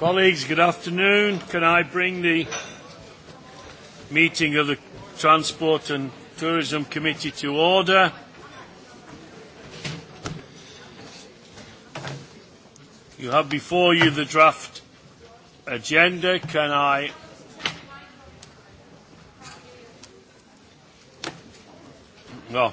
Colleagues, good afternoon. Can I bring the meeting of the Transport and Tourism Committee to order? You have before you the draft agenda. Can I No.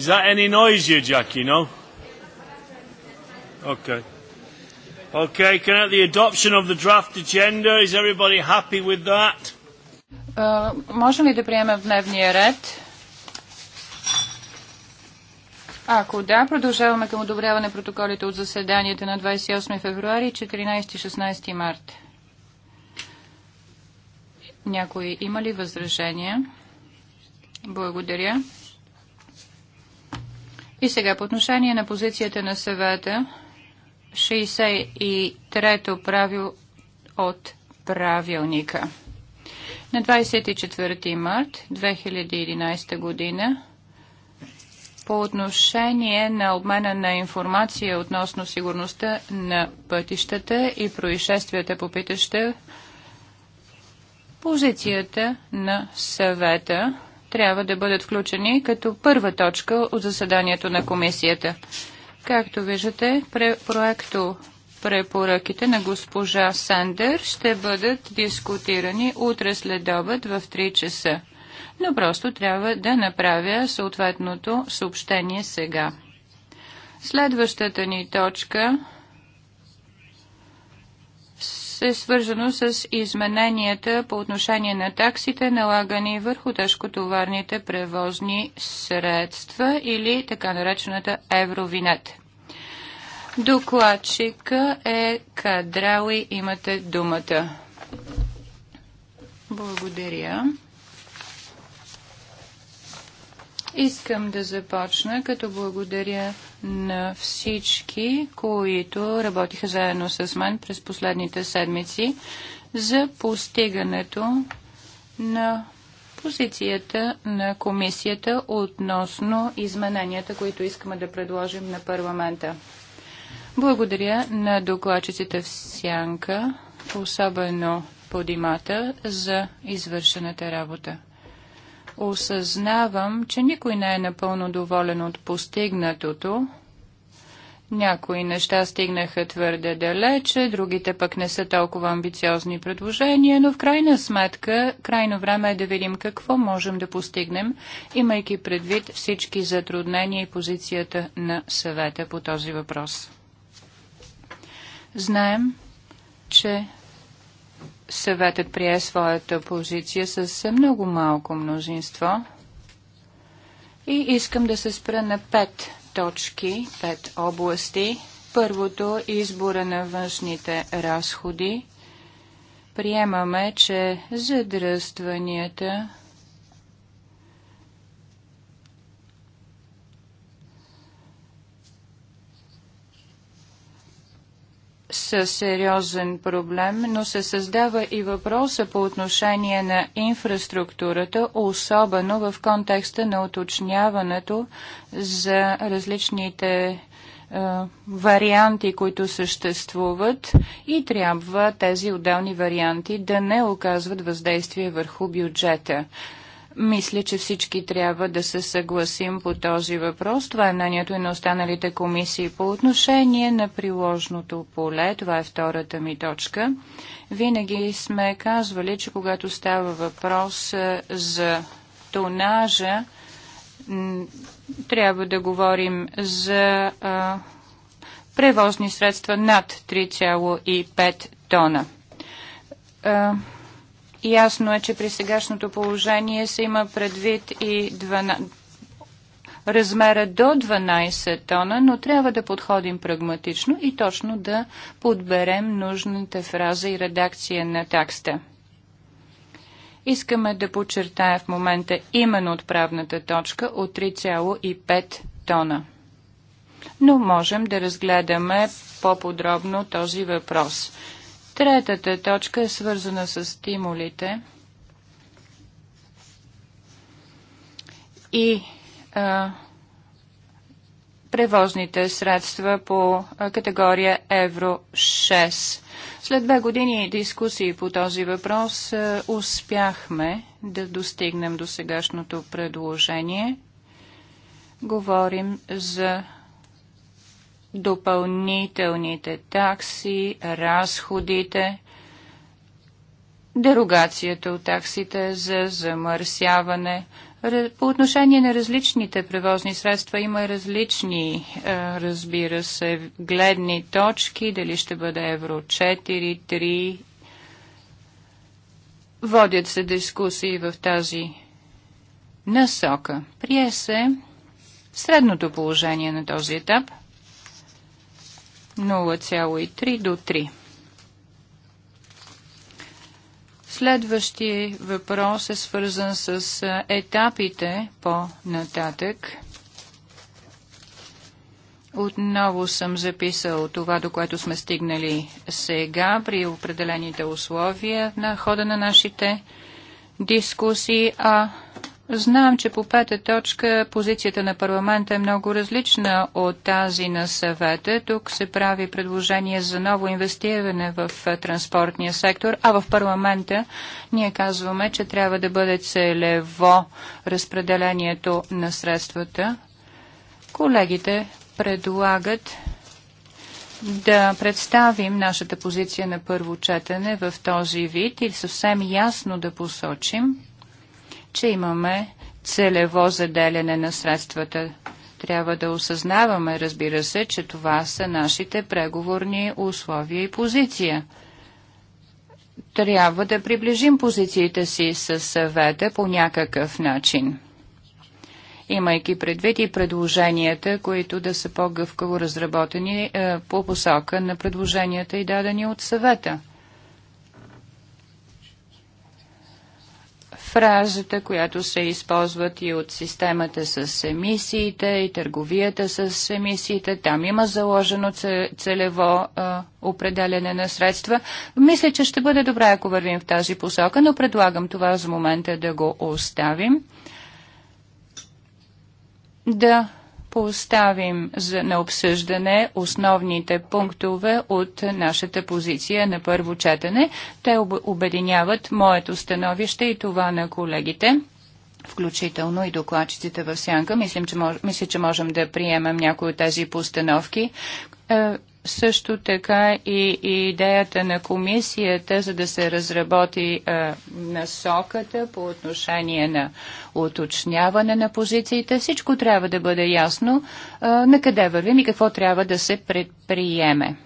Is that any noisier, Jackie? No? Okay. Okay, can I have the adoption of the draft agenda? Is everybody happy with that? Uh, можем ли да приемем дневния ред? Ако да, продължаваме към одобряване протоколите от заседанията на 28 февруари 14-16 март. Някой има ли възражения? Благодаря. И сега по отношение на позицията на съвета, 63-то правило от правилника. На 24 март 2011 година по отношение на обмена на информация относно сигурността на пътищата и происшествията по пътища, позицията на съвета трябва да бъдат включени като първа точка от заседанието на комисията. Както виждате, проекто препоръките на госпожа Сандер ще бъдат дискутирани утре след обед в 3 часа. Но просто трябва да направя съответното съобщение сега. Следващата ни точка е свързано с измененията по отношение на таксите, налагани върху тежкотоварните превозни средства или така наречената евровинет. Докладчика е кадрали, Имате думата. Благодаря. Искам да започна като благодаря на всички, които работиха заедно с мен през последните седмици за постигането на позицията на комисията относно измененията, които искаме да предложим на парламента. Благодаря на докладчиците в Сянка, особено подимата, за извършената работа. Осъзнавам, че никой не е напълно доволен от постигнатото. Някои неща стигнаха твърде далече, другите пък не са толкова амбициозни предложения, но в крайна сметка, крайно време е да видим какво можем да постигнем, имайки предвид всички затруднения и позицията на съвета по този въпрос. Знаем, че съветът прие своята позиция с много малко мнозинство. И искам да се спра на пет точки, пет области. Първото – избора на външните разходи. Приемаме, че задръстванията са сериозен проблем, но се създава и въпроса по отношение на инфраструктурата, особено в контекста на уточняването за различните варианти, които съществуват и трябва тези отделни варианти да не оказват въздействие върху бюджета. Мисля, че всички трябва да се съгласим по този въпрос. Това е мнението и на останалите комисии по отношение на приложното поле. Това е втората ми точка. Винаги сме казвали, че когато става въпрос е, за тонажа, трябва да говорим за а, превозни средства над 3,5 тона. А, Ясно е, че при сегашното положение се има предвид и 12, размера до 12 тона, но трябва да подходим прагматично и точно да подберем нужната фраза и редакция на текста. Искаме да подчертая в момента именно отправната точка от 3,5 тона. Но можем да разгледаме по-подробно този въпрос. Третата точка е свързана с стимулите и а, превозните средства по категория Евро 6. След две години дискусии по този въпрос успяхме да достигнем до сегашното предложение. Говорим за допълнителните такси, разходите, дерогацията от таксите за замърсяване. По отношение на различните превозни средства има различни, е, разбира се, гледни точки, дали ще бъде евро 4, 3. Водят се дискусии в тази насока. Прие се средното положение на този етап – 0,3 до 3. Следващия въпрос е свързан с етапите по-нататък. Отново съм записал това, до което сме стигнали сега при определените условия на хода на нашите дискусии, а Знам, че по пета точка позицията на парламента е много различна от тази на съвета. Тук се прави предложение за ново инвестиране в транспортния сектор, а в парламента ние казваме, че трябва да бъде целево разпределението на средствата. Колегите предлагат да представим нашата позиция на първо четене в този вид и съвсем ясно да посочим, че имаме целево заделяне на средствата. Трябва да осъзнаваме, разбира се, че това са нашите преговорни условия и позиция. Трябва да приближим позициите си със съвета по някакъв начин имайки предвид и предложенията, които да са по-гъвкаво разработени е, по посока на предложенията и дадени от съвета. фразата, която се използват и от системата с емисиите и търговията с емисиите. Там има заложено целево а, определене на средства. Мисля, че ще бъде добре, ако вървим в тази посока, но предлагам това за момента да го оставим. Да поставим на обсъждане основните пунктове от нашата позиция на първо четене. Те обединяват моето становище и това на колегите включително и докладчиците в сянка. мисля, че можем да приемем някои от тези постановки. Е, също така и идеята на комисията, за да се разработи а, насоката по отношение на уточняване на позициите. Всичко трябва да бъде ясно а, на къде вървим и какво трябва да се предприеме.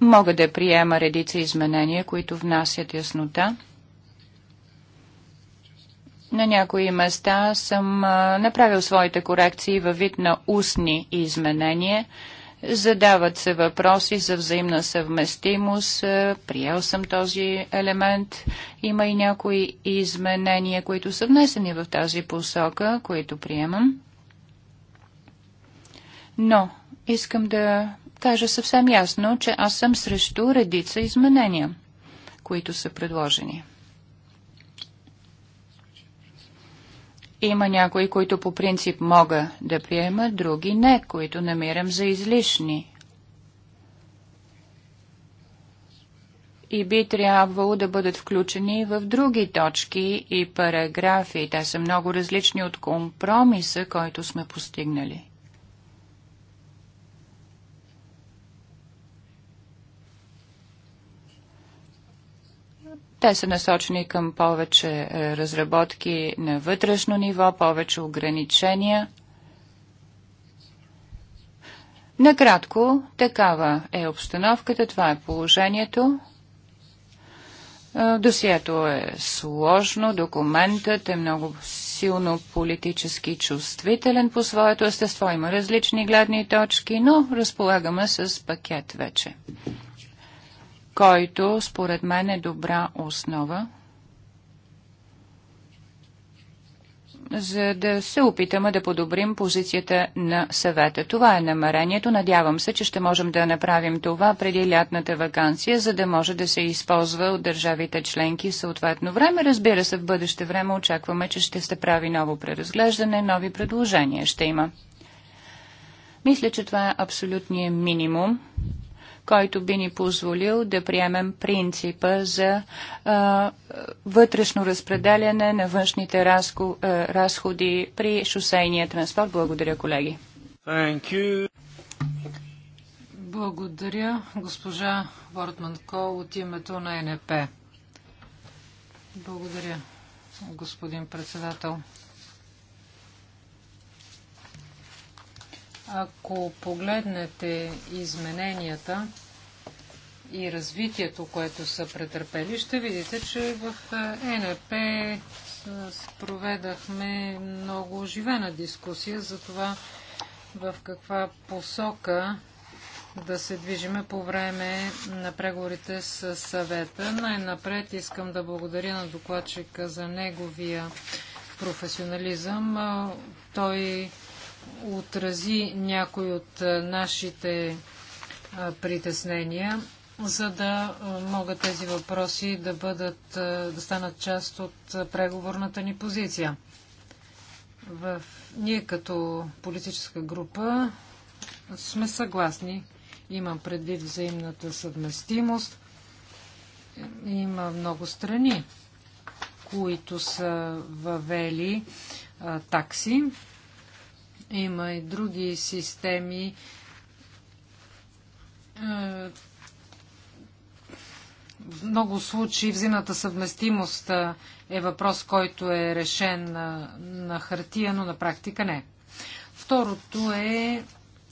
Мога да приема редица изменения, които внасят яснота. На някои места съм а, направил своите корекции във вид на устни изменения – Задават се въпроси за взаимна съвместимост. Е, приел съм този елемент. Има и някои изменения, които са внесени в тази посока, които приемам. Но искам да кажа съвсем ясно, че аз съм срещу редица изменения, които са предложени. Има някои, които по принцип мога да приема, други не, които намирам за излишни. И би трябвало да бъдат включени в други точки и параграфи. Те са много различни от компромиса, който сме постигнали. Те са насочени към повече е, разработки на вътрешно ниво, повече ограничения. Накратко, такава е обстановката, това е положението. Е, досието е сложно, документът е много силно политически чувствителен по своето естество. Има различни гледни точки, но разполагаме с пакет вече който според мен е добра основа, за да се опитаме да подобрим позицията на съвета. Това е намерението. Надявам се, че ще можем да направим това преди лятната вакансия, за да може да се използва от държавите членки съответно време. Разбира се, в бъдеще време очакваме, че ще се прави ново преразглеждане, нови предложения ще има. Мисля, че това е абсолютният минимум който би ни позволил да приемем принципа за а, вътрешно разпределяне на външните разко, а, разходи при шосейния транспорт. Благодаря, колеги. Благодаря, госпожа Вортман Кол от името на НП. Благодаря, господин председател. Ако погледнете измененията и развитието, което са претърпели, ще видите, че в е, НРП е, проведахме много оживена дискусия за това в каква посока да се движиме по време на преговорите с съвета. Най-напред искам да благодаря на докладчика за неговия професионализъм. Той отрази някои от нашите притеснения, за да могат тези въпроси да, бъдат, да станат част от преговорната ни позиция. В... Ние като политическа група сме съгласни. Имам предвид взаимната съвместимост. Има много страни, които са въвели а, такси има и други системи. Е, в много случаи взимната съвместимост е, е въпрос, който е решен на, е, на хартия, но на практика не. Второто е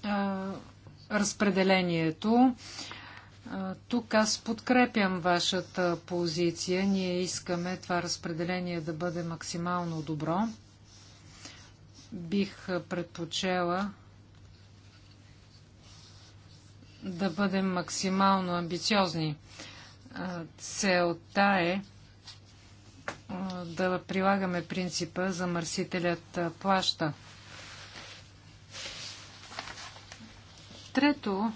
а, разпределението. А, тук аз подкрепям вашата позиция. Ние искаме това разпределение да бъде максимално добро бих предпочела да бъдем максимално амбициозни. Целта е да прилагаме принципа за мърсителят плаща. Трето,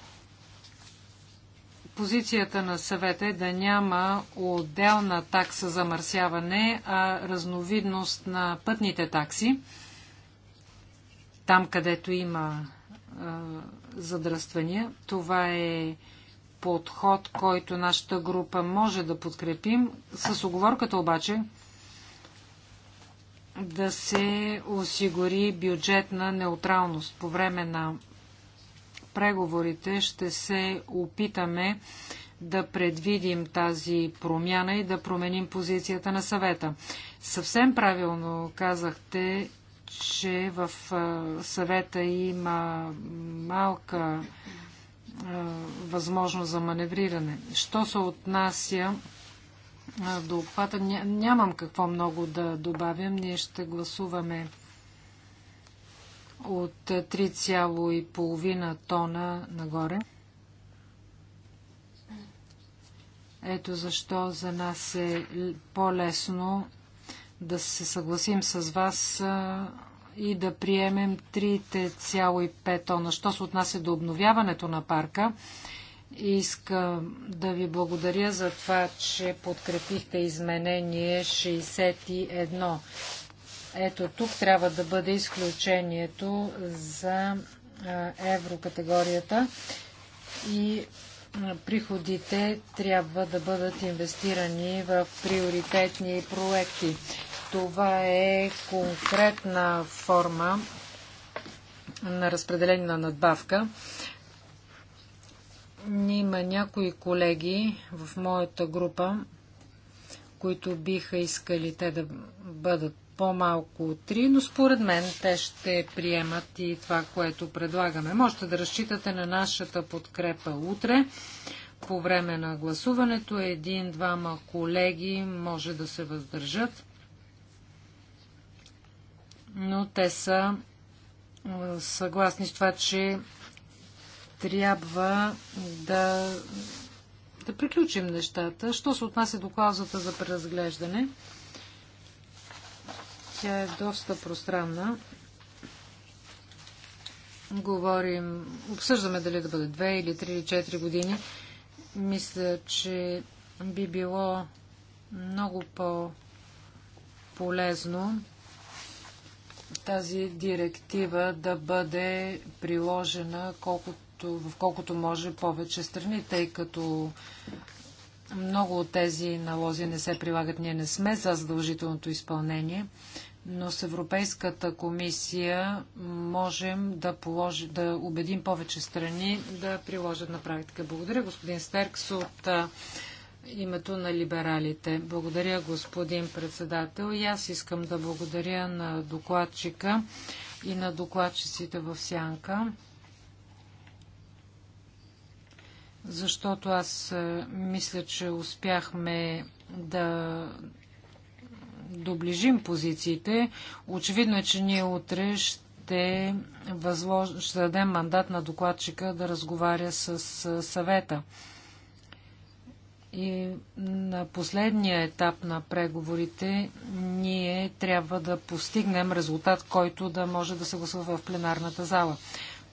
позицията на съвета е да няма отделна такса за мърсяване, а разновидност на пътните такси там, където има а, задръствания. Това е подход, който нашата група може да подкрепим, с оговорката обаче да се осигури бюджетна неутралност. По време на преговорите ще се опитаме да предвидим тази промяна и да променим позицията на съвета. Съвсем правилно казахте, че в съвета има малка възможност за маневриране. Що се отнася до обхвата, нямам какво много да добавям. Ние ще гласуваме от 3,5 тона нагоре. Ето защо за нас е по-лесно да се съгласим с вас и да приемем 3,5 тона. Що се отнася до обновяването на парка, искам да ви благодаря за това, че подкрепихте изменение 61. Ето тук трябва да бъде изключението за еврокатегорията и приходите трябва да бъдат инвестирани в приоритетни проекти. Това е конкретна форма на разпределение на надбавка. Има някои колеги в моята група, които биха искали те да бъдат по-малко от 3, но според мен те ще приемат и това, което предлагаме. Можете да разчитате на нашата подкрепа утре по време на гласуването. Един-двама колеги може да се въздържат но те са съгласни с това, че трябва да, да приключим нещата. Що се отнася до клаузата за преразглеждане? Тя е доста пространна. Говорим, обсъждаме дали да бъде 2 или 3 или 4 години. Мисля, че би било много по-полезно тази директива да бъде приложена колкото, в колкото може повече страни, тъй като много от тези налози не се прилагат. Ние не сме за задължителното изпълнение, но с Европейската комисия можем да, положи, да убедим повече страни да приложат на практика. Благодаря, господин Стеркс от името на либералите. Благодаря, господин председател. И аз искам да благодаря на докладчика и на докладчиците в Сянка, защото аз е, мисля, че успяхме да доближим позициите. Очевидно е, че ние утре ще, възлож... ще дадем мандат на докладчика да разговаря с е, съвета. И на последния етап на преговорите ние трябва да постигнем резултат, който да може да се гласува в пленарната зала.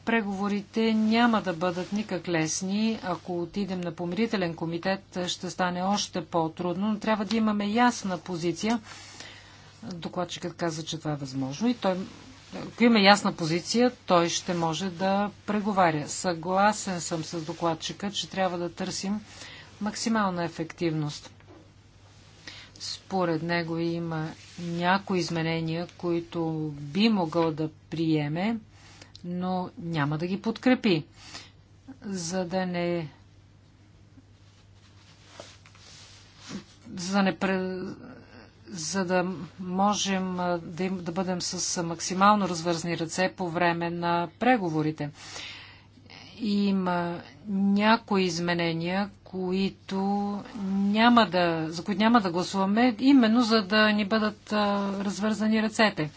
Преговорите няма да бъдат никак лесни. Ако отидем на помирителен комитет, ще стане още по-трудно, но трябва да имаме ясна позиция. Докладчикът каза, че това е възможно и той ако има ясна позиция, той ще може да преговаря. Съгласен съм с докладчика, че трябва да търсим максимална ефективност. Според него има някои изменения, които би могъл да приеме, но няма да ги подкрепи, за да не за да, не, за да можем да, им, да бъдем с максимално развързни ръце по време на преговорите. Има някои изменения, които няма да, за които няма да гласуваме, именно за да ни бъдат развързани ръцете.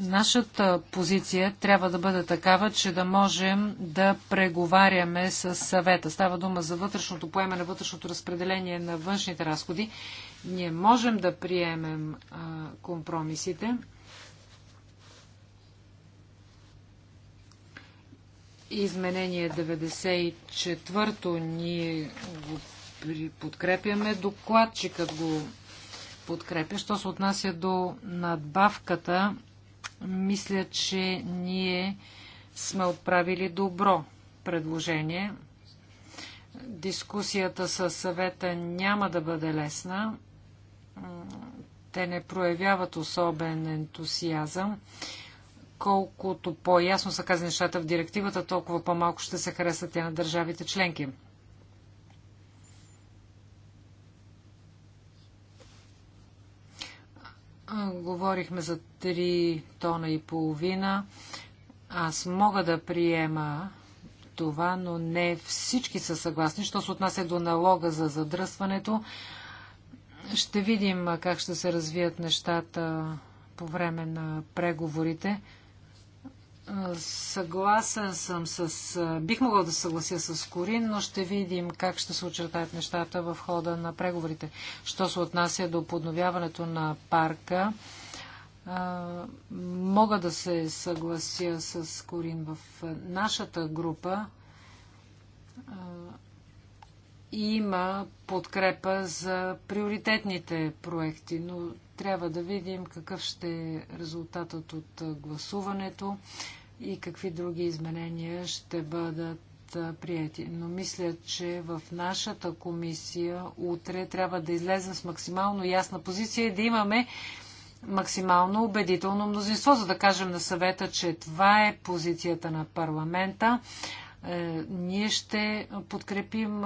Нашата позиция трябва да бъде такава, че да можем да преговаряме с съвета. Става дума за вътрешното поемане, вътрешното разпределение на външните разходи. Ние можем да приемем а, компромисите. Изменение 94-то ние го подкрепяме. Докладчикът го подкрепя. Що се отнася до надбавката, мисля, че ние сме отправили добро предложение. Дискусията със съвета няма да бъде лесна. Те не проявяват особен ентусиазъм колкото по-ясно са казани нещата в директивата, толкова по-малко ще се харесат тя на държавите членки. Говорихме за 3 тона и половина. Аз мога да приема това, но не всички са съгласни. Що се отнася до налога за задръстването, ще видим как ще се развият нещата по време на преговорите. Съгласен съм с... Бих могъл да съглася с Корин, но ще видим как ще се очертаят нещата в хода на преговорите. Що се отнася до подновяването на парка, мога да се съглася с Корин в нашата група. Има подкрепа за приоритетните проекти, но трябва да видим какъв ще е резултатът от гласуването и какви други изменения ще бъдат приятели. Но мисля, че в нашата комисия утре трябва да излезем с максимално ясна позиция и да имаме максимално убедително мнозинство, за да кажем на съвета, че това е позицията на парламента. Е, ние ще подкрепим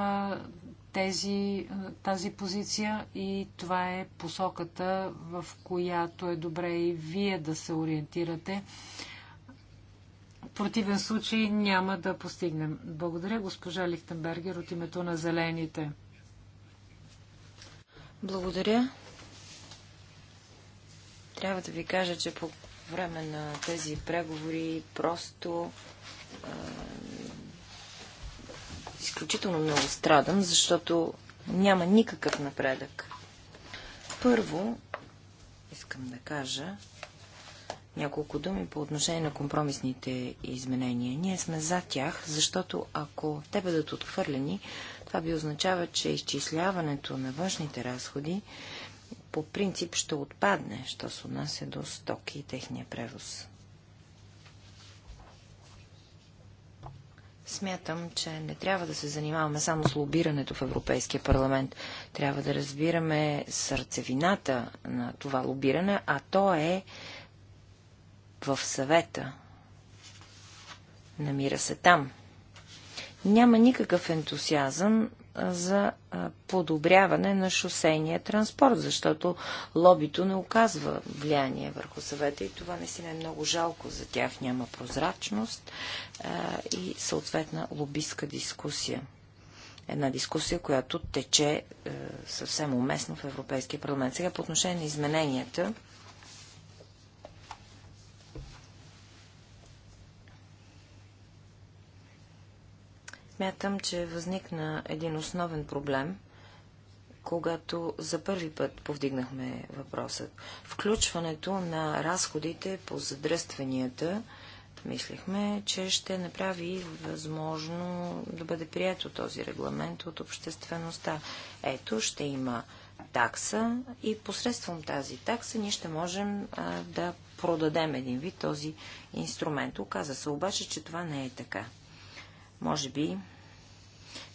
тези, тази позиция и това е посоката, в която е добре и вие да се ориентирате противен случай няма да постигнем. Благодаря, госпожа Лихтенбергер, от името на Зелените. Благодаря. Трябва да ви кажа, че по време на тези преговори просто е, изключително много страдам, защото няма никакъв напредък. Първо, искам да кажа, няколко думи по отношение на компромисните изменения. Ние сме за тях, защото ако те бъдат отхвърлени, това би означава, че изчисляването на външните разходи по принцип ще отпадне, що се отнася до стоки и техния превоз. Смятам, че не трябва да се занимаваме само с лобирането в Европейския парламент. Трябва да разбираме сърцевината на това лобиране, а то е в съвета. Намира се там. Няма никакъв ентусиазъм за подобряване на шосейния транспорт, защото лобито не оказва влияние върху съвета и това наистина е много жалко за тях. Няма прозрачност и съответна лобистка дискусия. Една дискусия, която тече е, съвсем уместно в Европейския парламент. Сега по отношение на измененията Мятам, че възникна един основен проблем, когато за първи път повдигнахме въпросът. Включването на разходите по задръстванията, мислихме, че ще направи възможно да бъде прието този регламент от обществеността. Ето, ще има такса и посредством тази такса ние ще можем а, да продадем един вид този инструмент. Оказа се обаче, че това не е така. Може би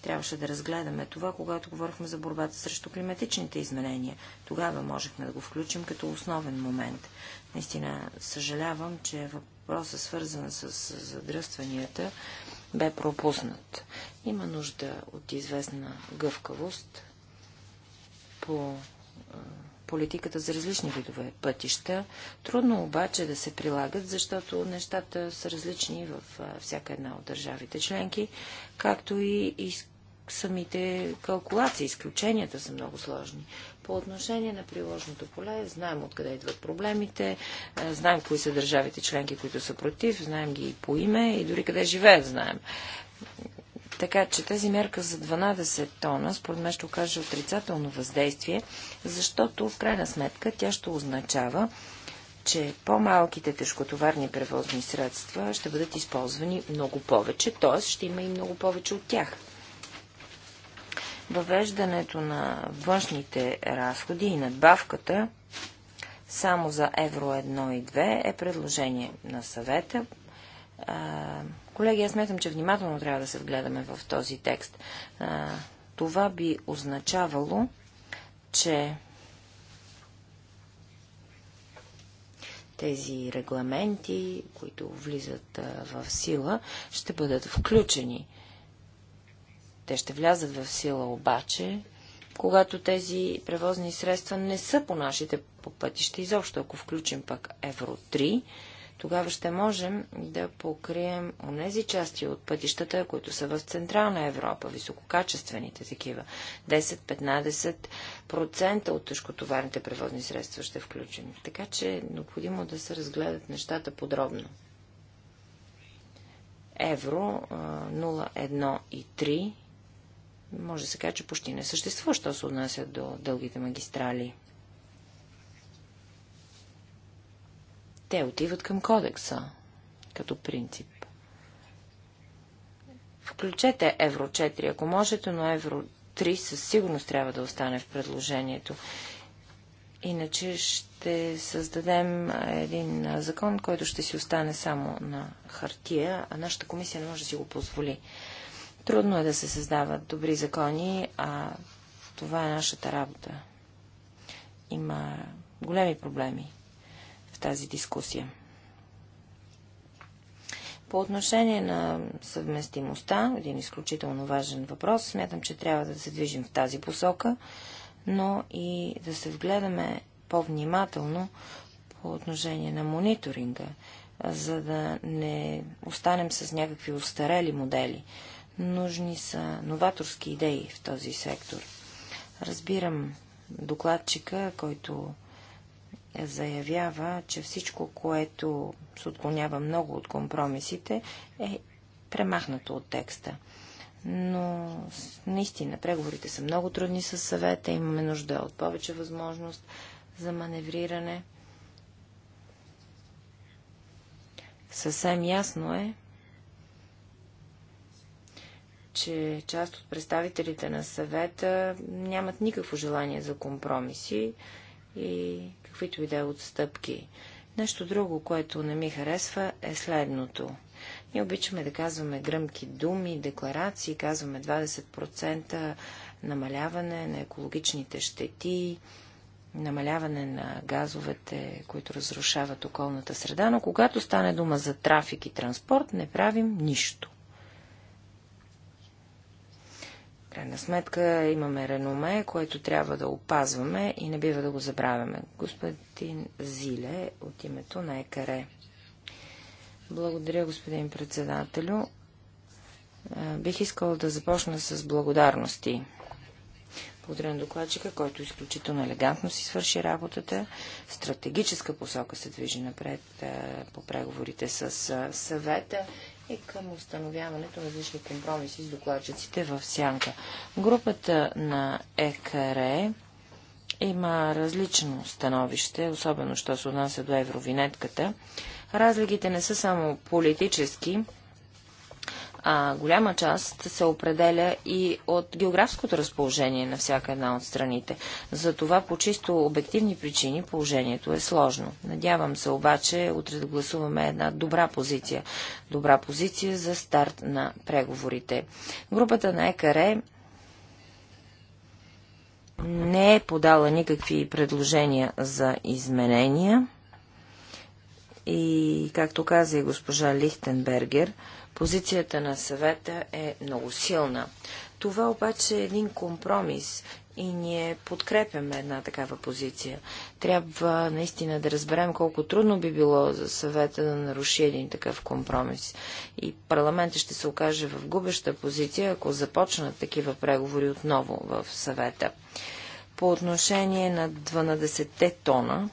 трябваше да разгледаме това, когато говорихме за борбата срещу климатичните изменения. Тогава можехме да го включим като основен момент. Наистина съжалявам, че въпросът свързан с задръстванията бе пропуснат. Има нужда от известна гъвкавост по политиката за различни видове пътища. Трудно обаче да се прилагат, защото нещата са различни в всяка една от държавите членки, както и, самите калкулации, изключенията са много сложни. По отношение на приложното поле, знаем откъде идват проблемите, знаем кои са държавите членки, които са против, знаем ги и по име и дори къде живеят, знаем. Така че тази мерка за 12 тона, според мен ще окаже отрицателно въздействие, защото в крайна сметка тя ще означава, че по-малките тежкотоварни превозни средства ще бъдат използвани много повече, т.е. ще има и много повече от тях. Въвеждането на външните разходи и надбавката само за евро 1 и 2 е предложение на съвета. Колеги, аз смятам, че внимателно трябва да се вгледаме в този текст. Това би означавало, че тези регламенти, които влизат в сила, ще бъдат включени. Те ще влязат в сила обаче, когато тези превозни средства не са по нашите по пътища изобщо. Ако включим пък Евро 3, тогава ще можем да покрием онези части от пътищата, които са в Централна Европа, висококачествените такива. 10-15% от тежкотоварните превозни средства ще включим. Така че е необходимо да се разгледат нещата подробно. Евро 0,1 и 3 може да се каже, че почти не съществува, що се отнася до дългите магистрали. Те отиват към кодекса, като принцип. Включете Евро 4, ако можете, но Евро 3 със сигурност трябва да остане в предложението. Иначе ще създадем един закон, който ще си остане само на хартия, а нашата комисия не може да си го позволи. Трудно е да се създават добри закони, а това е нашата работа. Има големи проблеми тази дискусия. По отношение на съвместимостта, един изключително важен въпрос, смятам, че трябва да се движим в тази посока, но и да се вгледаме по-внимателно по отношение на мониторинга, за да не останем с някакви устарели модели. Нужни са новаторски идеи в този сектор. Разбирам докладчика, който заявява, че всичко, което се отклонява много от компромисите, е премахнато от текста. Но наистина преговорите са много трудни с съвета, имаме нужда от повече възможност за маневриране. Съвсем ясно е, че част от представителите на съвета нямат никакво желание за компромиси и каквито и да е отстъпки. Нещо друго, което не ми харесва, е следното. Ние обичаме да казваме гръмки думи, декларации, казваме 20% намаляване на екологичните щети, намаляване на газовете, които разрушават околната среда, но когато стане дума за трафик и транспорт, не правим нищо. крайна сметка имаме реноме, което трябва да опазваме и не бива да го забравяме. Господин Зиле от името на ЕКАРЕ. Благодаря, господин председателю. Бих искала да започна с благодарности. Благодаря на докладчика, който изключително елегантно си свърши работата. Стратегическа посока се движи напред по преговорите с съвета и към установяването на различни компромиси с докладчиците в сянка. Групата на ЕКР има различно становище, особено що се отнася до евровинетката. Разликите не са само политически, а, голяма част се определя и от географското разположение на всяка една от страните. Затова по чисто обективни причини положението е сложно. Надявам се обаче утре да гласуваме една добра позиция. Добра позиция за старт на преговорите. Групата на ЕКАРЕ не е подала никакви предложения за изменения. И, както каза и госпожа Лихтенбергер, Позицията на съвета е много силна. Това обаче е един компромис и ние подкрепяме една такава позиция. Трябва наистина да разберем колко трудно би било за съвета да наруши един такъв компромис. И парламентът ще се окаже в губеща позиция, ако започнат такива преговори отново в съвета. По отношение на 12-те тона,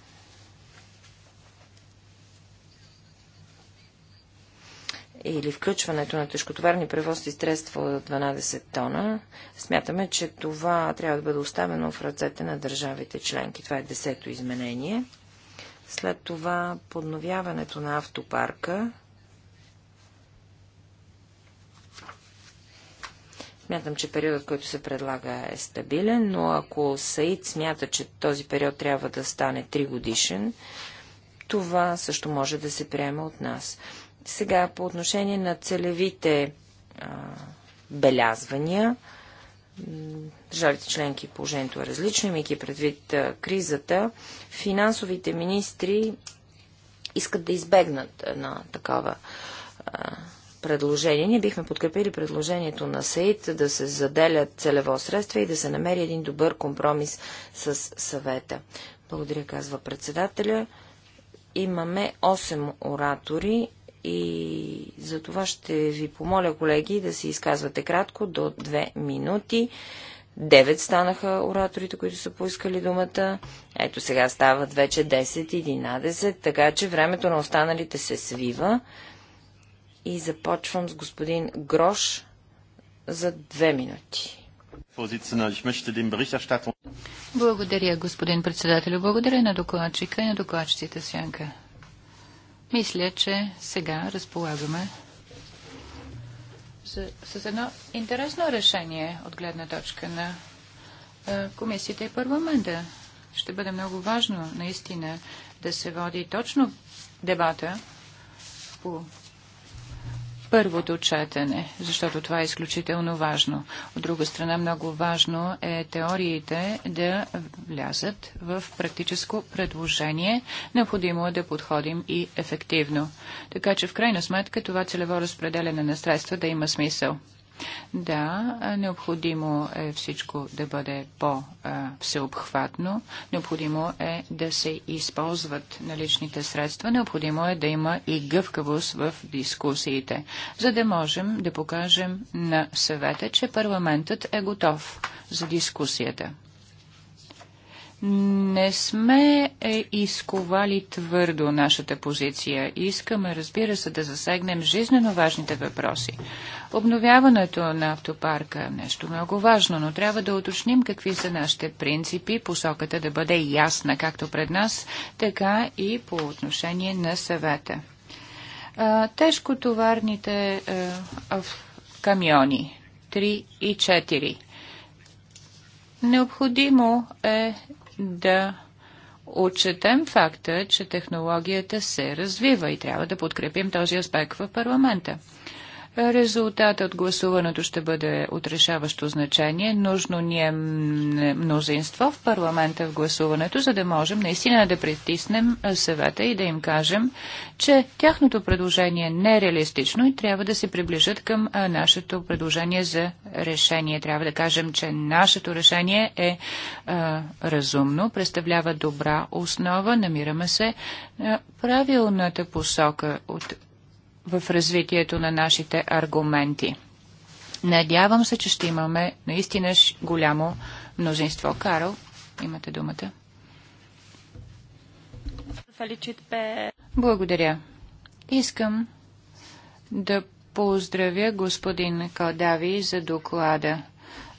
или включването на тежкотоварни превозни средства от 12 тона, смятаме, че това трябва да бъде оставено в ръцете на държавите членки. Това е десето изменение. След това подновяването на автопарка. Смятам, че периодът, който се предлага е стабилен, но ако Саид смята, че този период трябва да стане 3 годишен, това също може да се приема от нас. Сега по отношение на целевите а, белязвания, държавите членки положението е различно, имайки предвид а, кризата, финансовите министри искат да избегнат на такава а, предложение. Ние бихме подкрепили предложението на САИД да се заделят целево средства и да се намери един добър компромис с съвета. Благодаря, казва председателя. Имаме 8 оратори и за това ще ви помоля, колеги, да се изказвате кратко до две минути. Девет станаха ораторите, които са поискали думата. Ето сега стават вече 10-11, така че времето на останалите се свива. И започвам с господин Грош за две минути. Благодаря, господин председател. Благодаря на докладчика и на докладчиците Сянка. Мисля, че сега разполагаме с, с едно интересно решение от гледна точка на е, комисията и парламента. Ще бъде много важно наистина да се води точно дебата по първото четене, защото това е изключително важно. От друга страна, много важно е теориите да влязат в практическо предложение. Необходимо е да подходим и ефективно. Така че, в крайна сметка, това целево разпределяне на средства да има смисъл. Да, необходимо е всичко да бъде по-всеобхватно, необходимо е да се използват наличните средства, необходимо е да има и гъвкавост в дискусиите, за да можем да покажем на съвета, че парламентът е готов за дискусията. Не сме е изковали твърдо нашата позиция. Искаме, разбира се, да засегнем жизненно важните въпроси. Обновяването на автопарка е нещо много важно, но трябва да уточним какви са нашите принципи, посоката да бъде ясна както пред нас, така и по отношение на съвета. Тежкотоварните камиони 3 и 4. Необходимо е да отчетем факта, че технологията се развива и трябва да подкрепим този аспект в парламента. Резултатът от гласуването ще бъде отрешаващо значение. Нужно ни е мнозинство в парламента в гласуването, за да можем наистина да притиснем съвета и да им кажем, че тяхното предложение не е реалистично и трябва да се приближат към нашето предложение за решение. Трябва да кажем, че нашето решение е а, разумно, представлява добра основа, намираме се на правилната посока от в развитието на нашите аргументи. Надявам се, че ще имаме наистина голямо мнозинство. Карл, имате думата. Благодаря. Искам да поздравя господин Калдави за доклада.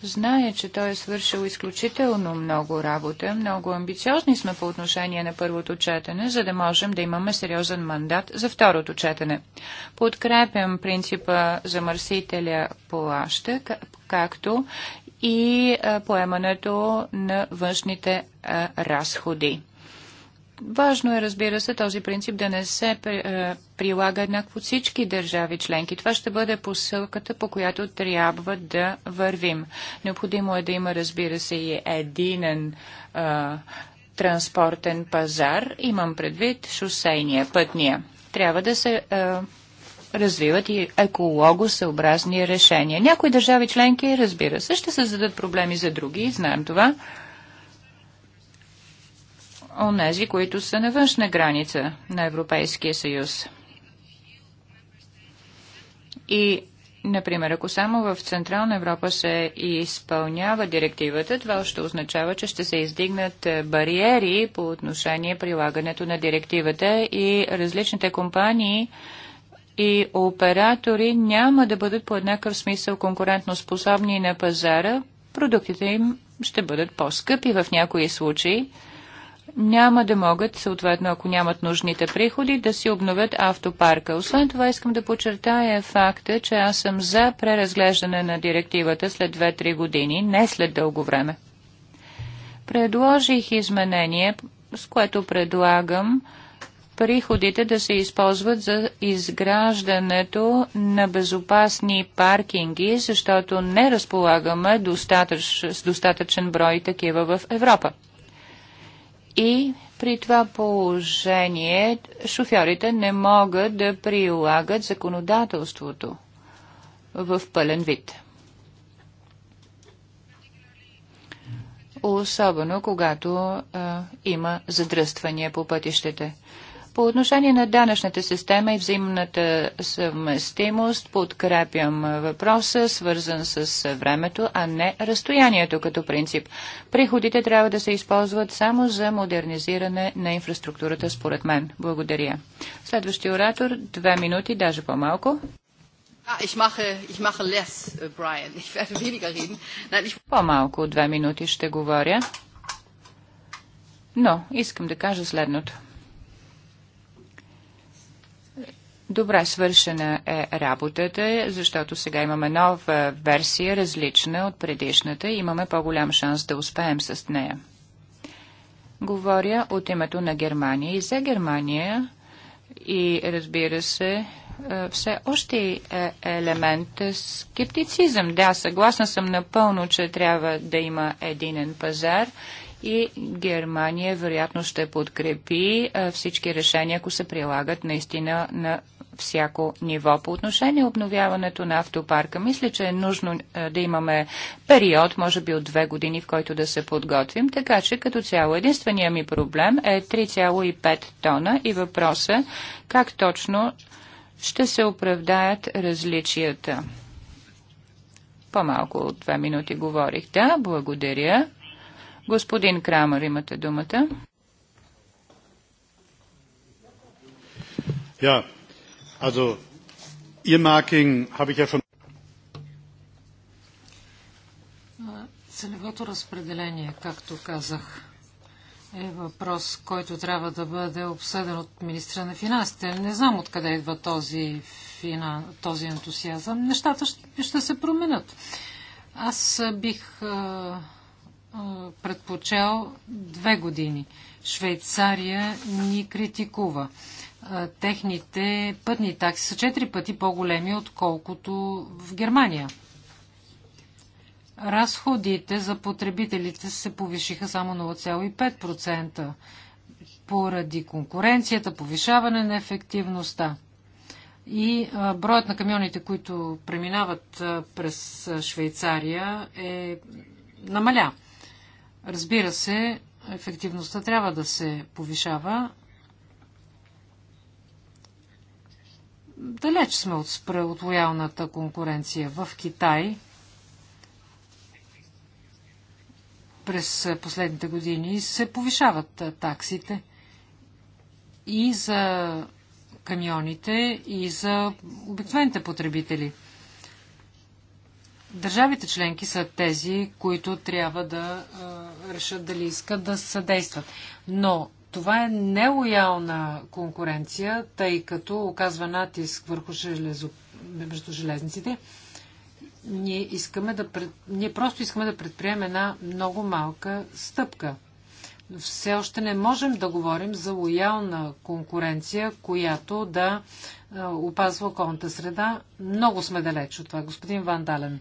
Зная, че той е свършил изключително много работа. Много амбициозни сме по отношение на първото четене, за да можем да имаме сериозен мандат за второто четене. Подкрепям принципа за мърсителя плаща, както и поемането на външните разходи. Важно е, разбира се, този принцип да не се е, прилага еднакво всички държави членки. Това ще бъде посълката, по която трябва да вървим. Необходимо е да има, разбира се, и единен а, е, транспортен пазар. Имам предвид шосейния, пътния. Трябва да се а, е, развиват и екологосъобразни решения. Някои държави членки, разбира се, ще създадат проблеми за други, знаем това онези, които са на външна граница на Европейския съюз. И, например, ако само в Централна Европа се изпълнява директивата, това ще означава, че ще се издигнат е, бариери по отношение прилагането на директивата и различните компании, и оператори няма да бъдат по еднакъв смисъл конкурентно способни на пазара, продуктите им ще бъдат по-скъпи в някои случаи няма да могат, съответно ако нямат нужните приходи, да си обновят автопарка. Освен това искам да подчертая факта, че аз съм за преразглеждане на директивата след 2-3 години, не след дълго време. Предложих изменение, с което предлагам приходите да се използват за изграждането на безопасни паркинги, защото не разполагаме достатъч, с достатъчен брой такива в Европа. И при това положение шофьорите не могат да прилагат законодателството в пълен вид. Особено когато а, има задръствания по пътищете. По отношение на данъчната система и взаимната съвместимост, подкрепям въпроса, свързан с времето, а не разстоянието като принцип. Приходите трябва да се използват само за модернизиране на инфраструктурата, според мен. Благодаря. Следващия оратор, две минути, даже по-малко. По-малко от две минути ще говоря. Но искам да кажа следното. Добре свършена е работата, защото сега имаме нова версия, различна от предишната и имаме по-голям шанс да успеем с нея. Говоря от името на Германия и за Германия и разбира се, е, все още е елемент скептицизъм. Да, съгласна съм напълно, че трябва да има единен пазар и Германия вероятно ще подкрепи е, всички решения, ако се прилагат наистина на всяко ниво. По отношение обновяването на автопарка, мисля, че е нужно е, да имаме период, може би от две години, в който да се подготвим, така че като цяло единствения ми проблем е 3,5 тона и въпроса е как точно ще се оправдаят различията. По-малко от две минути говорих. Да, благодаря. Господин Крамър, имате думата. Also Earmarking habe ich ja schon. Целевото разпределение, както казах, е въпрос, който трябва да бъде обсъден от министра на финансите. Не знам откъде идва този, фина, този ентусиазъм. Нещата ще, ще се променят. Аз бих а, а, предпочел две години. Швейцария ни критикува техните пътни такси са 4 пъти по-големи, отколкото в Германия. Разходите за потребителите се повишиха само 0,5% поради конкуренцията, повишаване на ефективността. И броят на камионите, които преминават през Швейцария е намаля. Разбира се, ефективността трябва да се повишава, далеч сме от, спре, от лоялната конкуренция в Китай. През последните години се повишават таксите и за камионите, и за обикновените потребители. Държавите членки са тези, които трябва да решат дали искат да съдействат. Но това е нелоялна конкуренция, тъй като оказва натиск върху железо, между железниците. Ние, искаме да пред... Ние просто искаме да предприемем една много малка стъпка. Но все още не можем да говорим за лоялна конкуренция, която да опазва околната среда. Много сме далеч от това, господин Вандален.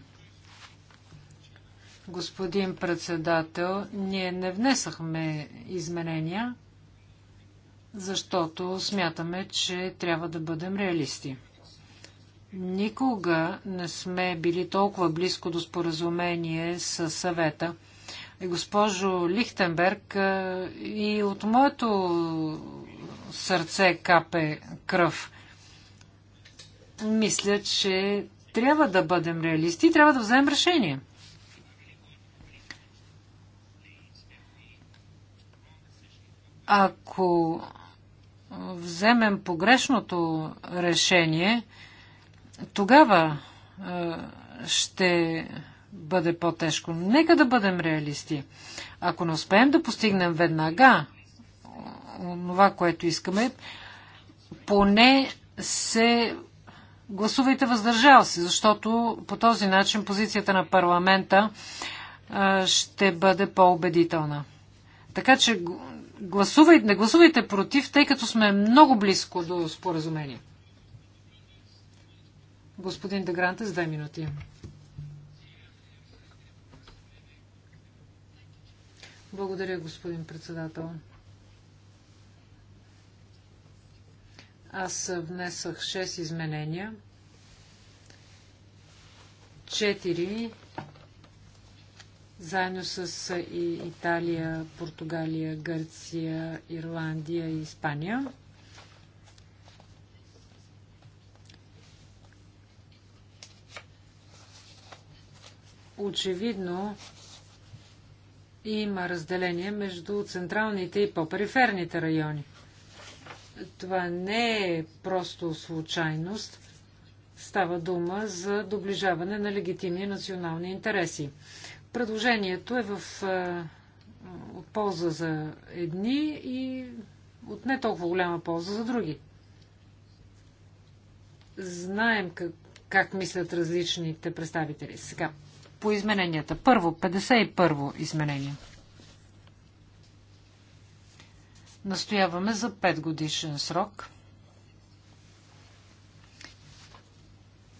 Господин председател, ние не внесахме изменения защото смятаме, че трябва да бъдем реалисти. Никога не сме били толкова близко до споразумение с съвета. Госпожо Лихтенберг, и от моето сърце капе кръв. Мисля, че трябва да бъдем реалисти и трябва да вземем решение. Ако вземем погрешното решение, тогава ще бъде по-тежко. Нека да бъдем реалисти. Ако не успеем да постигнем веднага това, което искаме, поне се гласувайте въздържал се, защото по този начин позицията на парламента ще бъде по-убедителна. Така че гласувайте, не гласувайте против, тъй като сме много близко до споразумение. Господин Дегранте, с две минути. Благодаря, господин председател. Аз внесах 6 изменения. 4 заедно с Италия, Португалия, Гърция, Ирландия и Испания. Очевидно има разделение между централните и по-периферните райони. Това не е просто случайност. Става дума за доближаване на легитимни национални интереси. Предложението е в от полза за едни и от не толкова голяма полза за други. Знаем как, как мислят различните представители. Сега, по измененията. Първо, 51-во изменение. Настояваме за 5 годишен срок.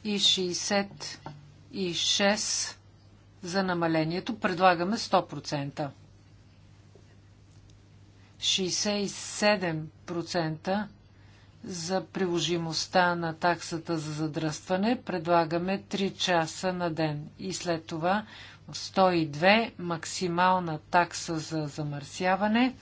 И 66 за намалението предлагаме 100%. 67% за приложимостта на таксата за задръстване предлагаме 3 часа на ден и след това 102 максимална такса за замърсяване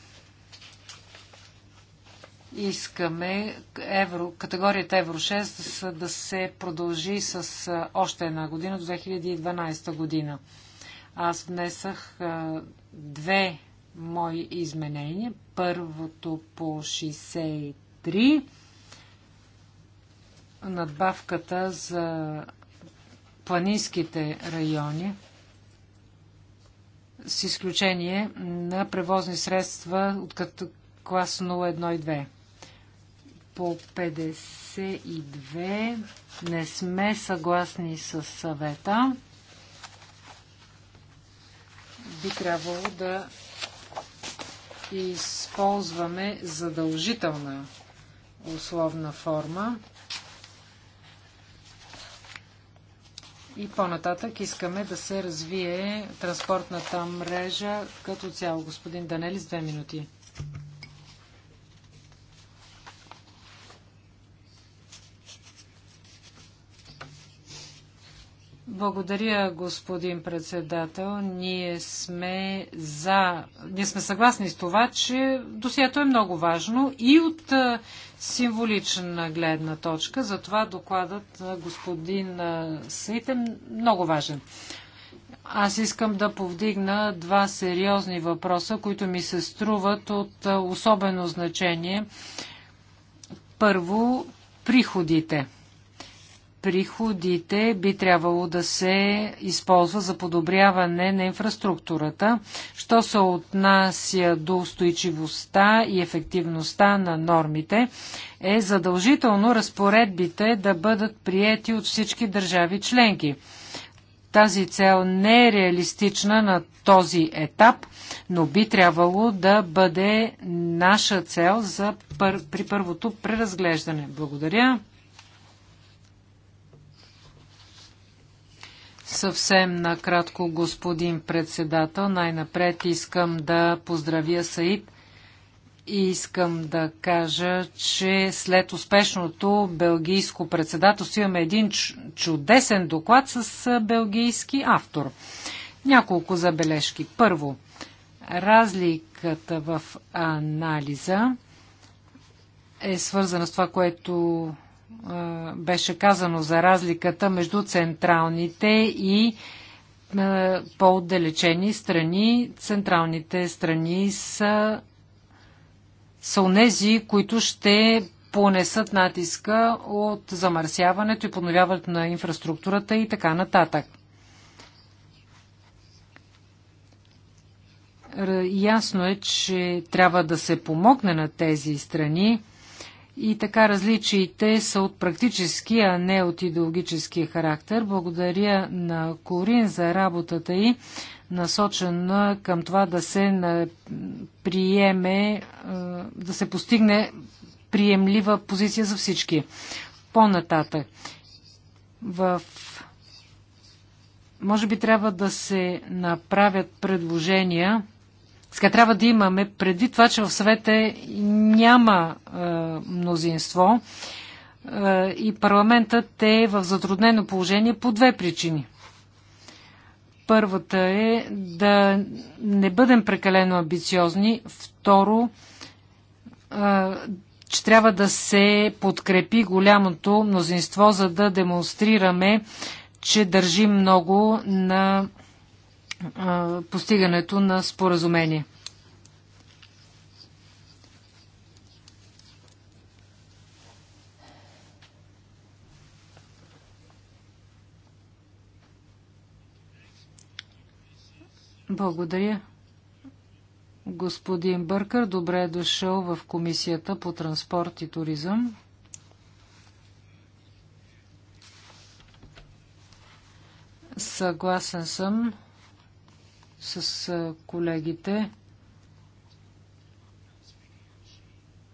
искаме евро, категорията Евро 6 да се продължи с още една година до 2012 година. Аз внесах две мои изменения. Първото по 63 надбавката за планинските райони с изключение на превозни средства от клас 01 и 2 по 52 не сме съгласни с съвета. Би трябвало да използваме задължителна условна форма. И по-нататък искаме да се развие транспортната мрежа като цяло. Господин Данелис, две минути. Благодаря, господин председател. Ние сме за... Ние сме съгласни с това, че досието е много важно и от символична гледна точка. Затова докладът на господин Сейт е много важен. Аз искам да повдигна два сериозни въпроса, които ми се струват от особено значение. Първо, приходите приходите би трябвало да се използва за подобряване на инфраструктурата. Що се отнася до устойчивостта и ефективността на нормите, е задължително разпоредбите да бъдат приети от всички държави членки. Тази цел не е реалистична на този етап, но би трябвало да бъде наша цел за пър... при първото преразглеждане. Благодаря. Съвсем накратко, господин председател, най-напред искам да поздравя Саид и искам да кажа, че след успешното белгийско председателство имаме един чудесен доклад с белгийски автор. Няколко забележки. Първо, разликата в анализа е свързана с това, което беше казано за разликата между централните и по-отдалечени страни. Централните страни са, са унези, които ще понесат натиска от замърсяването и подновяването на инфраструктурата и така нататък. Ясно е, че трябва да се помогне на тези страни и така различиите са от практически, а не от идеологически характер. Благодаря на Корин за работата й, насочена към това да се приеме, да се постигне приемлива позиция за всички. По-нататък. В може би трябва да се направят предложения така трябва да имаме преди това, че в съвета няма е, мнозинство е, и парламентът е в затруднено положение по две причини. Първата е да не бъдем прекалено амбициозни. Второ, е, че трябва да се подкрепи голямото мнозинство, за да демонстрираме, че държим много на постигането на споразумение. Благодаря. Господин Бъркър, добре е дошъл в Комисията по транспорт и туризъм. Съгласен съм с колегите.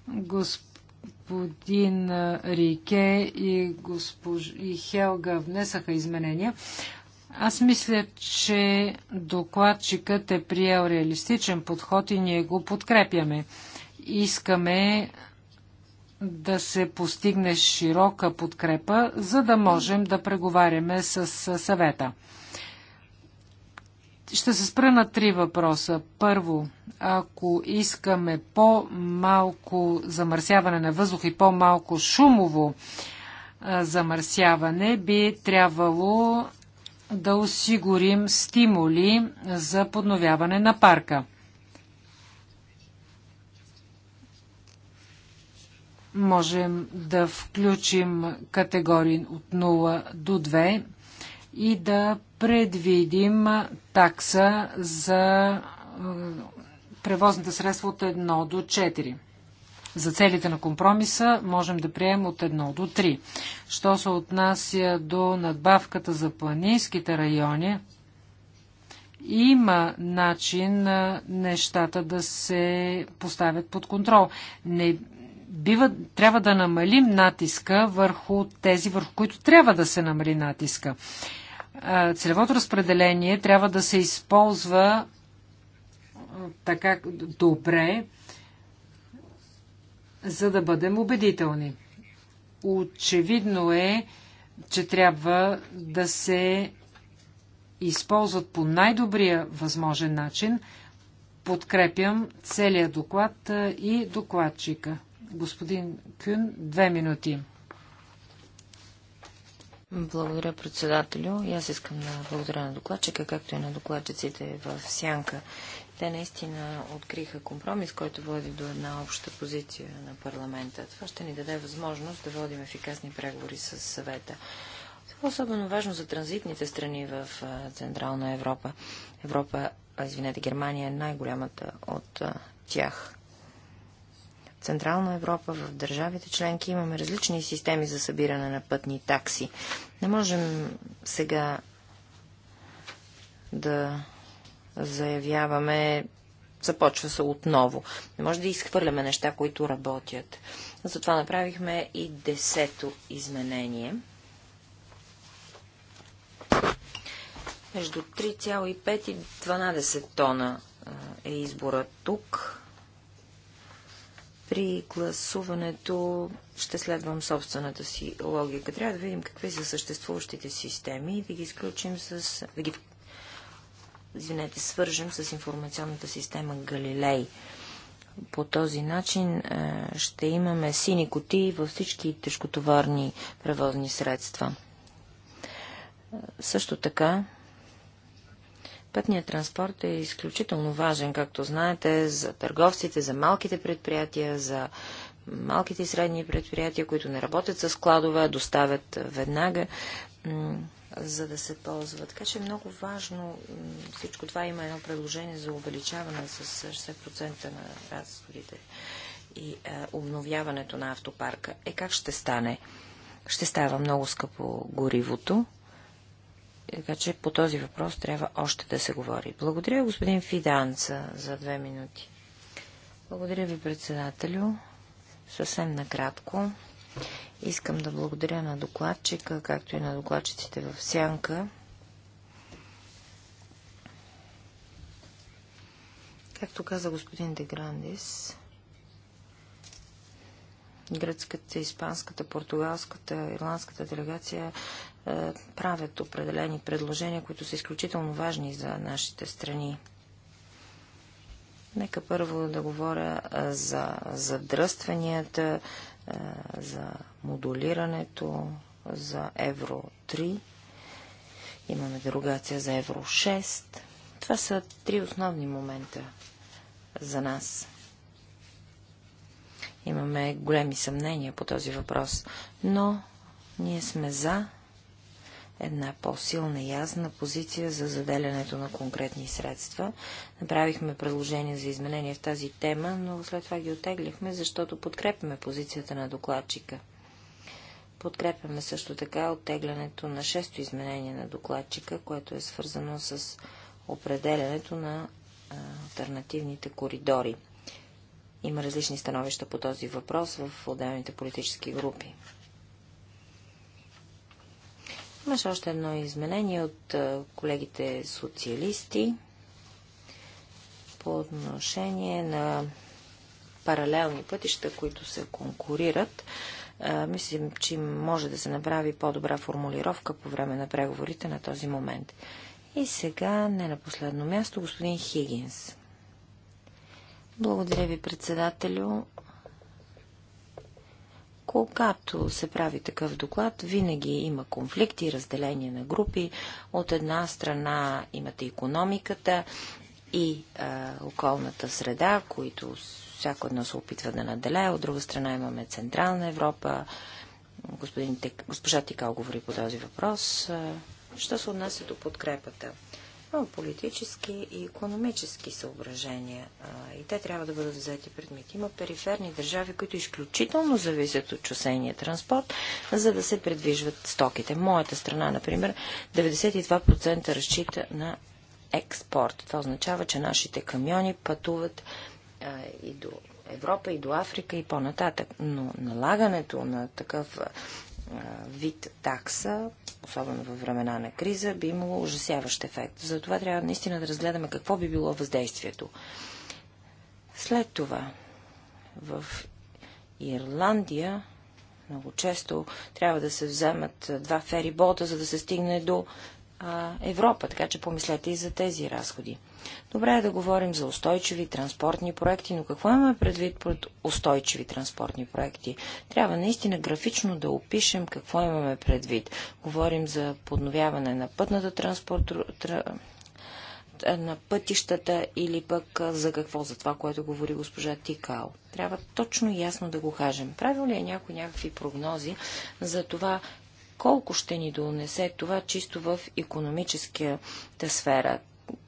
Господин Рике и, госпож... и Хелга внесаха изменения. Аз мисля, че докладчикът е приел реалистичен подход и ние го подкрепяме. Искаме да се постигне широка подкрепа, за да можем да преговаряме с съвета. Ще се спра на три въпроса. Първо, ако искаме по-малко замърсяване на въздух и по-малко шумово замърсяване, би трябвало да осигурим стимули за подновяване на парка. Можем да включим категории от 0 до 2 и да предвидим такса за е, превозните средства от 1 до 4. За целите на компромиса можем да приемем от 1 до 3. Що се отнася до надбавката за планинските райони, има начин е, нещата да се поставят под контрол. Не бива, трябва да намалим натиска върху тези, върху които трябва да се намали натиска целевото разпределение трябва да се използва така добре, за да бъдем убедителни. Очевидно е, че трябва да се използват по най-добрия възможен начин. Подкрепям целият доклад и докладчика. Господин Кюн, две минути. Благодаря, председателю. И аз искам да благодаря на докладчика, както и на докладчиците в Сянка. Те наистина откриха компромис, който води до една обща позиция на парламента. Това ще ни даде възможност да водим ефикасни преговори с съвета. Това е особено важно за транзитните страни в Централна Европа. Европа, извинете, Германия е най-голямата от тях. Централна Европа, в държавите членки имаме различни системи за събиране на пътни такси. Не можем сега да заявяваме започва се отново. Не може да изхвърляме неща, които работят. Затова направихме и десето изменение. Между 3,5 и 12 тона е избора тук при гласуването ще следвам собствената си логика. Трябва да видим какви са съществуващите системи и да ги изключим с... Да ги, извинете, свържем с информационната система Галилей. По този начин е, ще имаме сини коти във всички тежкотоварни превозни средства. Е, също така, Пътният транспорт е изключително важен, както знаете, за търговците, за малките предприятия, за малките и средни предприятия, които не работят с складове, доставят веднага, за да се ползват. Така че е много важно. Всичко това има едно предложение за увеличаване с 60% на разходите и е, обновяването на автопарка. Е как ще стане? Ще става много скъпо горивото, така че по този въпрос трябва още да се говори. Благодаря, господин Фиданца, за две минути. Благодаря ви, председателю. Съвсем накратко. Искам да благодаря на докладчика, както и на докладчиците в Сянка. Както каза господин Деграндис, гръцката, испанската, португалската, ирландската делегация е, правят определени предложения, които са изключително важни за нашите страни. Нека първо да говоря е, за задръстванията, е, за модулирането, за Евро 3. Имаме дерогация за Евро 6. Това са три основни момента за нас. Имаме големи съмнения по този въпрос, но ние сме за една по-силна и ясна позиция за заделянето на конкретни средства. Направихме предложение за изменение в тази тема, но след това ги отеглихме, защото подкрепяме позицията на докладчика. Подкрепяме също така оттеглянето на шесто изменение на докладчика, което е свързано с определянето на альтернативните коридори. Има различни становища по този въпрос в отделните политически групи. Имаше още едно изменение от колегите социалисти по отношение на паралелни пътища, които се конкурират. Мислим, че може да се направи по-добра формулировка по време на преговорите на този момент. И сега, не на последно място, господин Хигинс. Благодаря ви, председателю. Когато се прави такъв доклад, винаги има конфликти, разделение на групи. От една страна имате економиката и а, околната среда, които всяко едно се опитва да наделя. От друга страна имаме Централна Европа. Господин, госпожа Тикал говори по този въпрос. Що се отнася до подкрепата? политически и економически съображения а, и те трябва да бъдат взети предмет. Има периферни държави, които изключително зависят от чусения транспорт, за да се предвижват стоките. Моята страна, например, 92% разчита на експорт. Това означава, че нашите камиони пътуват а, и до Европа, и до Африка, и по-нататък. Но налагането на такъв вид такса, особено във времена на криза, би имало ужасяващ ефект. Затова трябва наистина да разгледаме какво би било въздействието. След това, в Ирландия много често трябва да се вземат два ферибота, за да се стигне до Европа, така че помислете и за тези разходи. Добре е да говорим за устойчиви транспортни проекти, но какво имаме предвид под устойчиви транспортни проекти? Трябва наистина графично да опишем какво имаме предвид. Говорим за подновяване на пътната транспорт, на пътищата или пък за какво, за това, което говори госпожа Тикао. Трябва точно и ясно да го кажем. Правил ли е някой някакви прогнози за това колко ще ни донесе това чисто в економическата сфера.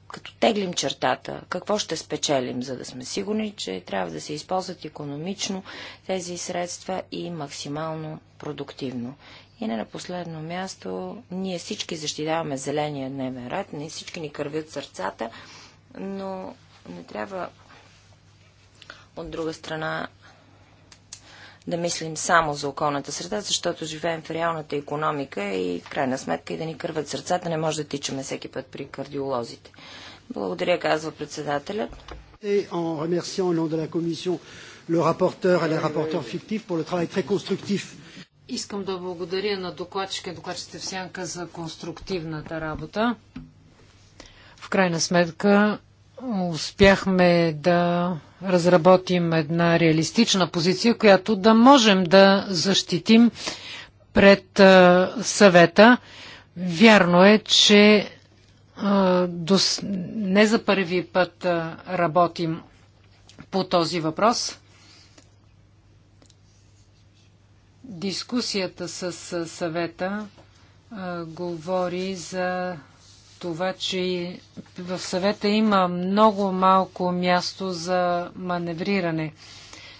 Като теглим чертата, какво ще спечелим, за да сме сигурни, че трябва да се използват економично тези средства и максимално продуктивно. И не на последно място, ние всички защитаваме зеления дневен ред, не всички ни кървят сърцата, но не трябва от друга страна да мислим само за околната среда, защото живеем в реалната економика и в крайна сметка и да ни кърват сърцата, не може да тичаме всеки път при кардиолозите. Благодаря, казва председателят. Е, en remerciant au nom de la Commission le rapporteur et les rapporteurs fictifs pour le travail très constructif. Искам да благодаря на докладчика и докладчите в сянка за конструктивната работа. В крайна сметка успяхме да разработим една реалистична позиция, която да можем да защитим пред съвета. Вярно е, че не за първи път работим по този въпрос. Дискусията с съвета говори за това, че в съвета има много малко място за маневриране.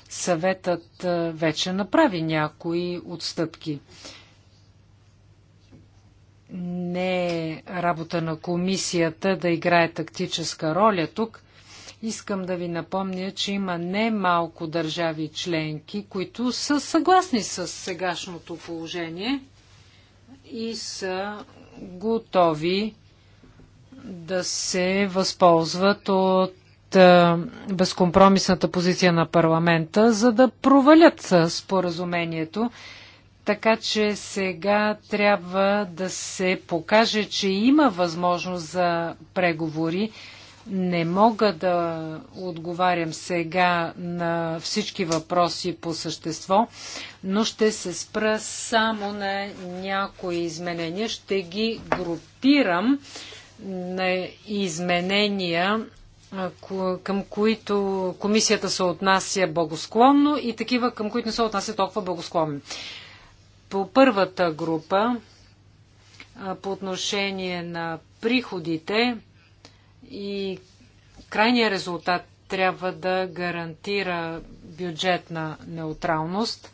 Съветът вече направи някои отстъпки. Не е работа на комисията да играе тактическа роля тук. Искам да ви напомня, че има не малко държави членки, които са съгласни с сегашното положение и са готови да се възползват от безкомпромисната позиция на парламента, за да провалят споразумението. Така че сега трябва да се покаже, че има възможност за преговори. Не мога да отговарям сега на всички въпроси по същество, но ще се спра само на някои изменения. Ще ги групирам на изменения, към които комисията се отнася благосклонно и такива, към които не се отнася толкова благосклонно. По първата група, по отношение на приходите и крайния резултат трябва да гарантира бюджетна неутралност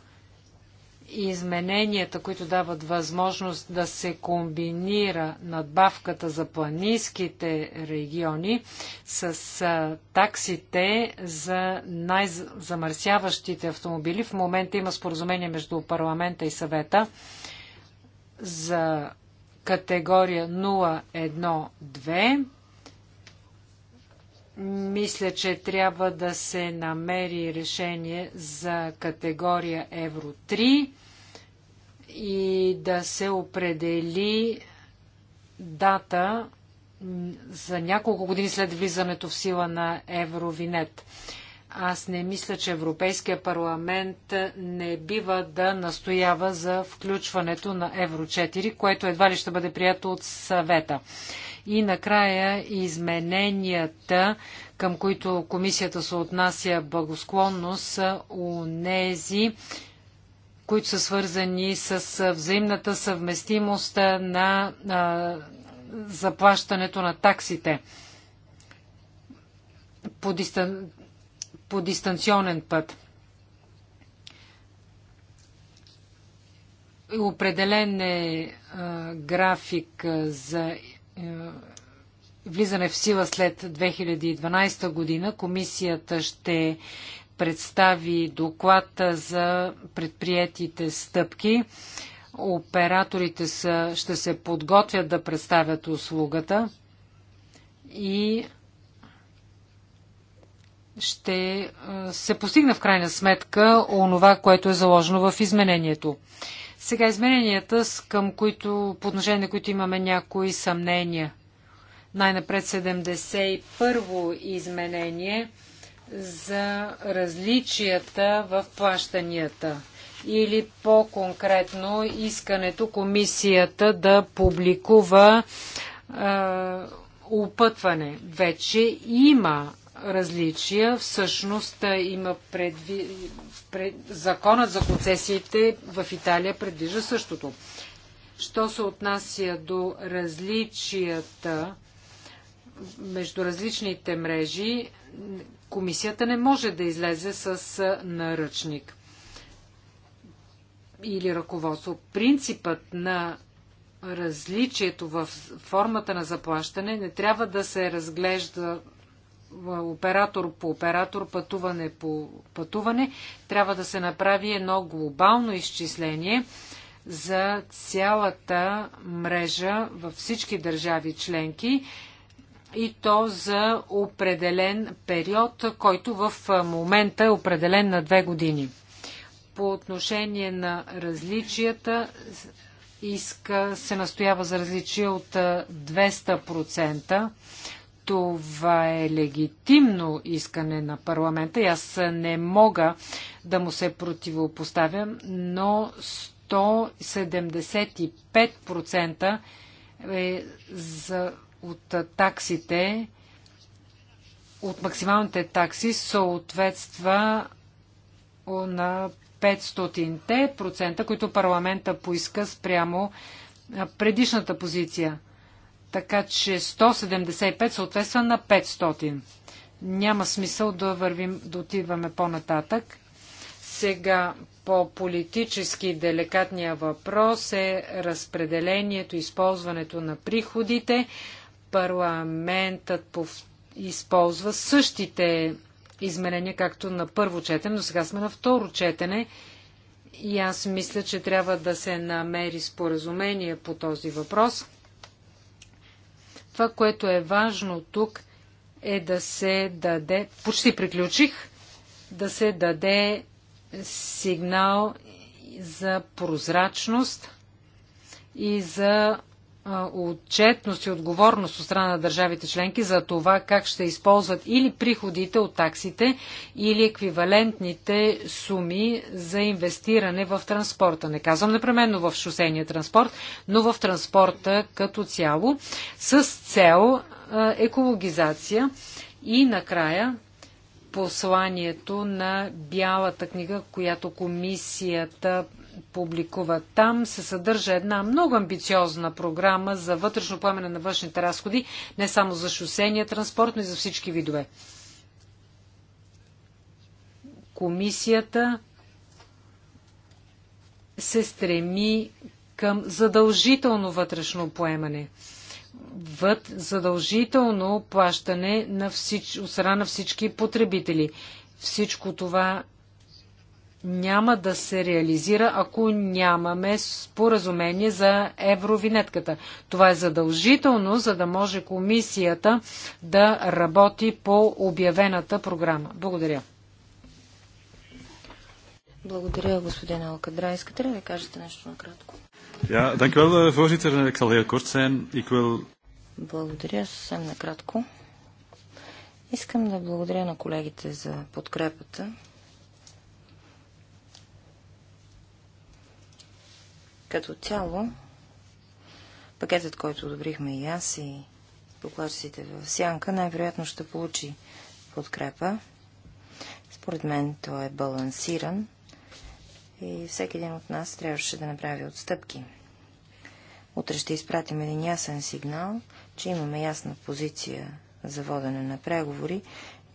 измененията, които дават възможност да се комбинира надбавката за планинските региони с таксите за най-замърсяващите автомобили. В момента има споразумение между парламента и съвета за категория 012 мисля, че трябва да се намери решение за категория Евро 3 и да се определи дата за няколко години след влизането в сила на Евровинет. Аз не мисля, че Европейския парламент не бива да настоява за включването на Евро 4, което едва ли ще бъде прието от съвета. И накрая измененията, към които комисията се отнася благосклонно, са у нези, които са свързани с взаимната съвместимост на заплащането на таксите по, дистан... по дистанционен път. Определен е а, график а, за а, влизане в сила след 2012 година. Комисията ще представи доклад за предприетите стъпки. Операторите са, ще се подготвят да представят услугата и ще се постигне в крайна сметка онова, което е заложено в изменението. Сега измененията, към които, по отношение на които имаме някои съмнения. Най-напред 71-во изменение – за различията в плащанията или по-конкретно искането комисията да публикува е, опътване. Вече има различия. Всъщност има предви... пред... законът за концесиите в Италия предвижда същото. Що се отнася до различията между различните мрежи, комисията не може да излезе с наръчник или ръководство. Принципът на различието в формата на заплащане не трябва да се разглежда оператор по оператор, пътуване по пътуване. Трябва да се направи едно глобално изчисление за цялата мрежа във всички държави членки и то за определен период, който в момента е определен на две години. По отношение на различията, иска, се настоява за различие от 200%. Това е легитимно искане на парламента и аз не мога да му се противопоставям, но 175% е за от таксите, от максималните такси съответства на 500-те процента, които парламента поиска спрямо предишната позиция. Така че 175 съответства на 500. Няма смисъл да вървим, да отиваме по-нататък. Сега по политически деликатния въпрос е разпределението, използването на приходите парламентът използва същите изменения, както на първо четене, но сега сме на второ четене и аз мисля, че трябва да се намери споразумение по този въпрос. Това, което е важно тук, е да се даде, почти приключих, да се даде сигнал за прозрачност и за отчетност и отговорност от страна на държавите членки за това как ще използват или приходите от таксите, или еквивалентните суми за инвестиране в транспорта. Не казвам непременно в шосейния транспорт, но в транспорта като цяло с цел екологизация и накрая посланието на Бялата книга, която комисията публикува там, се съдържа една много амбициозна програма за вътрешно поемане на външните разходи, не само за шосения транспорт, но и за всички видове. Комисията се стреми към задължително вътрешно поемане. Вът задължително плащане на всич... от страна на всички потребители. Всичко това няма да се реализира, ако нямаме споразумение за евровинетката. Това е задължително, за да може комисията да работи по обявената програма. Благодаря. Благодаря, господин Алкадрай. Искате ли да кажете нещо накратко? Eh, благодаря, съвсем накратко. Искам да благодаря на колегите за подкрепата. Като цяло, пакетът, който одобрихме и аз и докладчиците в Сянка, най-вероятно ще получи подкрепа. Според мен той е балансиран и всеки един от нас трябваше да направи отстъпки. Утре ще изпратим един ясен сигнал, че имаме ясна позиция за водене на преговори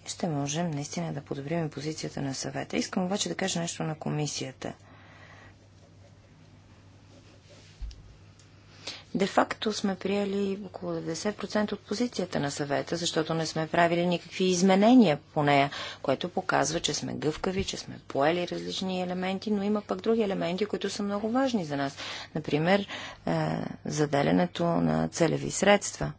и ще можем наистина да подобрим позицията на съвета. Искам обаче да кажа нещо на комисията – де-факто сме приели около 90% от позицията на съвета, защото не сме правили никакви изменения по нея, което показва, че сме гъвкави, че сме поели различни елементи, но има пък други елементи, които са много важни за нас. Например, е, заделянето на целеви средства.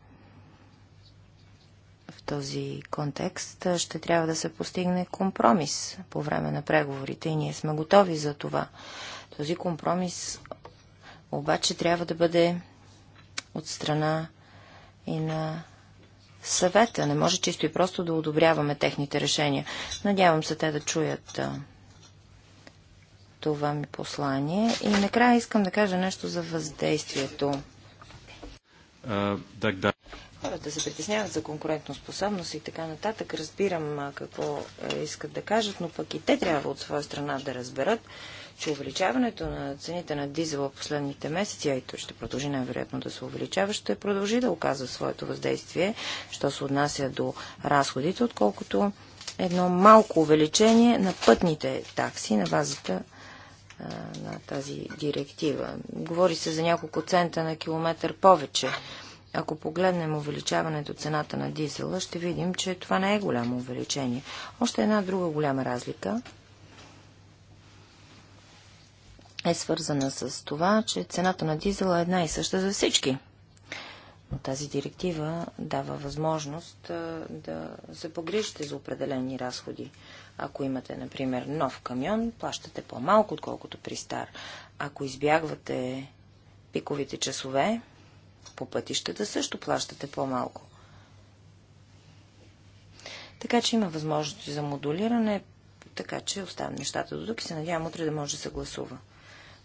В този контекст е, ще трябва да се постигне компромис по време на преговорите и ние сме готови за това. Този компромис обаче трябва да бъде от страна и на съвета. Не може чисто и просто да одобряваме техните решения. Надявам се те да чуят това ми послание. И накрая искам да кажа нещо за въздействието. да, да. Хората се притесняват за способност и така нататък. Разбирам какво е, искат да кажат, но пък и те трябва от своя страна да разберат, че увеличаването на цените на дизела в последните месеци, а и то ще продължи най-вероятно да се увеличава, ще продължи да оказва своето въздействие, що се отнася до разходите, отколкото едно малко увеличение на пътните такси на базата а, на тази директива. Говори се за няколко цента на километър повече. Ако погледнем увеличаването цената на дизела, ще видим, че това не е голямо увеличение. Още една друга голяма разлика е свързана с това, че цената на дизела е една и съща за всички. Но тази директива дава възможност да се погрижите за определени разходи. Ако имате, например, нов камион, плащате по-малко, отколкото при стар. Ако избягвате пиковите часове, по пътищата също плащате по-малко. Така че има възможности за модулиране, така че оставям нещата до тук и се надявам утре да може да се гласува.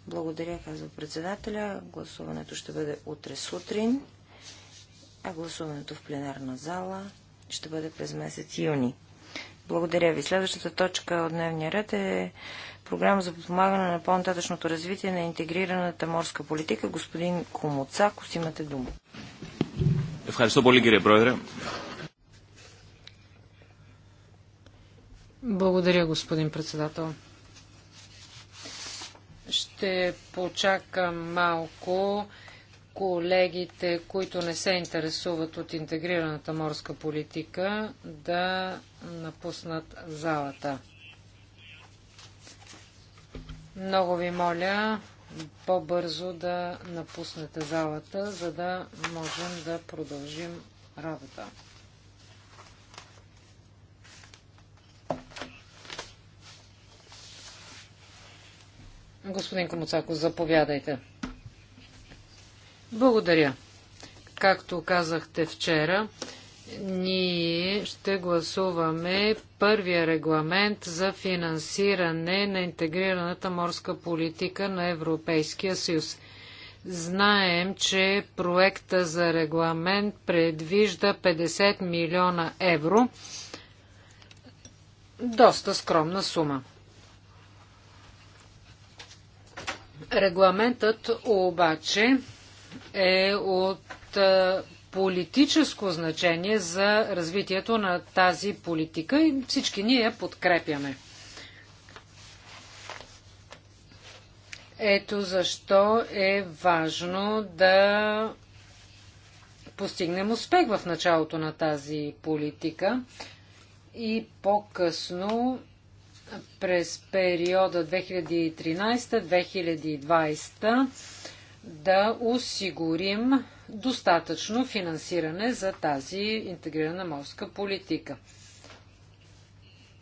Благодаря, казва председателя. Гласуването ще бъде утре сутрин, а гласуването в пленарна зала ще бъде през месец юни. Благодаря ви. Следващата точка от дневния ред е програма за подпомагане на по-нататъчното развитие на интегрираната морска политика. Господин Комоцакос, имате дума. Благодаря, господин председател. Ще почакам малко колегите, които не се интересуват от интегрираната морска политика, да напуснат залата. Много ви моля по-бързо да напуснете залата, за да можем да продължим работа. Господин Комуцако, заповядайте. Благодаря. Както казахте вчера, ние ще гласуваме първия регламент за финансиране на интегрираната морска политика на Европейския съюз. Знаем, че проекта за регламент предвижда 50 милиона евро. Доста скромна сума. Регламентът обаче е от е, политическо значение за развитието на тази политика и всички ние я подкрепяме. Ето защо е важно да постигнем успех в началото на тази политика и по-късно през периода 2013-2020 да осигурим достатъчно финансиране за тази интегрирана морска политика.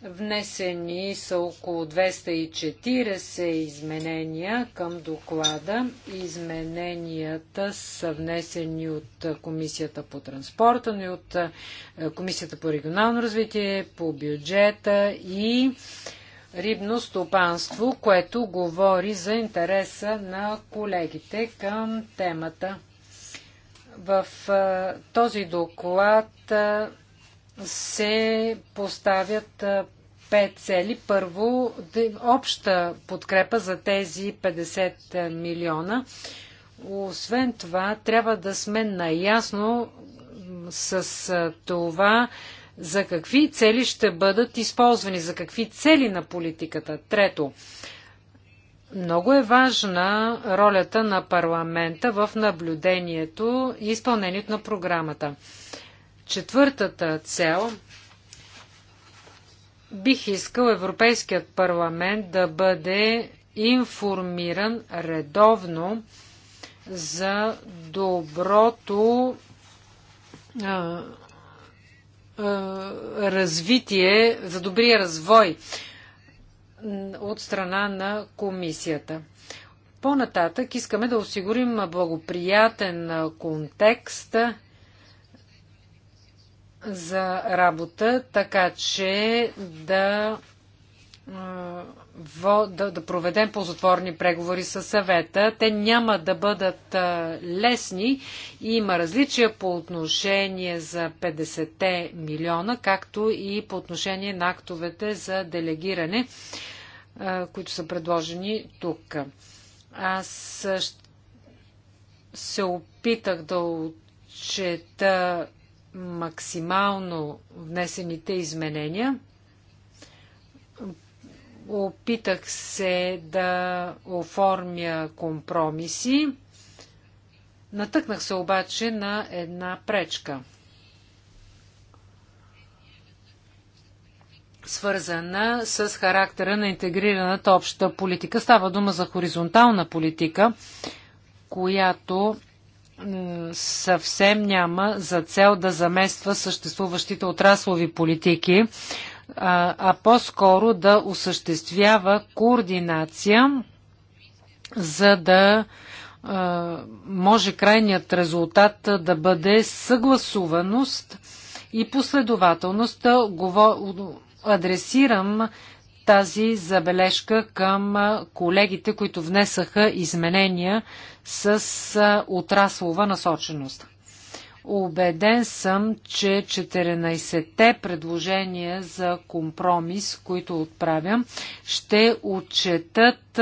Внесени са около 240 изменения към доклада. Измененията са внесени от Комисията по транспорта, но и от е, Комисията по регионално развитие, по бюджета и рибно стопанство, което говори за интереса на колегите към темата. В този доклад се поставят пет цели. Първо, обща подкрепа за тези 50 милиона. Освен това, трябва да сме наясно с това, за какви цели ще бъдат използвани, за какви цели на политиката. Трето, много е важна ролята на парламента в наблюдението и изпълнението на програмата. Четвъртата цел бих искал Европейският парламент да бъде информиран редовно за доброто развитие, за добрия развой от страна на комисията. По-нататък искаме да осигурим благоприятен контекст за работа, така че да да, да проведем ползотворни преговори с съвета. Те няма да бъдат лесни. Има различия по отношение за 50 милиона, както и по отношение на актовете за делегиране, които са предложени тук. Аз се опитах да отчета максимално внесените изменения. Опитах се да оформя компромиси. Натъкнах се обаче на една пречка, свързана с характера на интегрираната обща политика. Става дума за хоризонтална политика, която съвсем няма за цел да замества съществуващите отраслови политики а, а по-скоро да осъществява координация, за да а, може крайният резултат да бъде съгласуваност и последователност. Адресирам тази забележка към колегите, които внесаха изменения с отраслова насоченост. Убеден съм, че 14-те предложения за компромис, които отправям, ще отчетат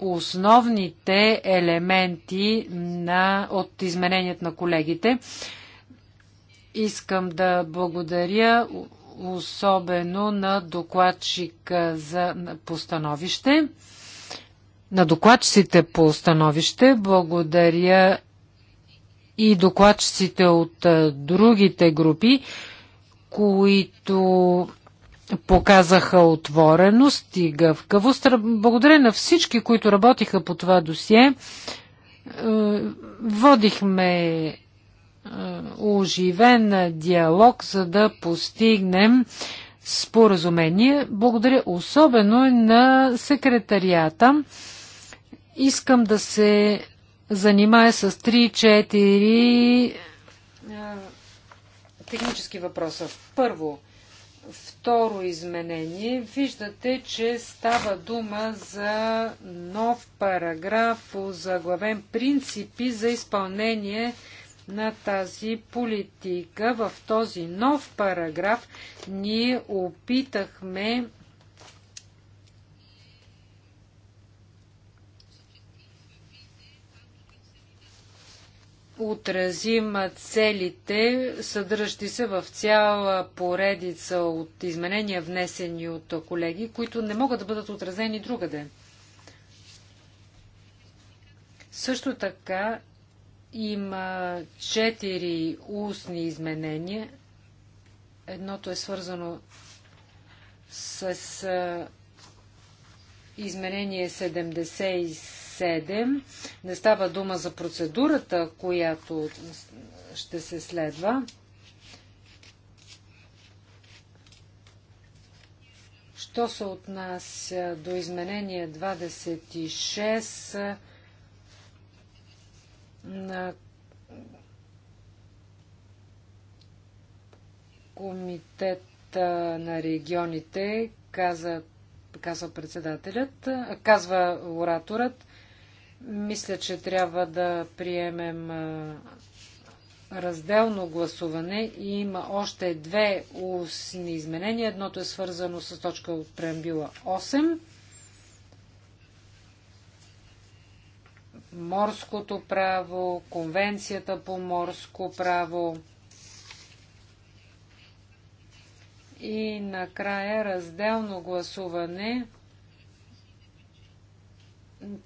основните елементи на, от измененията на колегите. Искам да благодаря особено на докладчика за постановище. На докладчиците по установище. благодаря и докладчиците от другите групи, които показаха отвореност и гъвкавост. Благодаря на всички, които работиха по това досие. Е, водихме е, оживен диалог, за да постигнем споразумение. Благодаря особено на секретарията. Искам да се занимая с 3-4 технически въпроса. Първо, второ изменение. Виждате, че става дума за нов параграф, заглавен принципи за изпълнение на тази политика. В този нов параграф ние опитахме отразим целите, съдържащи се в цяла поредица от изменения, внесени от колеги, които не могат да бъдат отразени другаде. Също така има четири устни изменения. Едното е свързано с изменение 77 7 не става дума за процедурата, която ще се следва. Що се отнася до изменение 26 на комитет на регионите, каза, казва председателят, казва ораторът, мисля, че трябва да приемем разделно гласуване и има още две усни изменения. Едното е свързано с точка от преамбила 8. Морското право, конвенцията по морско право. И накрая разделно гласуване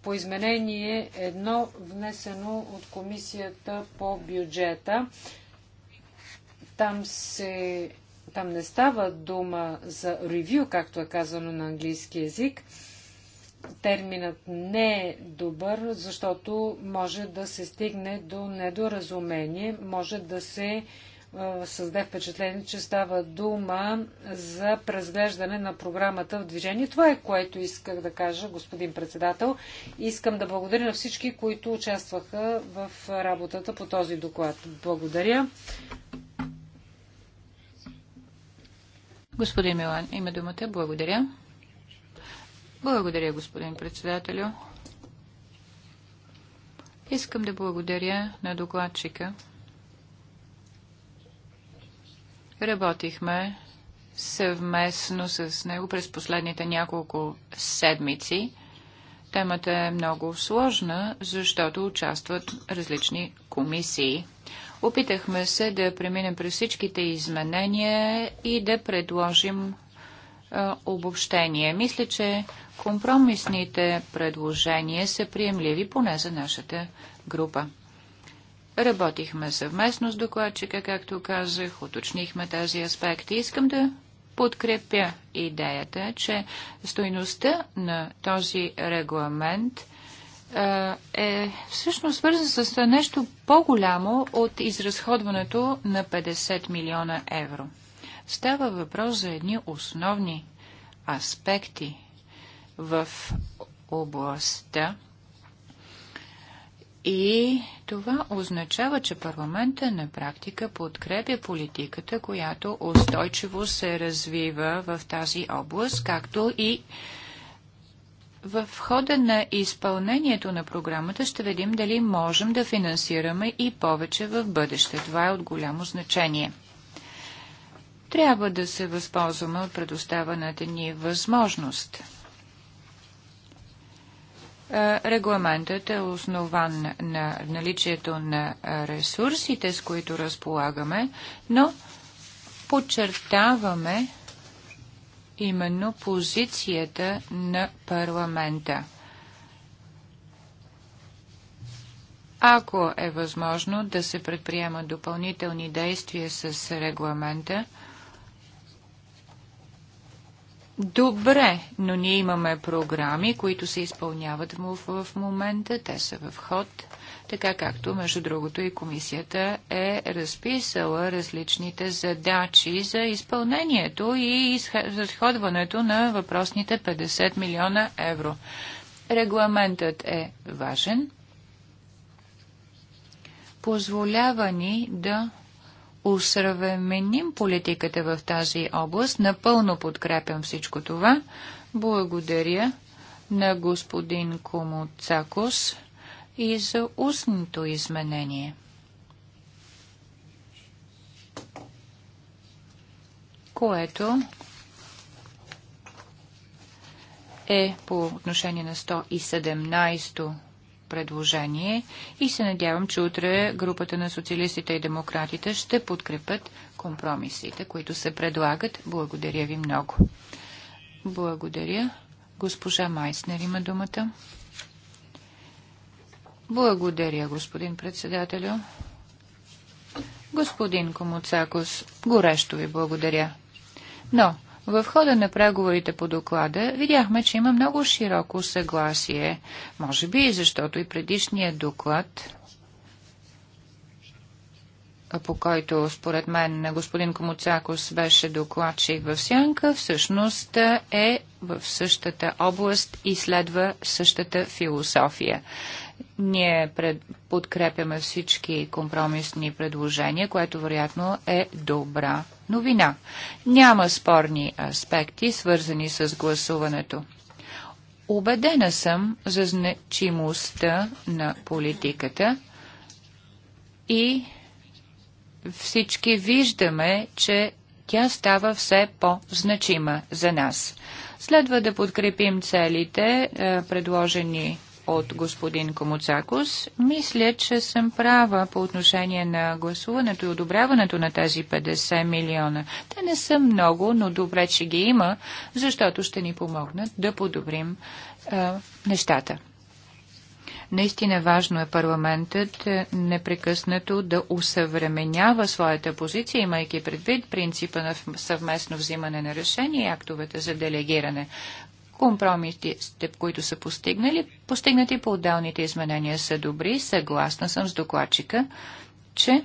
по изменение едно, внесено от комисията по бюджета. Там, се, там не става дума за ревю, както е казано на английски язик. Терминът не е добър, защото може да се стигне до недоразумение, може да се създаде впечатление, че става дума за преразглеждане на програмата в движение. Това е което исках да кажа, господин председател. Искам да благодаря на всички, които участваха в работата по този доклад. Благодаря. Господин Милан, има думата. Благодаря. Благодаря, господин председателю. Искам да благодаря на докладчика Работихме съвместно с него през последните няколко седмици. Темата е много сложна, защото участват различни комисии. Опитахме се да преминем през всичките изменения и да предложим е, обобщение. Мисля, че компромисните предложения са приемливи поне за нашата група. Работихме съвместно с докладчика, както казах, уточнихме тези аспекти. Искам да подкрепя идеята, че стойността на този регламент е всъщност свързан с нещо по-голямо от изразходването на 50 милиона евро. Става въпрос за едни основни аспекти в областта и това означава, че парламента на практика подкрепя политиката, която устойчиво се развива в тази област, както и в хода на изпълнението на програмата ще видим дали можем да финансираме и повече в бъдеще. Това е от голямо значение. Трябва да се възползваме от предоставената ни възможност е, регламентът е основан на наличието на ресурсите, с които разполагаме, но подчертаваме именно позицията на парламента. Ако е възможно да се предприемат допълнителни действия с регламента, Добре, но ние имаме програми, които се изпълняват в, в момента, те са в ход, така както, между другото, и комисията е разписала различните задачи за изпълнението и разходването на въпросните 50 милиона евро. Регламентът е важен, позволява ни да усъвременим политиката в тази област. Напълно подкрепям всичко това. Благодаря на господин Комуцакос и за устното изменение. което е по отношение на 117-то предложение и се надявам, че утре групата на социалистите и демократите ще подкрепят компромисите, които се предлагат. Благодаря ви много. Благодаря. Госпожа Майснер има думата. Благодаря, господин председателю. Господин Комуцакос, горещо ви благодаря. Но в хода на преговорите по доклада видяхме, че има много широко съгласие, може би защото и предишният доклад по който според мен господин Комуцакос беше докладчик в Сянка, всъщност е в същата област и следва същата философия. Ние пред, подкрепяме всички компромисни предложения, което вероятно е добра новина. Няма спорни аспекти, свързани с гласуването. Обедена съм за значимостта на политиката и всички виждаме, че тя става все по-значима за нас. Следва да подкрепим целите, е, предложени от господин Комуцакос. Мисля, че съм права по отношение на гласуването и одобряването на тези 50 милиона. Те не са много, но добре, че ги има, защото ще ни помогнат да подобрим е, нещата. Наистина важно е парламентът непрекъснато да усъвременява своята позиция, имайки предвид принципа на съвместно взимане на решения и актовете за делегиране компромисите, които са постигнали, постигнати по отделните изменения са добри. Съгласна съм с докладчика, че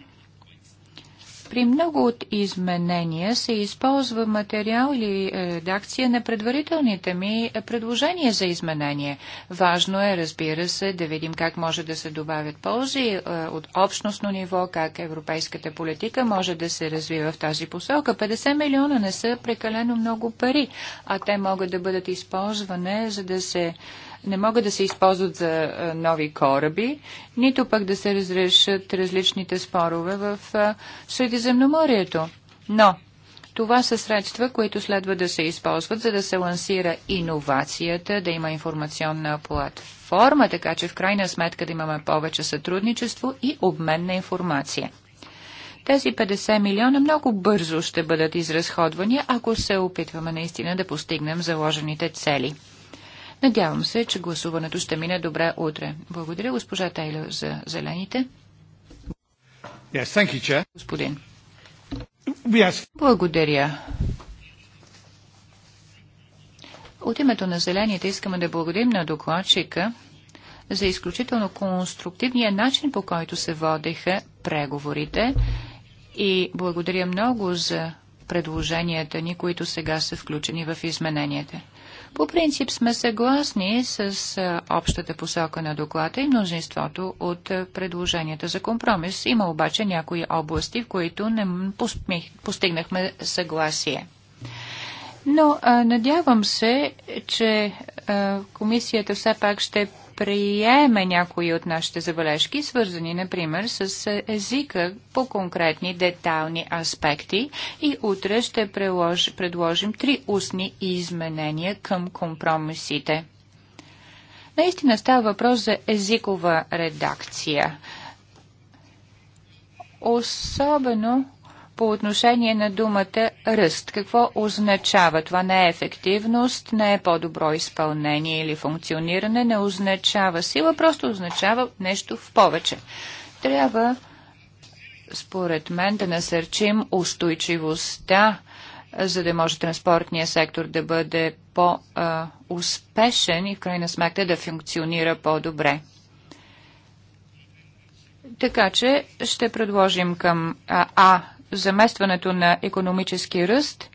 при много от изменения се използва материал или е, редакция на предварителните ми е, предложения за изменение. Важно е, разбира се, да видим как може да се добавят ползи е, от общностно ниво, как европейската политика може да се развива в тази посока. 50 милиона не са прекалено много пари, а те могат да бъдат използвани, за да се не могат да се използват за нови кораби, нито пък да се разрешат различните спорове в Средиземноморието. Но това са средства, които следва да се използват, за да се лансира иновацията, да има информационна платформа, така че в крайна сметка да имаме повече сътрудничество и обмен на информация. Тези 50 милиона много бързо ще бъдат изразходвани, ако се опитваме наистина да постигнем заложените цели. Надявам се, че гласуването ще мине добре утре. Благодаря госпожа Тейлер за зелените. Yes, thank you, Chair. Господин. Yes. Благодаря. От името на зелените искаме да благодарим на докладчика за изключително конструктивния начин, по който се водеха преговорите и благодаря много за предложенията ни, които сега са включени в измененията. По принцип сме съгласни с общата посока на доклада и мнозинството от предложенията за компромис. Има обаче някои области, в които не постигнахме съгласие. Но а, надявам се, че а, комисията все пак ще приеме някои от нашите забележки, свързани, например, с езика по конкретни детални аспекти и утре ще прелож... предложим три устни изменения към компромисите. Наистина става въпрос за езикова редакция. Особено по отношение на думата ръст. Какво означава? Това не е ефективност, не е по-добро изпълнение или функциониране, не означава сила, просто означава нещо в повече. Трябва, според мен, да насърчим устойчивостта, за да може транспортния сектор да бъде по-успешен и в крайна сметка да функционира по-добре. Така че ще предложим към А, а заместването на економически ръст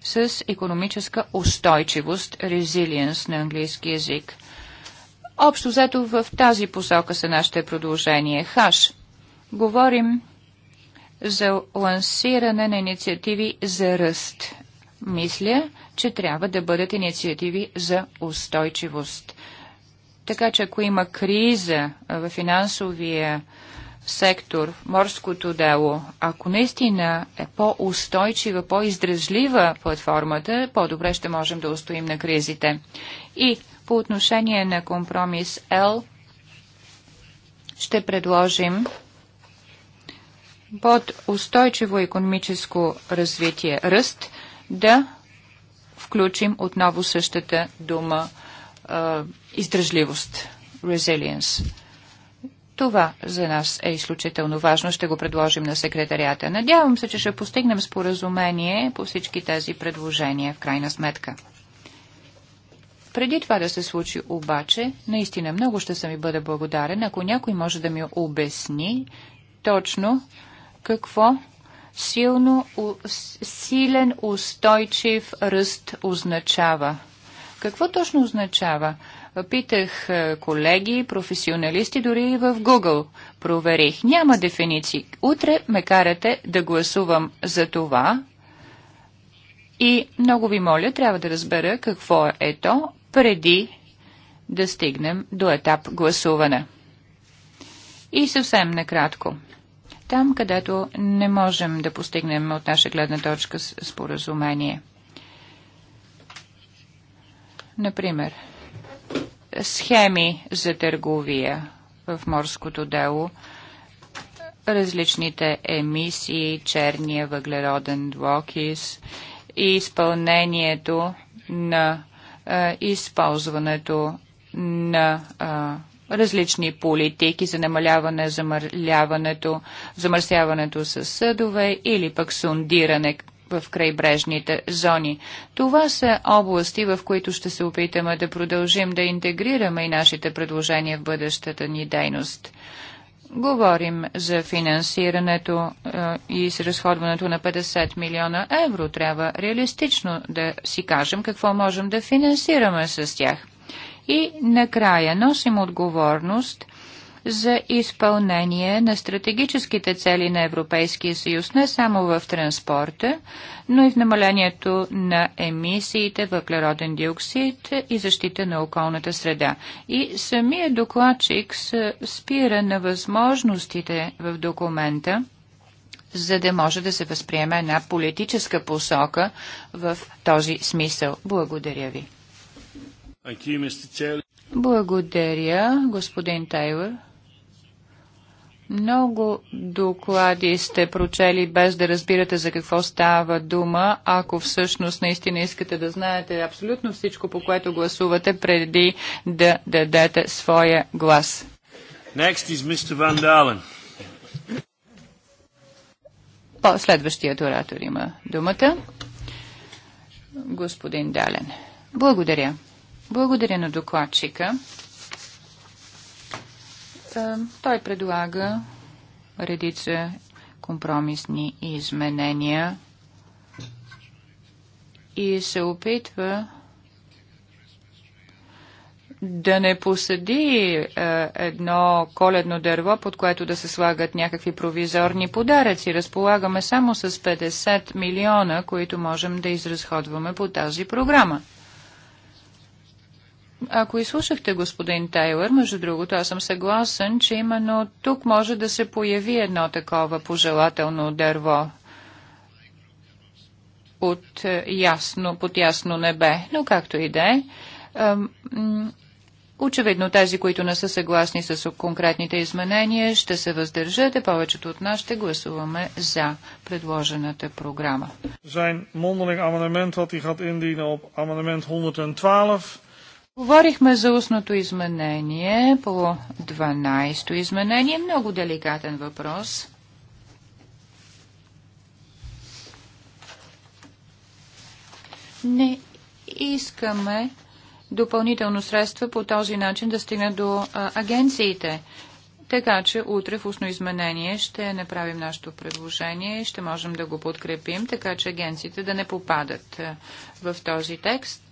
с економическа устойчивост, резилиенс на английски язик. Общо взето в тази посока са нашите продължения. Хаш. Говорим за лансиране на инициативи за ръст. Мисля, че трябва да бъдат инициативи за устойчивост. Така че ако има криза в финансовия сектор, морското дело, ако наистина е по-устойчива, по-издръжлива платформата, по-добре ще можем да устоим на кризите. И по отношение на компромис L ще предложим под устойчиво економическо развитие, ръст, да включим отново същата дума издръжливост, resilience. Това за нас е изключително важно. Ще го предложим на секретарията. Надявам се, че ще постигнем споразумение по всички тези предложения в крайна сметка. Преди това да се случи обаче, наистина много ще съм и бъда благодарен, ако някой може да ми обясни точно какво силно, силен, устойчив ръст означава. Какво точно означава? Питах е, колеги, професионалисти, дори и в Google проверих. Няма дефиниции. Утре ме карате да гласувам за това. И много ви моля, трябва да разбера какво е то, преди да стигнем до етап гласуване. И съвсем накратко. Там, където не можем да постигнем от наша гледна точка споразумение. Например, схеми за търговия в морското дело, различните емисии, черния въглероден двокис и изпълнението на използването на а, различни политики за намаляване замърляването, замърсяването с съдове или пък сундиране в крайбрежните зони. Това са области, в които ще се опитаме да продължим да интегрираме и нашите предложения в бъдещата ни дейност. Говорим за финансирането е, и изразходването на 50 милиона евро. Трябва реалистично да си кажем какво можем да финансираме с тях. И накрая носим отговорност – за изпълнение на стратегическите цели на Европейския съюз не само в транспорта, но и в намалението на емисиите въглероден диоксид и защита на околната среда. И самия докладчик спира на възможностите в документа, за да може да се възприеме една политическа посока в този смисъл. Благодаря ви. Благодаря, господин Тайлър. Много доклади сте прочели без да разбирате за какво става дума, ако всъщност наистина искате да знаете абсолютно всичко, по което гласувате, преди да дадете своя глас. Next is Mr. Van Dalen. По следващият оратор има думата. Господин Дален. Благодаря. Благодаря на докладчика. Е, той предлага редица компромисни изменения и се опитва да не посади е, едно коледно дърво, под което да се слагат някакви провизорни подаръци. Разполагаме само с 50 милиона, които можем да изразходваме по тази програма. Ако изслушахте господин Тейлър, между другото, аз съм съгласен, че именно тук може да се появи едно такова пожелателно дърво под е, ясно, под ясно небе. Но както и да е, очевидно тези, които не са съгласни с конкретните изменения, ще се въздържат и повечето от нас ще гласуваме за предложената програма. Zijn mondeling amendement wat hij gaat indienen op amendement 112 Говорихме за устното изменение по 12-то изменение. Много деликатен въпрос. Не искаме допълнително средства по този начин да стигнат до а, агенциите. Така че утре в устно изменение ще направим нашето предложение и ще можем да го подкрепим, така че агенциите да не попадат в този текст.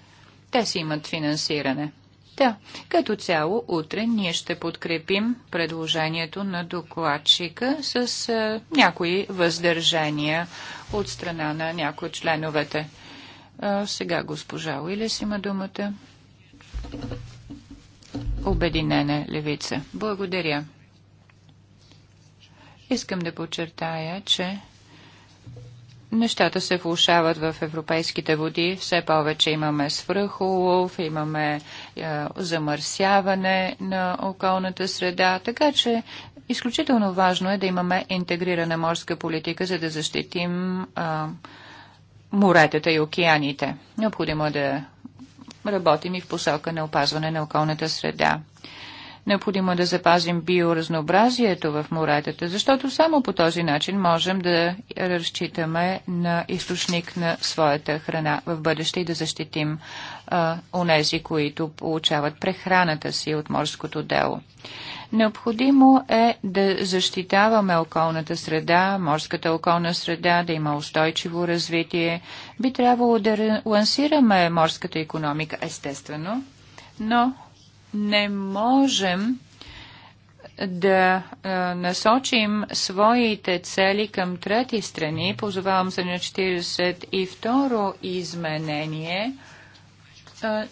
Те си имат финансиране. Да, като цяло утре ние ще подкрепим предложението на докладчика с а, някои въздържания от страна на някои от членовете. А, сега госпожа Уилес има думата. Обединена левица. Благодаря. Искам да подчертая, че нещата се влушават в европейските води. Все повече имаме свръхулов, имаме е, замърсяване на околната среда, така че изключително важно е да имаме интегрирана морска политика, за да защитим е, моретата и океаните. Необходимо е да работим и в посока на опазване на околната среда. Необходимо е да запазим биоразнообразието в моретата, защото само по този начин можем да разчитаме на източник на своята храна в бъдеще и да защитим а, онези, които получават прехраната си от морското дело. Необходимо е да защитаваме околната среда, морската околна среда, да има устойчиво развитие. Би трябвало да лансираме морската економика, естествено, но не можем да насочим своите цели към трети страни. Позовавам се на 42 изменение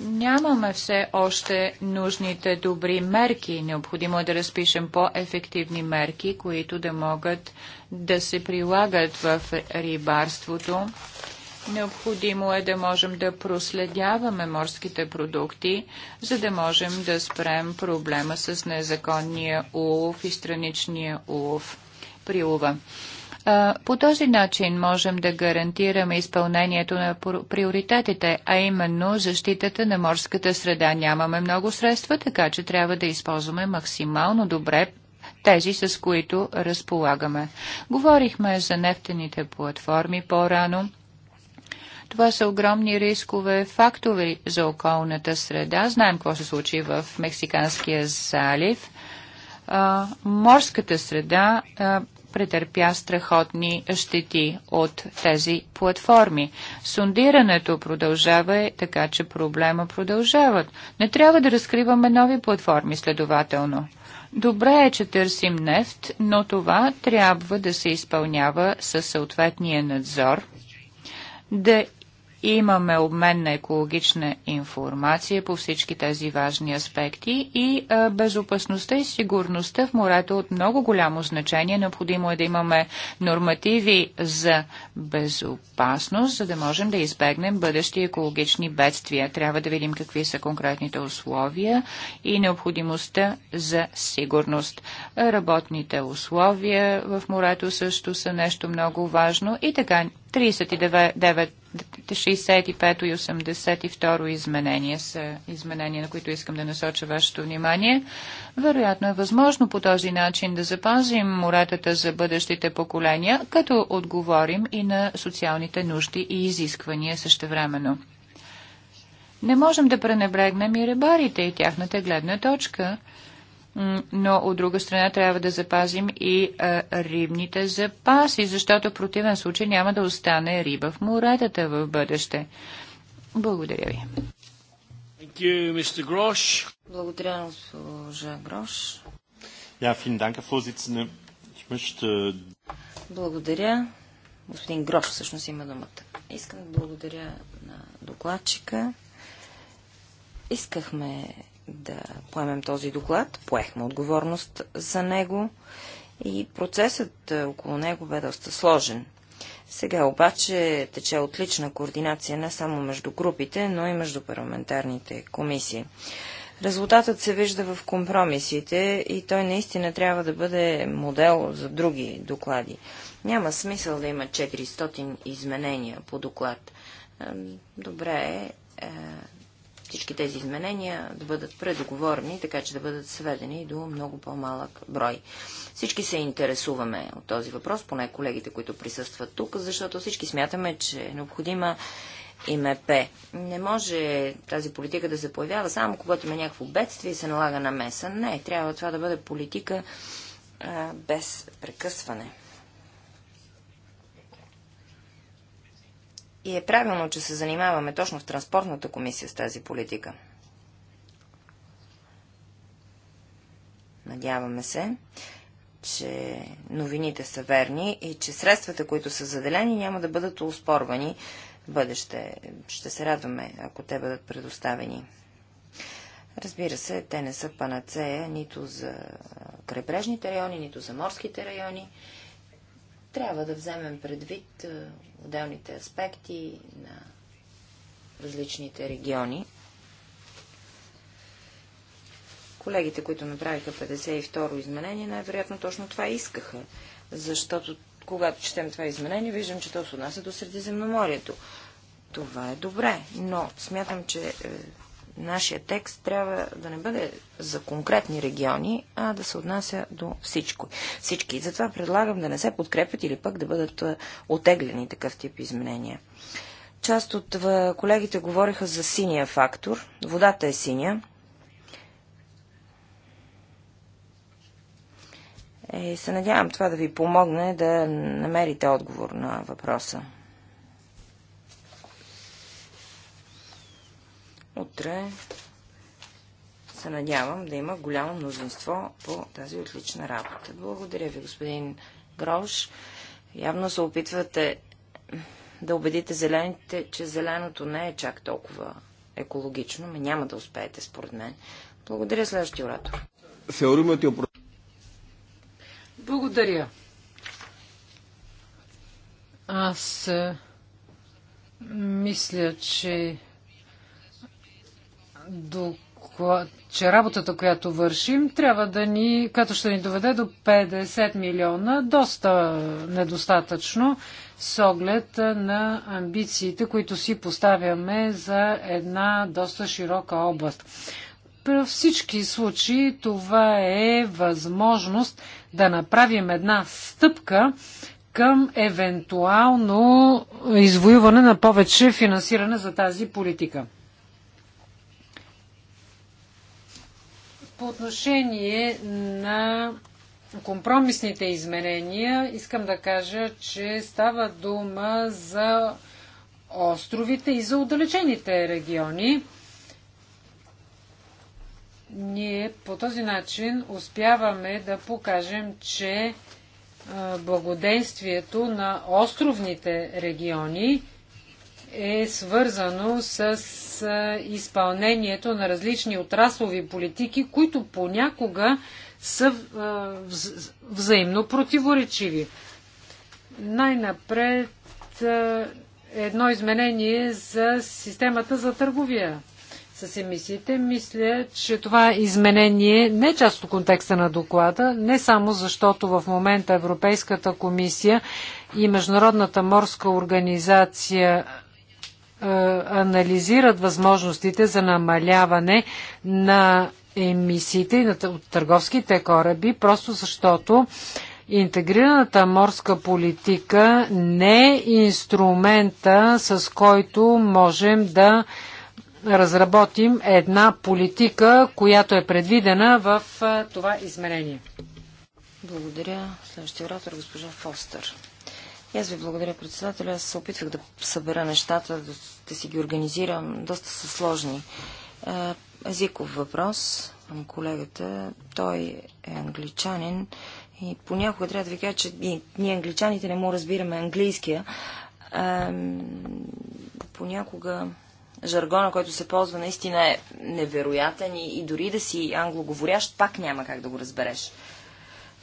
нямаме все още нужните добри мерки. Необходимо е да разпишем по-ефективни мерки, които да могат да се прилагат в рибарството Необходимо е да можем да проследяваме морските продукти, за да можем да спрем проблема с незаконния улов и страничния улов. улова. По този начин можем да гарантираме изпълнението на приоритетите, а именно защитата на морската среда. Нямаме много средства, така че трябва да използваме максимално добре тези, с които разполагаме. Говорихме за нефтените платформи по-рано. Това са огромни рискове фактори за околната среда. Знаем какво се случи в Мексиканския залив. А, морската среда а, претърпя страхотни щети от тези платформи. Сундирането продължава, е така че проблема продължават. Не трябва да разкриваме нови платформи, следователно. Добре е, че търсим нефт, но това трябва да се изпълнява със съответния надзор – да имаме обмен на екологична информация по всички тези важни аспекти и а, безопасността и сигурността в морето е от много голямо значение. Необходимо е да имаме нормативи за безопасност, за да можем да избегнем бъдещи екологични бедствия. Трябва да видим какви са конкретните условия и необходимостта за сигурност. Работните условия в морето също са нещо много важно и така 65 и 82 изменение са изменения, на които искам да насоча вашето внимание. Вероятно е възможно по този начин да запазим моретата за бъдещите поколения, като отговорим и на социалните нужди и изисквания същевременно. Не можем да пренебрегнем и рибарите и тяхната гледна точка – но от друга страна трябва да запазим и а, рибните запаси, защото в противен случай няма да остане риба в моретата в бъдеще. Благодаря ви. You, Благодаря, госпожа Грош. Ja, vielen Dank, Ich möchte... Благодаря. Господин Грош всъщност има думата. Искам да благодаря на докладчика. Искахме да поемем този доклад. Поехме отговорност за него и процесът е, около него бе доста сложен. Сега обаче тече отлична координация не само между групите, но и между парламентарните комисии. Резултатът се вижда в компромисите и той наистина трябва да бъде модел за други доклади. Няма смисъл да има 400 изменения по доклад. Добре е, е всички тези изменения да бъдат предоговорени, така че да бъдат сведени до много по-малък брой. Всички се интересуваме от този въпрос, поне колегите, които присъстват тук, защото всички смятаме, че е необходима ИМП. Не може тази политика да се появява само когато има някакво бедствие и се налага на меса. Не, трябва това да бъде политика а, без прекъсване. И е правилно, че се занимаваме точно в Транспортната комисия с тази политика. Надяваме се, че новините са верни и че средствата, които са заделени, няма да бъдат успорвани в бъдеще. Ще се радваме, ако те бъдат предоставени. Разбира се, те не са панацея нито за крайбрежните райони, нито за морските райони. Трябва да вземем предвид е, отделните аспекти на различните региони. Колегите, които направиха 52-ро изменение, най-вероятно точно това искаха, защото когато четем това изменение, виждам, че то се отнася до Средиземноморието. Това е добре, но смятам, че е, нашия текст трябва да не бъде за конкретни региони, а да се отнася до всичко. Всички. Затова предлагам да не се подкрепят или пък да бъдат отеглени такъв тип изменения. Част от колегите говориха за синия фактор. Водата е синя. И е, се надявам това да ви помогне да намерите отговор на въпроса. Утре се надявам да има голямо мнозинство по тази отлична работа. Благодаря ви, господин Грош. Явно се опитвате да убедите зелените, че зеленото не е чак толкова екологично, но няма да успеете, според мен. Благодаря, следващия оратор. Благодаря. Аз мисля, че че работата, която вършим, трябва да ни, като ще ни доведе до 50 милиона, доста недостатъчно, с оглед на амбициите, които си поставяме за една доста широка област. При всички случаи това е възможност да направим една стъпка към евентуално извоюване на повече финансиране за тази политика. По отношение на компромисните изменения, искам да кажа, че става дума за островите и за отдалечените региони. Ние по този начин успяваме да покажем, че благоденствието на островните региони е свързано с с изпълнението на различни отраслови политики, които понякога са взаимно противоречиви. Най-напред едно изменение за системата за търговия с емисиите. Мисля, че това изменение не е част от контекста на доклада, не само защото в момента Европейската комисия и Международната морска организация анализират възможностите за намаляване на емисиите от търговските кораби, просто защото интегрираната морска политика не е инструмента, с който можем да разработим една политика, която е предвидена в това измерение. Благодаря. Следващия оратор, госпожа Фостер. И аз ви благодаря, председателя. Аз се опитвах да събера нещата, да, да си ги организирам. Доста са сложни. езиков въпрос към колегата. Той е англичанин и понякога трябва да ви кажа, че и, ние англичаните не му разбираме английския. понякога жаргона, който се ползва, наистина е невероятен и, и дори да си англоговорящ, пак няма как да го разбереш.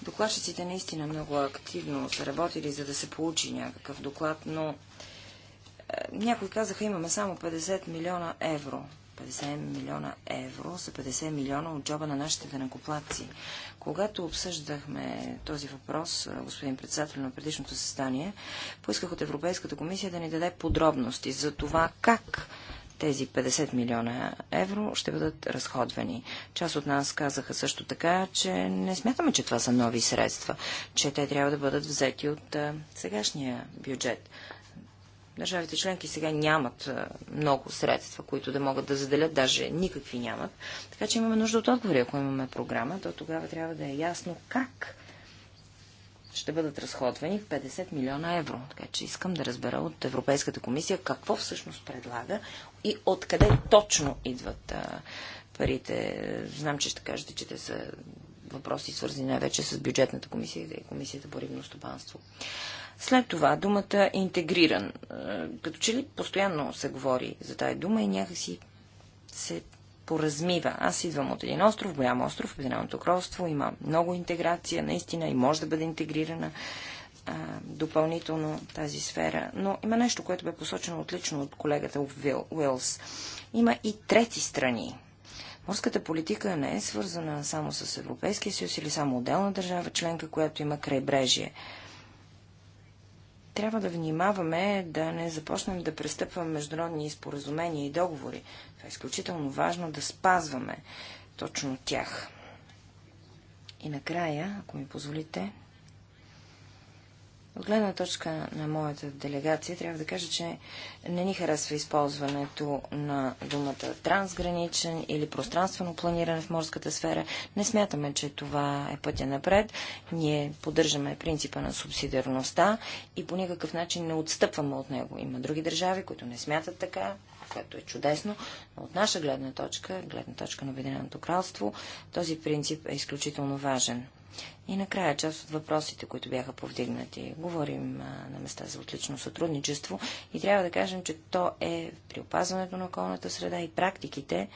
Докладчиците наистина много активно са работили, за да се получи някакъв доклад, но е, някои казаха, имаме само 50 милиона евро. 50 милиона евро са 50 милиона от джоба на нашите денакоплаци. Когато обсъждахме този въпрос, е, господин председател на предишното състояние, поисках от Европейската комисия да ни даде подробности за това как тези 50 милиона евро ще бъдат разходвани. Част от нас казаха също така, че не смятаме, че това са нови средства, че те трябва да бъдат взети от сегашния бюджет. Държавите членки сега нямат много средства, които да могат да заделят, даже никакви нямат. Така че имаме нужда от отговори. Ако имаме програма, то тогава трябва да е ясно как ще бъдат разходвани 50 милиона евро. Така че искам да разбера от Европейската комисия какво всъщност предлага и откъде точно идват а, парите. Знам, че ще кажете, че те са въпроси свързани най-вече с бюджетната комисия и комисията по рибно стопанство. След това думата е интегриран. Като че ли постоянно се говори за тая дума и някакси се поразмива. Аз идвам от един остров, голям остров, Обединеното кралство, има много интеграция, наистина и може да бъде интегрирана а, допълнително тази сфера. Но има нещо, което бе посочено отлично от колегата Уилс. Има и трети страни. Морската политика не е свързана само с Европейския съюз или само отделна държава членка, която има крайбрежие. Трябва да внимаваме да не започнем да престъпваме международни споразумения и договори, това е изключително важно да спазваме точно тях. И накрая, ако ми позволите, от гледна точка на моята делегация, трябва да кажа, че не ни харесва използването на думата трансграничен или пространствено планиране в морската сфера. Не смятаме, че това е пътя напред. Ние поддържаме принципа на субсидиарността и по никакъв начин не отстъпваме от него. Има други държави, които не смятат така което е чудесно, но от наша гледна точка, гледна точка на Обединеното кралство, този принцип е изключително важен. И накрая част от въпросите, които бяха повдигнати. Говорим а, на места за отлично сътрудничество и трябва да кажем, че то е при опазването на околната среда и практиките,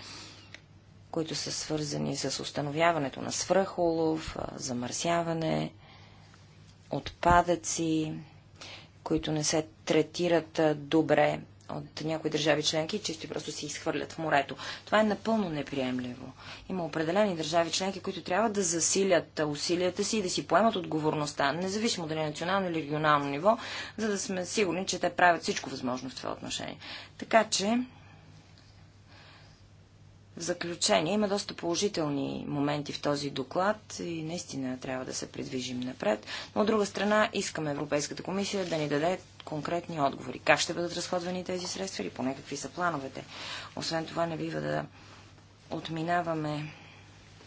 които са свързани с установяването на свръхолов, замърсяване, отпадъци, които не се третират добре от някои държави членки, чисто просто се изхвърлят в морето. Това е напълно неприемливо. Има определени държави членки, които трябва да засилят усилията си и да си поемат отговорността, независимо дали е национално или регионално ниво, за да сме сигурни, че те правят всичко възможно в това отношение. Така че, в заключение, има доста положителни моменти в този доклад и наистина трябва да се придвижим напред, но от друга страна искаме Европейската комисия да ни даде конкретни отговори. Как ще бъдат разходвани тези средства или поне какви са плановете. Освен това не бива да отминаваме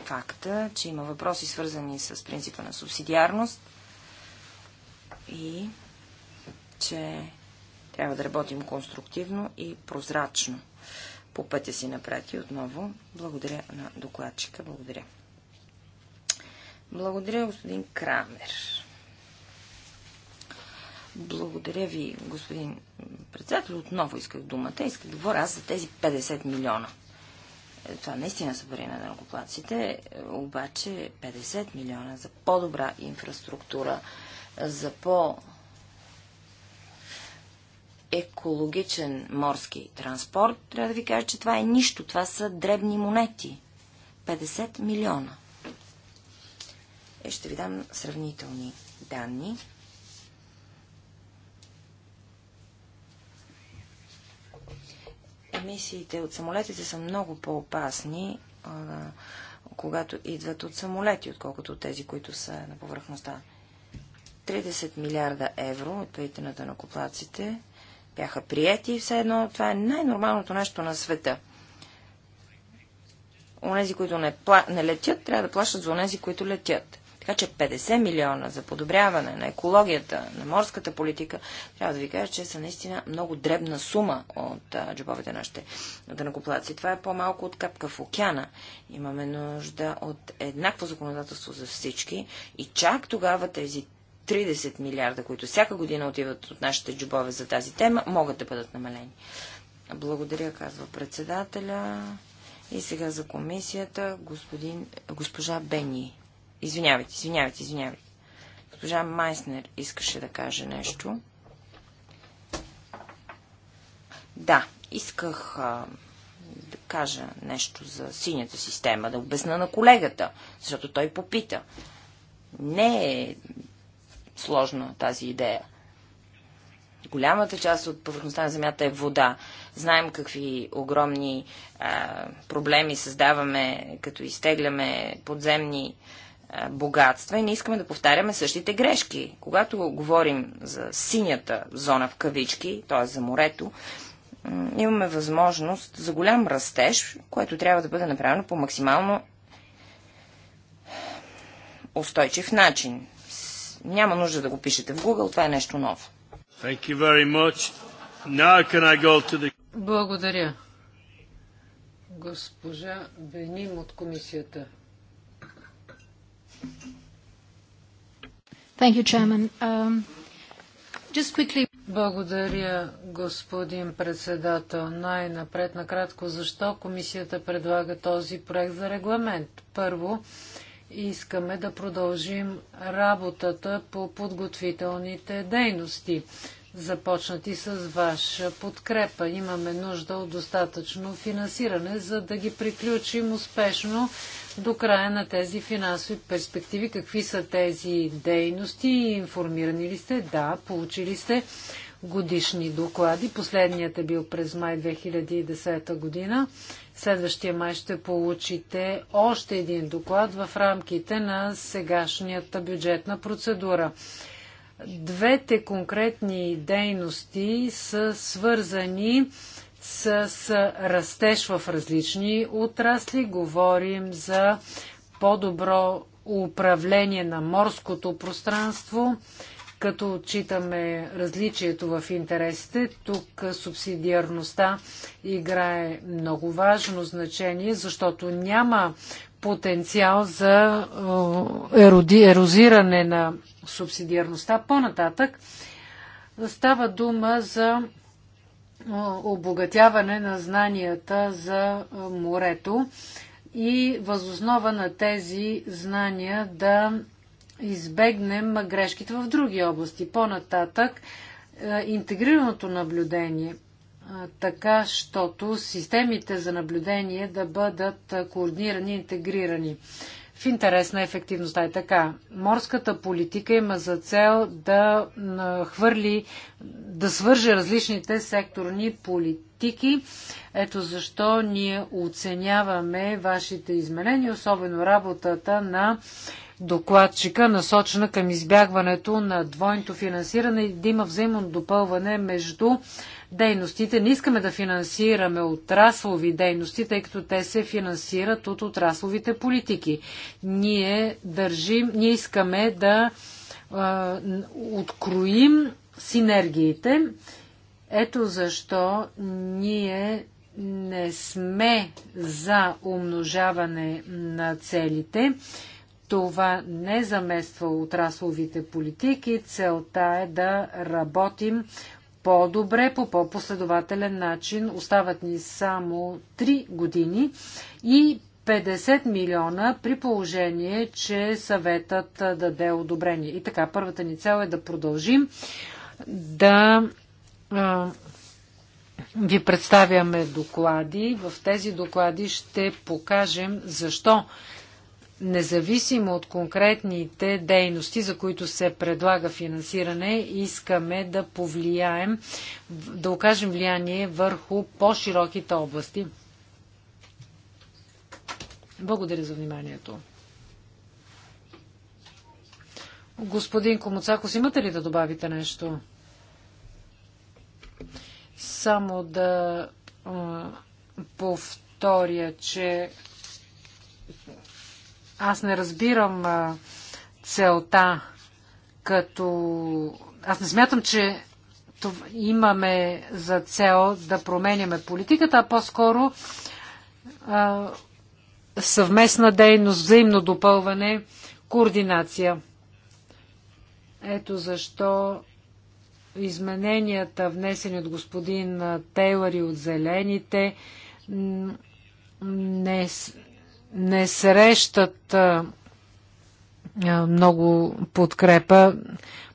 факта, че има въпроси свързани с принципа на субсидиарност и че трябва да работим конструктивно и прозрачно по пътя си напред. И отново благодаря на докладчика. Благодаря. Благодаря, господин Крамер. Благодаря ви, господин председател. Отново исках думата. Исках да говоря аз за тези 50 милиона. Е, това наистина са пари на дългоплаците, е, обаче 50 милиона за по-добра инфраструктура, за по- екологичен морски транспорт, трябва да ви кажа, че това е нищо. Това са дребни монети. 50 милиона. Е, ще ви дам сравнителни данни. Емисиите от самолетите са много по-опасни, когато идват от самолети, отколкото от тези, които са на повърхността. 30 милиарда евро от парите на дънокоплаците бяха приети и все едно това е най-нормалното нещо на света. Онези, които не, пла... не летят, трябва да плащат за онези, които летят. Така че 50 милиона за подобряване на екологията, на морската политика, трябва да ви кажа, че са наистина много дребна сума от а, джобовете нашите дънакоплаци. Това е по-малко от капка в океана. Имаме нужда от еднакво законодателство за всички и чак тогава тези 30 милиарда, които всяка година отиват от нашите джобове за тази тема, могат да бъдат намалени. Благодаря, казва председателя. И сега за комисията господин, госпожа Бени. Извинявайте, извинявайте, извинявайте. Госпожа Майснер искаше да каже нещо. Да, исках а, да кажа нещо за синята система, да обясна на колегата, защото той попита. Не е сложна тази идея. Голямата част от повърхността на Земята е вода. Знаем какви огромни а, проблеми създаваме, като изтегляме подземни а, е, богатства и не искаме да повтаряме същите грешки. Когато говорим за синята зона в кавички, т.е. за морето, имаме възможност за голям растеж, което трябва да бъде направено по максимално устойчив начин. Няма нужда да го пишете в Google, това е нещо ново. The... Благодаря. Госпожа Беним от комисията. Thank you, Chairman. Um, just quickly... Благодаря, господин председател. Най-напред, накратко, защо комисията предлага този проект за регламент? Първо, искаме да продължим работата по подготвителните дейности започнати с ваша подкрепа. Имаме нужда от достатъчно финансиране, за да ги приключим успешно до края на тези финансови перспективи. Какви са тези дейности? Информирани ли сте? Да, получили сте годишни доклади. Последният е бил през май 2010 година. Следващия май ще получите още един доклад в рамките на сегашнията бюджетна процедура. Двете конкретни дейности са свързани с растеж в различни отрасли. Говорим за по-добро управление на морското пространство, като отчитаме различието в интересите. Тук субсидиарността играе много важно значение, защото няма потенциал за е, ерозиране на субсидиарността. По-нататък става дума за е, обогатяване на знанията за е, морето и възоснова на тези знания да избегнем грешките в други области. По-нататък интегрираното наблюдение – така, щото системите за наблюдение да бъдат координирани и интегрирани в интерес на ефективността. е така, морската политика има за цел да хвърли, да свърже различните секторни политики. Ето защо ние оценяваме вашите изменения, особено работата на докладчика, насочена към избягването на двойното финансиране и да има взаимно допълване между дейностите. Не искаме да финансираме отраслови дейности, тъй като те се финансират от отрасловите политики. Ние държим, ние искаме да е, откроим синергиите. Ето защо ние не сме за умножаване на целите това не замества отрасловите политики. Целта е да работим по-добре, по по-последователен начин. Остават ни само 3 години и 50 милиона при положение, че съветът даде одобрение. И така, първата ни цел е да продължим да ви представяме доклади. В тези доклади ще покажем защо независимо от конкретните дейности, за които се предлага финансиране, искаме да повлияем, да окажем влияние върху по-широките области. Благодаря за вниманието. Господин Комуцакос, имате ли да добавите нещо? Само да повторя, че аз не разбирам а, целта като... Аз не смятам, че това... имаме за цел да променяме политиката, а по-скоро съвместна дейност, взаимно допълване, координация. Ето защо измененията, внесени от господин Тейлър и от Зелените, не, не срещат много подкрепа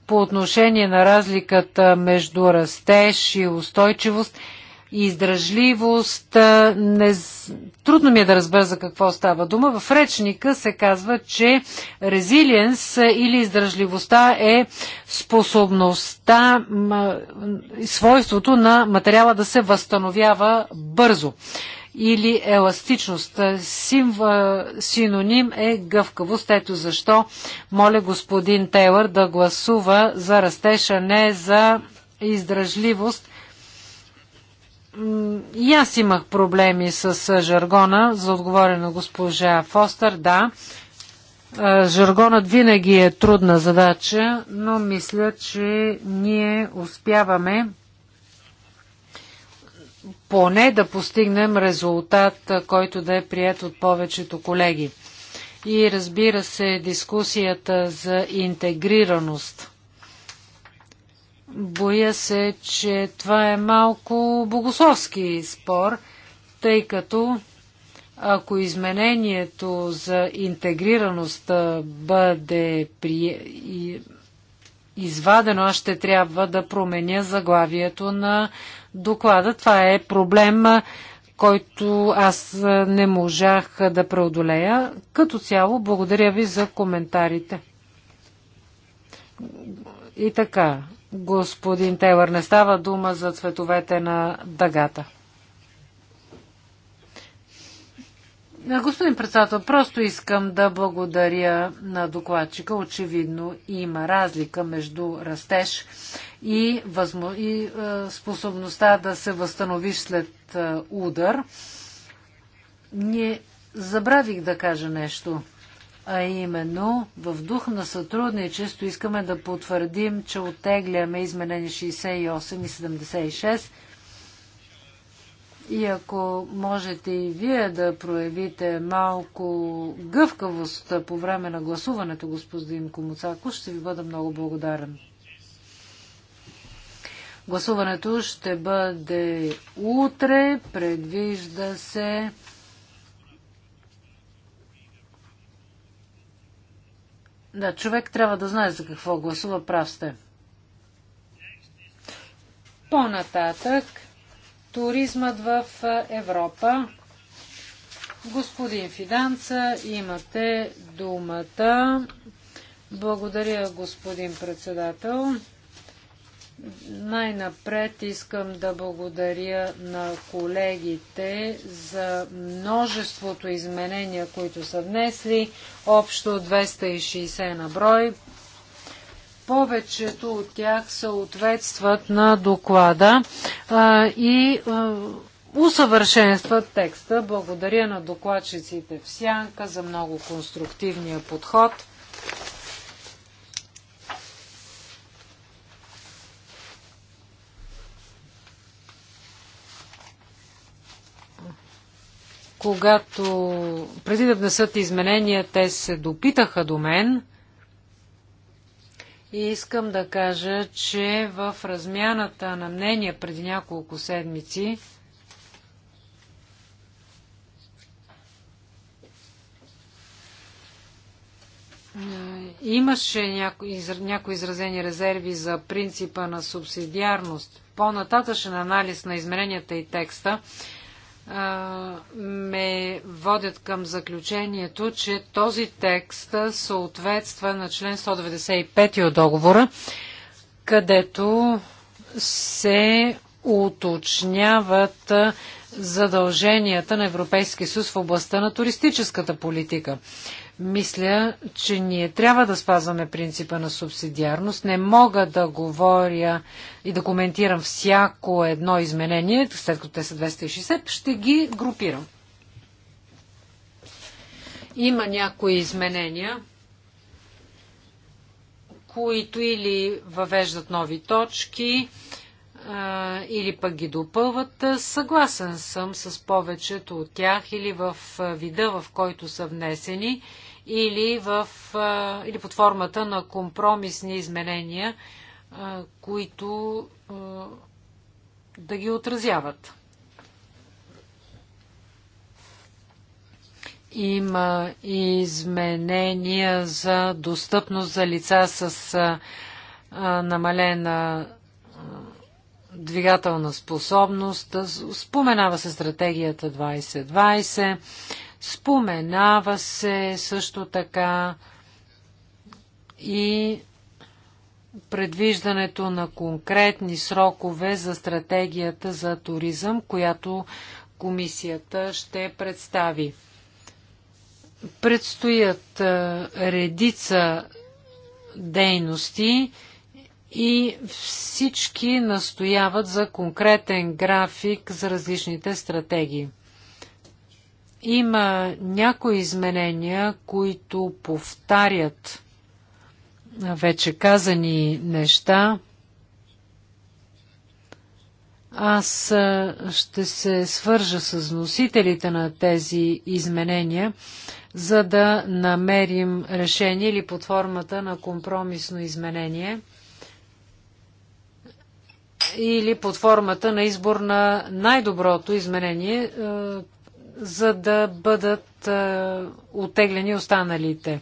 по отношение на разликата между растеж и устойчивост и издръжливост. Не... Трудно ми е да разбера за какво става дума. В речника се казва, че резилиенс или издръжливостта е способността, свойството на материала да се възстановява бързо или еластичност. Симва, синоним е гъвкавост. Ето защо моля господин Тейлър да гласува за растеж, а не за издръжливост. И аз имах проблеми с жаргона, за отговоря на госпожа Фостър, да. Е, жаргонът винаги е трудна задача, но мисля, че ние успяваме поне да постигнем резултат, който да е прият от повечето колеги. И разбира се, дискусията за интегрираност. Боя се, че това е малко богословски спор, тъй като ако изменението за интегрираност бъде при... извадено, аз ще трябва да променя заглавието на доклада. Това е проблем, който аз не можах да преодолея. Като цяло, благодаря ви за коментарите. И така, господин Тейлър, не става дума за цветовете на дъгата. Господин председател, просто искам да благодаря на докладчика. Очевидно има разлика между растеж и, възмо... и способността да се възстановиш след удар. Не забравих да кажа нещо, а именно в дух на сътрудничество искаме да потвърдим, че оттегляме изменени 68 и 76 и ако можете и вие да проявите малко гъвкавост по време на гласуването, господин Комуцако, ще ви бъда много благодарен. Гласуването ще бъде утре, предвижда се. Да, човек трябва да знае за какво гласува, прав сте. По-нататък туризмът в Европа. Господин Фиданца, имате думата. Благодаря, господин председател. Най-напред искам да благодаря на колегите за множеството изменения, които са внесли, общо 260 на брой. Повечето от тях съответстват на доклада а, и а, усъвършенстват текста. Благодаря на докладчиците в Сянка за много конструктивния подход. когато преди да внесат изменения, те се допитаха до мен и искам да кажа, че в размяната на мнения преди няколко седмици е, Имаше някои изразени резерви за принципа на субсидиарност. По-нататъчен анализ на измеренията и текста ме водят към заключението, че този текст съответства на член 195 от договора, където се уточняват задълженията на Европейския съюз в областта на туристическата политика. Мисля, че ние трябва да спазваме принципа на субсидиарност. Не мога да говоря и да коментирам всяко едно изменение, след като те са 260, ще ги групирам. Има някои изменения, които или въвеждат нови точки, или пък ги допълват. Съгласен съм с повечето от тях или в вида, в който са внесени или, в, или под формата на компромисни изменения, които да ги отразяват. Има изменения за достъпност за лица с намалена двигателна способност. Споменава се стратегията 2020, Споменава се също така и предвиждането на конкретни срокове за стратегията за туризъм, която комисията ще представи. Предстоят редица дейности и всички настояват за конкретен график за различните стратегии. Има някои изменения, които повтарят вече казани неща. Аз ще се свържа с носителите на тези изменения, за да намерим решение или под формата на компромисно изменение или под формата на избор на най-доброто изменение, за да бъдат е, отеглени останалите.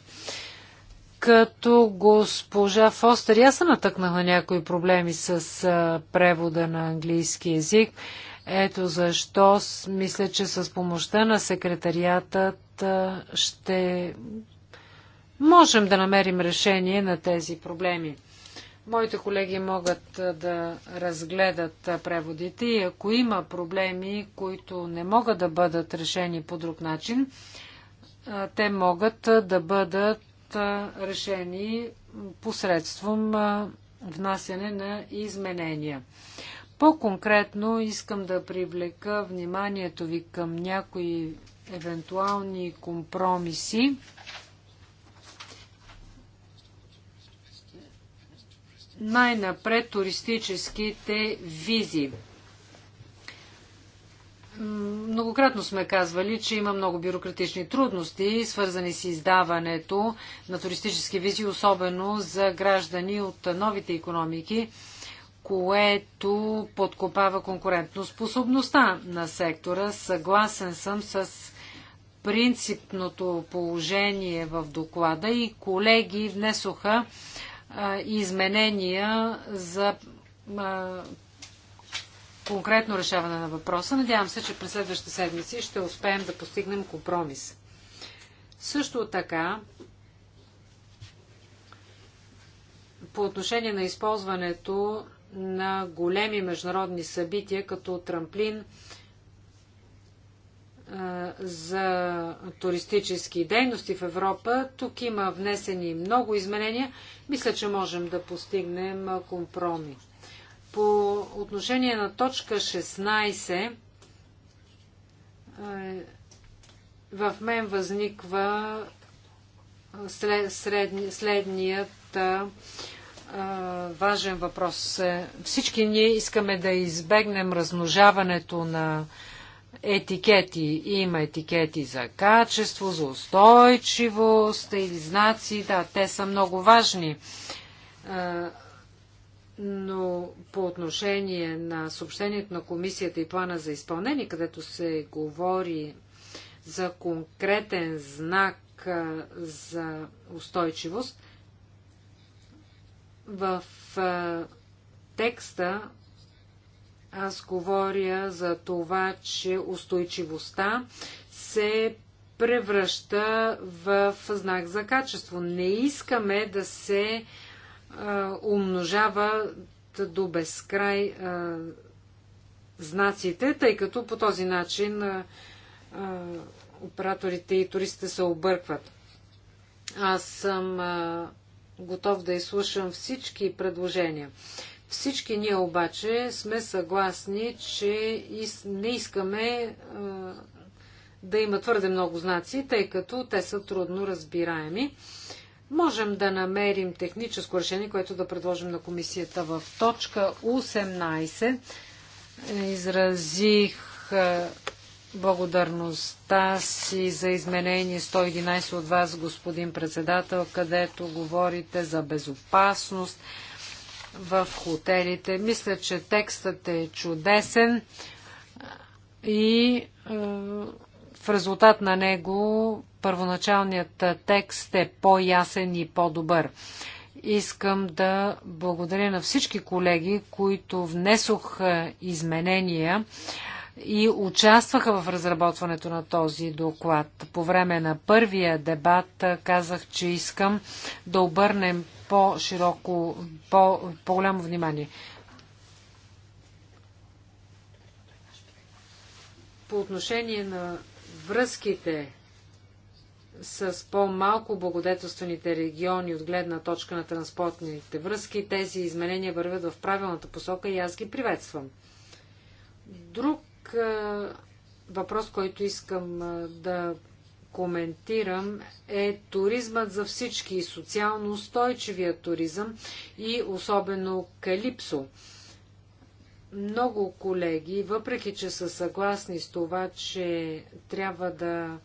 Като госпожа Фостер, аз се натъкнах на някои проблеми с е, превода на английски язик. Ето защо мисля, че с помощта на секретариатът е, ще можем да намерим решение на тези проблеми. Моите колеги могат да разгледат преводите и ако има проблеми, които не могат да бъдат решени по друг начин, те могат да бъдат решени посредством внасяне на изменения. По-конкретно искам да привлека вниманието ви към някои евентуални компромиси, Най-напред туристическите визи. Многократно сме казвали, че има много бюрократични трудности, свързани с издаването на туристически визи, особено за граждани от новите економики, което подкопава конкурентно способността на сектора. Съгласен съм с принципното положение в доклада и колеги внесоха изменения за конкретно решаване на въпроса. Надявам се, че през следващите седмици ще успеем да постигнем компромис. Също така, по отношение на използването на големи международни събития като трамплин за туристически дейности в Европа. Тук има внесени много изменения. Мисля, че можем да постигнем компромис. По отношение на точка 16, е, в мен възниква след, следният важен въпрос. Всички ние искаме да избегнем размножаването на етикети. Има етикети за качество, за устойчивост или знаци. Да, те са много важни. Но по отношение на съобщението на комисията и плана за изпълнение, където се говори за конкретен знак за устойчивост, в текста аз говоря за това, че устойчивостта се превръща в знак за качество. Не искаме да се а, умножава до безкрай а, знаците, тъй като по този начин а, а, операторите и туристите се объркват. Аз съм а, готов да изслушам всички предложения. Всички ние обаче сме съгласни, че не искаме да има твърде много знаци, тъй като те са трудно разбираеми. Можем да намерим техническо решение, което да предложим на комисията в точка 18. Изразих благодарността си за изменение 111 от вас, господин председател, където говорите за безопасност, в хотелите. Мисля, че текстът е чудесен и е, в резултат на него първоначалният текст е по-ясен и по-добър. Искам да благодаря на всички колеги, които внесох изменения и участваха в разработването на този доклад. По време на първия дебат казах, че искам да обърнем по-широко, по- широко по голямо внимание. По отношение на връзките с по-малко благодетелствените региони от гледна точка на транспортните връзки, тези изменения вървят в правилната посока и аз ги приветствам. Друг въпрос, който искам да коментирам е туризмът за всички и социално устойчивия туризъм и особено Калипсо. Много колеги, въпреки че са съгласни с това, че трябва да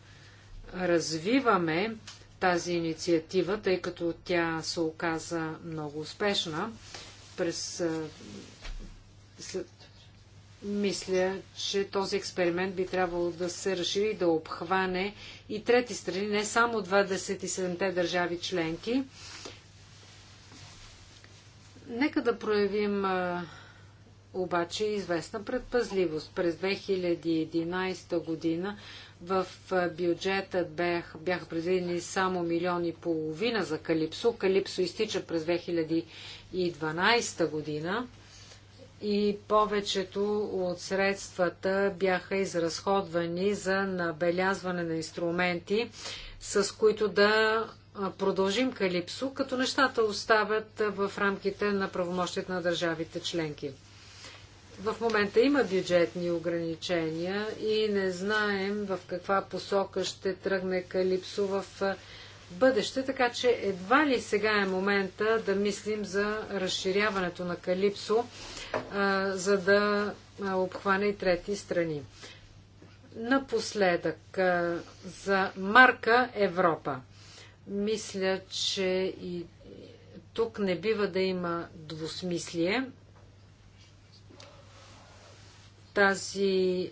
развиваме тази инициатива, тъй като тя се оказа много успешна през мисля, че този експеримент би трябвало да се разшири да обхване и трети страни, не само 27-те държави членки. Нека да проявим а, обаче известна предпазливост. През 2011 година в бюджета бях, бяха предвидени само милион и половина за Калипсо. Калипсо изтича през 2012 година и повечето от средствата бяха изразходвани за набелязване на инструменти, с които да продължим Калипсо, като нещата остават в рамките на правомощите на държавите членки. В момента има бюджетни ограничения и не знаем в каква посока ще тръгне Калипсо в бъдеще, така че едва ли сега е момента да мислим за разширяването на Калипсо за да обхване и трети страни. Напоследък за марка Европа. Мисля, че и тук не бива да има двусмислие. Тази,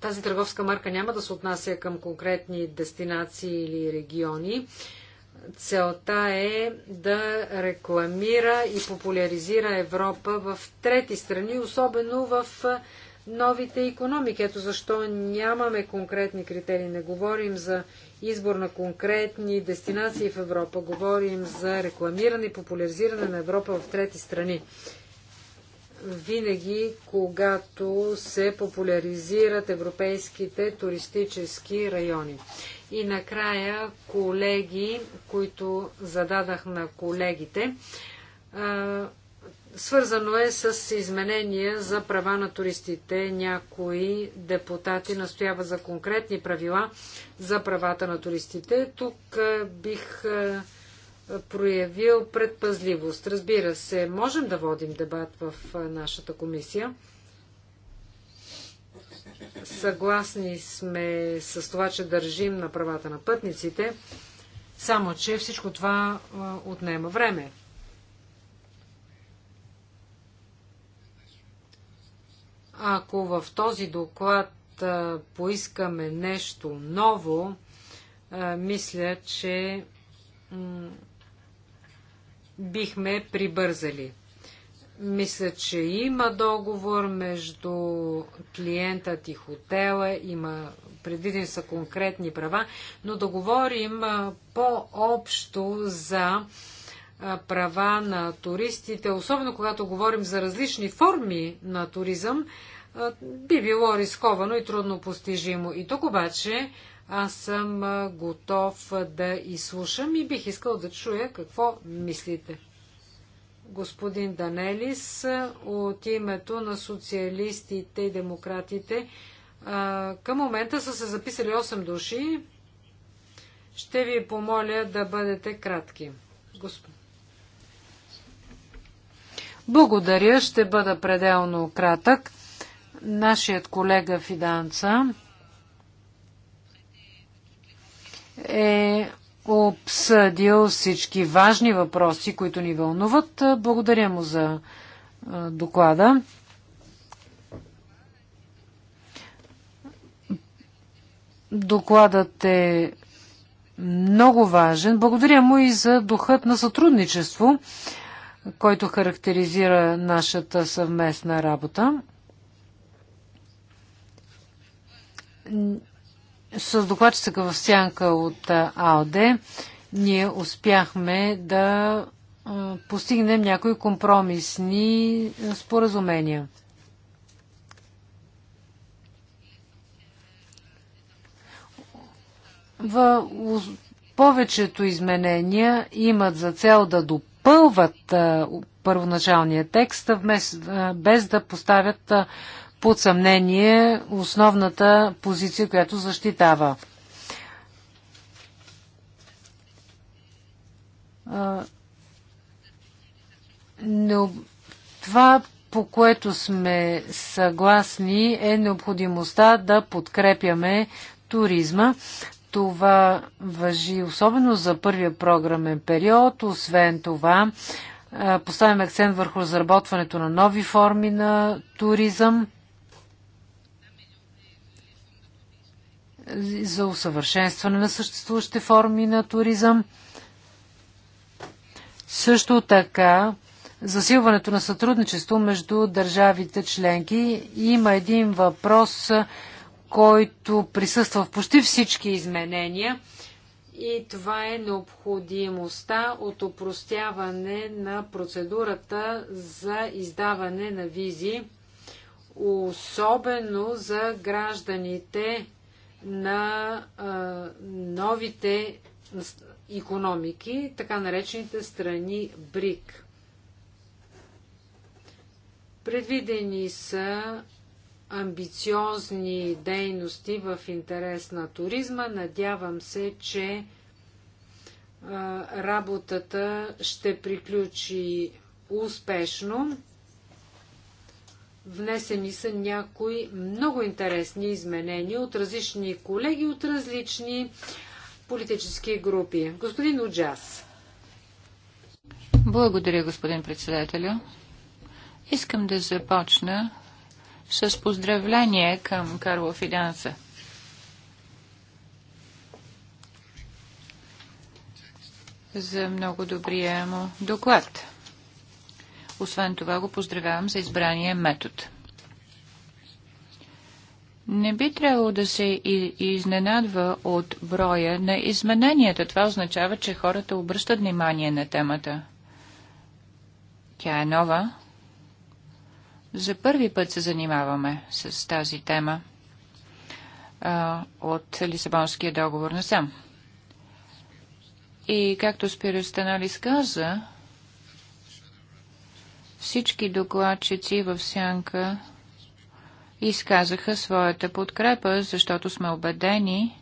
тази търговска марка няма да се отнася към конкретни дестинации или региони целта е да рекламира и популяризира Европа в трети страни, особено в новите економики. Ето защо нямаме конкретни критерии. Не говорим за избор на конкретни дестинации в Европа. Говорим за рекламиране и популяризиране на Европа в трети страни винаги, когато се популяризират европейските туристически райони. И накрая, колеги, които зададах на колегите, свързано е с изменения за права на туристите. Някои депутати настояват за конкретни правила за правата на туристите. Тук бих проявил предпазливост. Разбира се, можем да водим дебат в нашата комисия. Съгласни сме с това, че държим на правата на пътниците, само че всичко това отнема време. Ако в този доклад поискаме нещо ново, мисля, че бихме прибързали. Мисля, че има договор между клиентът и хотела, има предвидени са конкретни права, но да говорим по-общо за права на туристите, особено когато говорим за различни форми на туризъм, би било рисковано и трудно постижимо. И тук обаче аз съм готов да изслушам и бих искал да чуя какво мислите. Господин Данелис от името на социалистите и демократите. Към момента са се записали 8 души. Ще ви помоля да бъдете кратки. Господин. Благодаря, ще бъда пределно кратък. Нашият колега Фиданца е обсъдил всички важни въпроси, които ни вълнуват. Благодаря му за доклада. Докладът е много важен. Благодаря му и за духът на сътрудничество, който характеризира нашата съвместна работа с докладчика в сянка от АОД ние успяхме да постигнем някои компромисни споразумения. В повечето изменения имат за цел да допълват първоначалния текст, без да поставят под съмнение основната позиция, която защитава. Но това, по което сме съгласни, е необходимостта да подкрепяме туризма. Това въжи особено за първия програмен период. Освен това, поставим акцент върху разработването на нови форми на туризъм. за усъвършенстване на съществуващите форми на туризъм. Също така, засилването на сътрудничество между държавите членки. Има един въпрос, който присъства в почти всички изменения и това е необходимостта от опростяване на процедурата за издаване на визи, особено за гражданите на а, новите економики, така наречените страни БРИК. Предвидени са амбициозни дейности в интерес на туризма. Надявам се, че а, работата ще приключи успешно. Внесени са някои много интересни изменения от различни колеги, от различни политически групи. Господин Уджас. Благодаря, господин председателю. Искам да започна с поздравление към Карло Фиданса. за много добрия му доклад. Освен това го поздравявам за избрания метод. Не би трябвало да се изненадва от броя на измененията. Това означава, че хората обръщат внимание на темата. Тя е нова. За първи път се занимаваме с тази тема а, от Лисабонския договор насам. И както Спирюстаналис каза, всички докладчици в сянка изказаха своята подкрепа, защото сме убедени,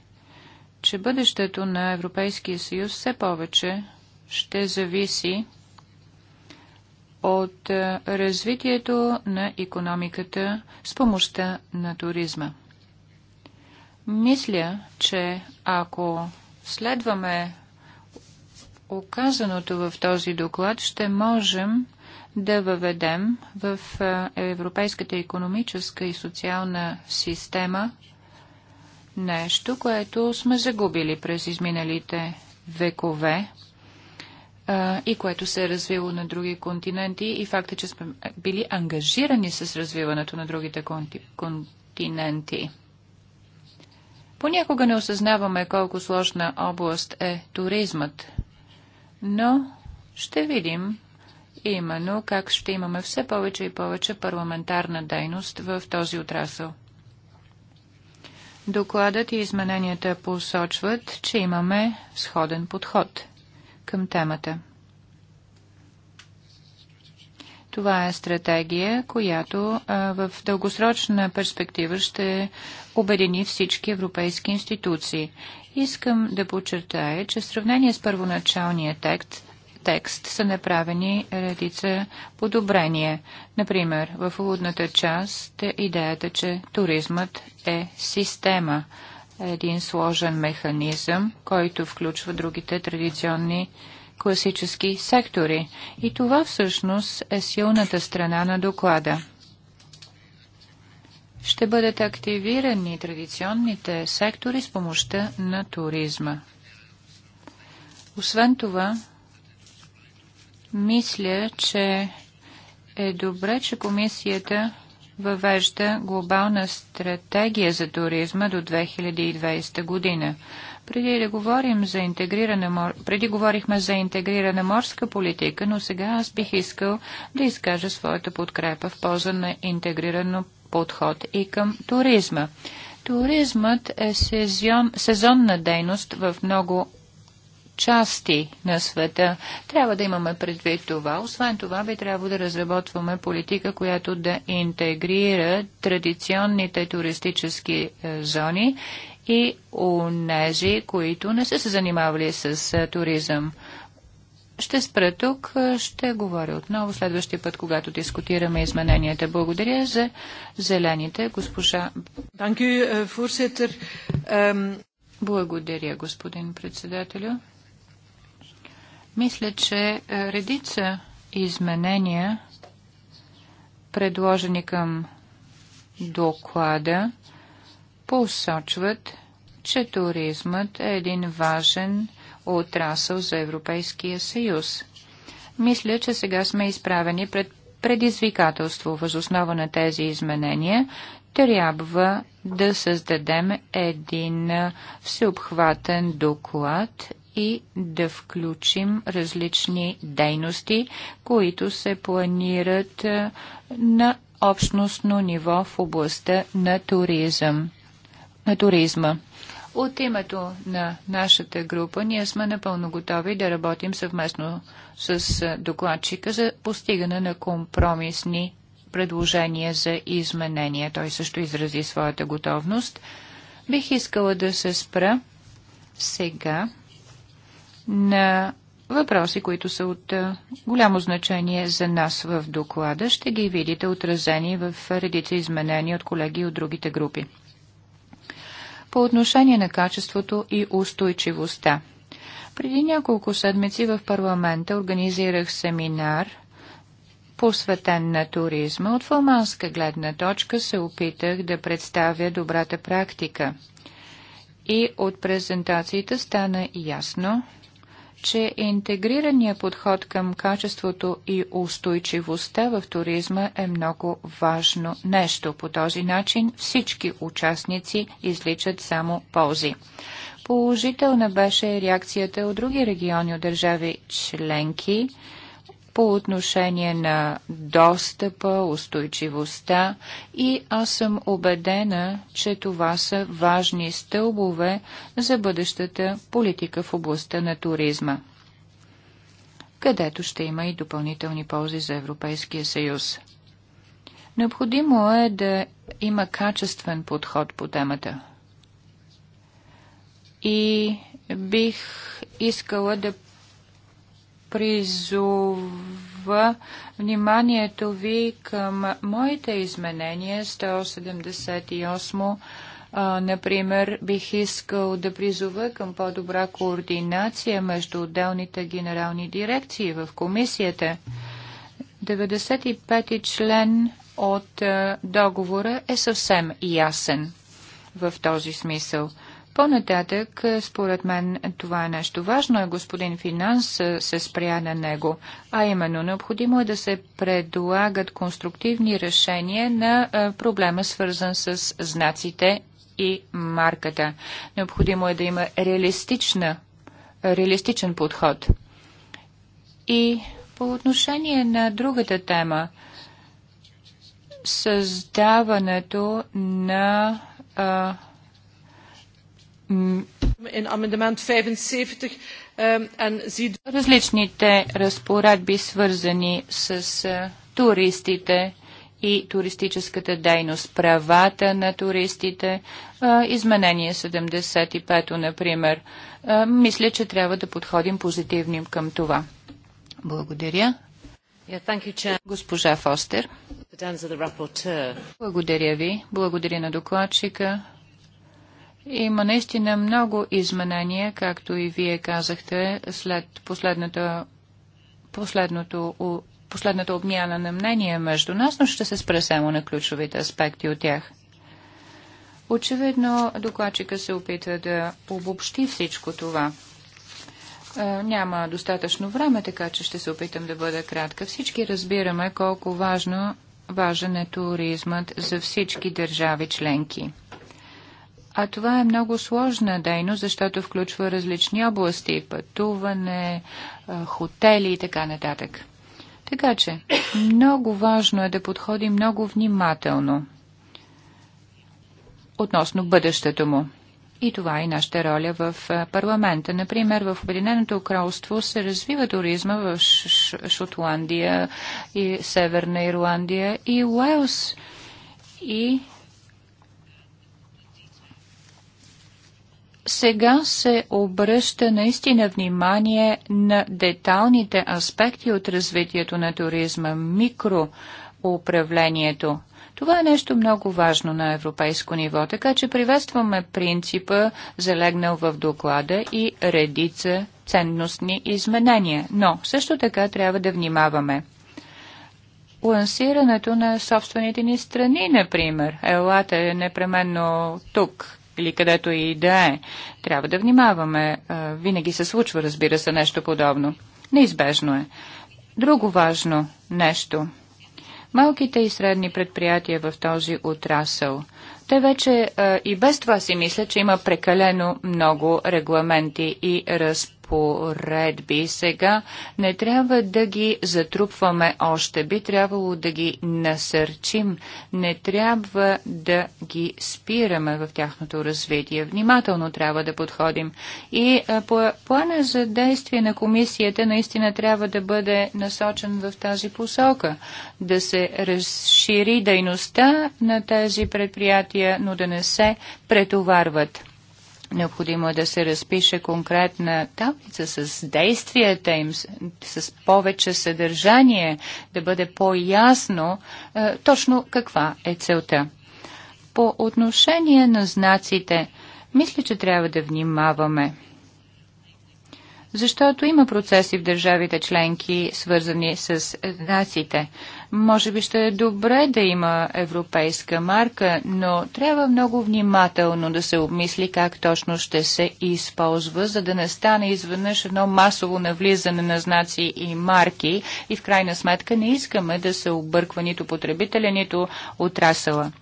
че бъдещето на Европейския съюз все повече ще зависи от е, развитието на економиката с помощта на туризма. Мисля, че ако следваме оказаното в този доклад, ще можем да въведем в европейската економическа и социална система нещо, което сме загубили през изминалите векове и което се е развило на други континенти и факта, че сме били ангажирани с развиването на другите континенти. Понякога не осъзнаваме колко сложна област е туризмът, но ще видим именно как ще имаме все повече и повече парламентарна дейност в този отрасъл. Докладът и измененията посочват, че имаме сходен подход към темата. Това е стратегия, която а, в дългосрочна перспектива ще обедини всички европейски институции. Искам да подчертая, че в сравнение с първоначалния текст, текст са направени редица подобрения. Например, в уводната част е идеята, че туризмът е система, един сложен механизъм, който включва другите традиционни класически сектори. И това всъщност е силната страна на доклада. Ще бъдат активирани традиционните сектори с помощта на туризма. Освен това, мисля, че е добре, че комисията въвежда глобална стратегия за туризма до 2020 година. Преди да говорим за интегрирана, преди говорихме за интегрирана морска политика, но сега аз бих искал да изкажа своята подкрепа в полза на интегрирано подход и към туризма. Туризмът е сезон, сезонна дейност в много части на света. Трябва да имаме предвид това. Освен това, би трябва да разработваме политика, която да интегрира традиционните туристически е, зони и унези, които не са се занимавали с е, туризъм. Ще спра тук, е, ще говоря отново следващия път, когато дискутираме измененията. Благодаря за зелените, госпожа. Ehm, Благодаря, господин председателю. Мисля, че е, редица изменения, предложени към доклада, посочват, че туризмът е един важен отрасъл за Европейския съюз. Мисля, че сега сме изправени пред предизвикателство. Възоснова на тези изменения трябва да създадем един всеобхватен доклад и да включим различни дейности, които се планират е, на общностно ниво в областта на, туризъм, на туризма. От името на нашата група ние сме напълно готови да работим съвместно с е, докладчика за постигане на компромисни предложения за изменения. Той също изрази своята готовност. Бих искала да се спра сега на въпроси, които са от голямо значение за нас в доклада. Ще ги видите отразени в редица изменения от колеги от другите групи. По отношение на качеството и устойчивостта. Преди няколко седмици в парламента организирах семинар – посветен на туризма, от фламандска гледна точка се опитах да представя добрата практика. И от презентацията стана ясно, че интегрираният подход към качеството и устойчивостта в туризма е много важно нещо. По този начин всички участници изличат само ползи. Положителна беше реакцията от други региони от държави членки, по отношение на достъпа, устойчивостта и аз съм убедена, че това са важни стълбове за бъдещата политика в областта на туризма, където ще има и допълнителни ползи за Европейския съюз. Необходимо е да има качествен подход по темата. И бих искала да Призува вниманието ви към моите изменения 178 например, бих искал да призова към по-добра координация между отделните генерални дирекции в комисията. 95-ти член от договора е съвсем ясен в този смисъл. По-нататък, е, според мен, това е нещо важно и господин Финанс е, се спря на него, а именно необходимо е да се предлагат конструктивни решения на е, проблема, свързан с знаците и марката. Необходимо е да има реалистична, реалистичен подход. И по отношение на другата тема, създаването на а, Ehm, Различните разпоредби, свързани с е, туристите и туристическата дейност, правата на туристите, е, изменение 75-то, например. Е, мисля, че трябва да подходим позитивно към това. Благодаря. Госпожа Фостер. Благодаря ви. Благодаря на докладчика. Има наистина много изменения, както и вие казахте, след последната, последното последната обмяна на мнение между нас, но ще се спре само на ключовите аспекти от тях. Очевидно, докладчика се опита да обобщи всичко това. Е, няма достатъчно време, така че ще се опитам да бъда кратка. Всички разбираме колко важно важен е туризмът за всички държави членки. А това е много сложна дейност, защото включва различни области пътуване, хотели и така нататък. Така че, много важно е да подходим много внимателно относно бъдещето му. И това е нашата роля в парламента. Например, в Обединеното кралство се развива туризма в Шотландия и Северна Ирландия и Уелс. И сега се обръща наистина внимание на деталните аспекти от развитието на туризма, микроуправлението. Това е нещо много важно на европейско ниво, така че приветстваме принципа, залегнал в доклада и редица ценностни изменения. Но също така трябва да внимаваме лансирането на собствените ни страни, например. Елата е непременно тук или където и да е. Трябва да внимаваме. Винаги се случва, разбира се, нещо подобно. Неизбежно е. Друго важно нещо. Малките и средни предприятия в този отрасъл. Те вече и без това си мислят, че има прекалено много регламенти и разпоредби разпоредби сега не трябва да ги затрупваме още. Би трябвало да ги насърчим. Не трябва да ги спираме в тяхното развитие. Внимателно трябва да подходим. И по плана за действие на комисията наистина трябва да бъде насочен в тази посока. Да се разшири дейността на тези предприятия, но да не се претоварват. Необходимо е да се разпише конкретна таблица с действията им, с повече съдържание, да бъде по-ясно е, точно каква е целта. По отношение на знаците, мисля, че трябва да внимаваме – защото има процеси в държавите членки, свързани с нациите. Може би ще е добре да има европейска марка, но трябва много внимателно да се обмисли как точно ще се използва, за да не стане изведнъж едно масово навлизане на знаци и марки и в крайна сметка не искаме да се обърква нито потребителя, нито отрасъла.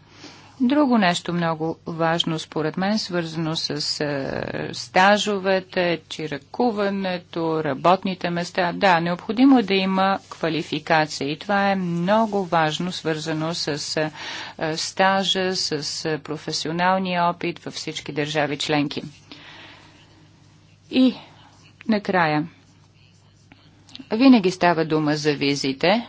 Друго нещо много важно, според мен, свързано с е, стажовете, чиракуването, работните места. Да, необходимо е да има квалификация и това е много важно, свързано с е, е стажа, с е, професионалния опит във всички държави членки. И накрая. Винаги става дума за визите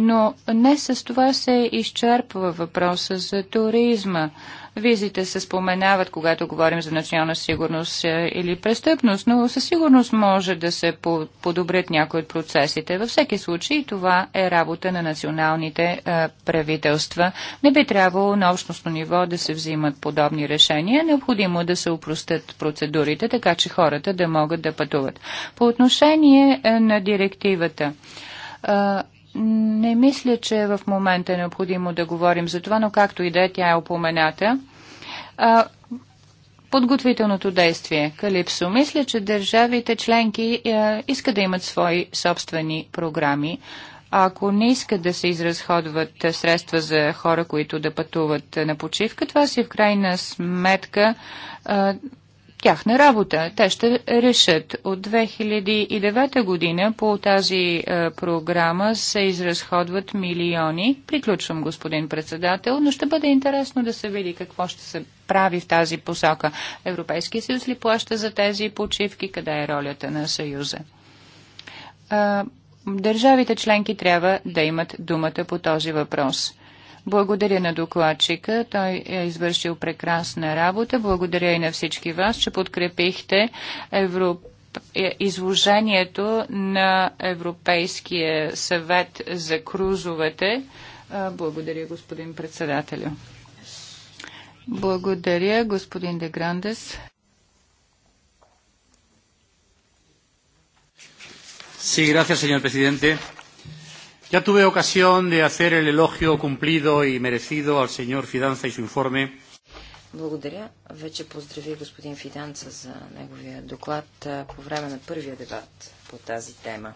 но не с това се изчерпва въпроса за туризма. Визите се споменават, когато говорим за национална сигурност е, или престъпност, но със сигурност може да се подобрят някои от процесите. Във всеки случай това е работа на националните е, правителства. Не би трябвало на общностно ниво да се взимат подобни решения. Необходимо да се упростят процедурите, така че хората да могат да пътуват. По отношение е, на директивата не мисля, че в момента е необходимо да говорим за това, но както и да е, тя е опомената. Подготвителното действие, Калипсо. Мисля, че държавите членки е, искат да имат свои собствени програми. А ако не искат да се изразходват средства за хора, които да пътуват на почивка, това си в крайна сметка е, тяхна работа. Те ще решат. От 2009 година по тази е, програма се изразходват милиони. Приключвам, господин председател, но ще бъде интересно да се види какво ще се прави в тази посока. Европейски съюз ли плаща за тези почивки? Къде е ролята на съюза? Е, държавите членки трябва да имат думата по този въпрос. Благодаря на докладчика. Той е извършил прекрасна работа. Благодаря и на всички вас, че подкрепихте Европ... Е, изложението на Европейския съвет за крузовете. Благодаря, господин председателю. Благодаря, господин Деграндес. Sí, gracias, señor presidente. Ya tuve ocasión de hacer el elogio cumplido y merecido al señor Fidanza y su informe. Благодаря. Вече поздрави господин Фиданца за неговия доклад по време на първия дебат по тази тема.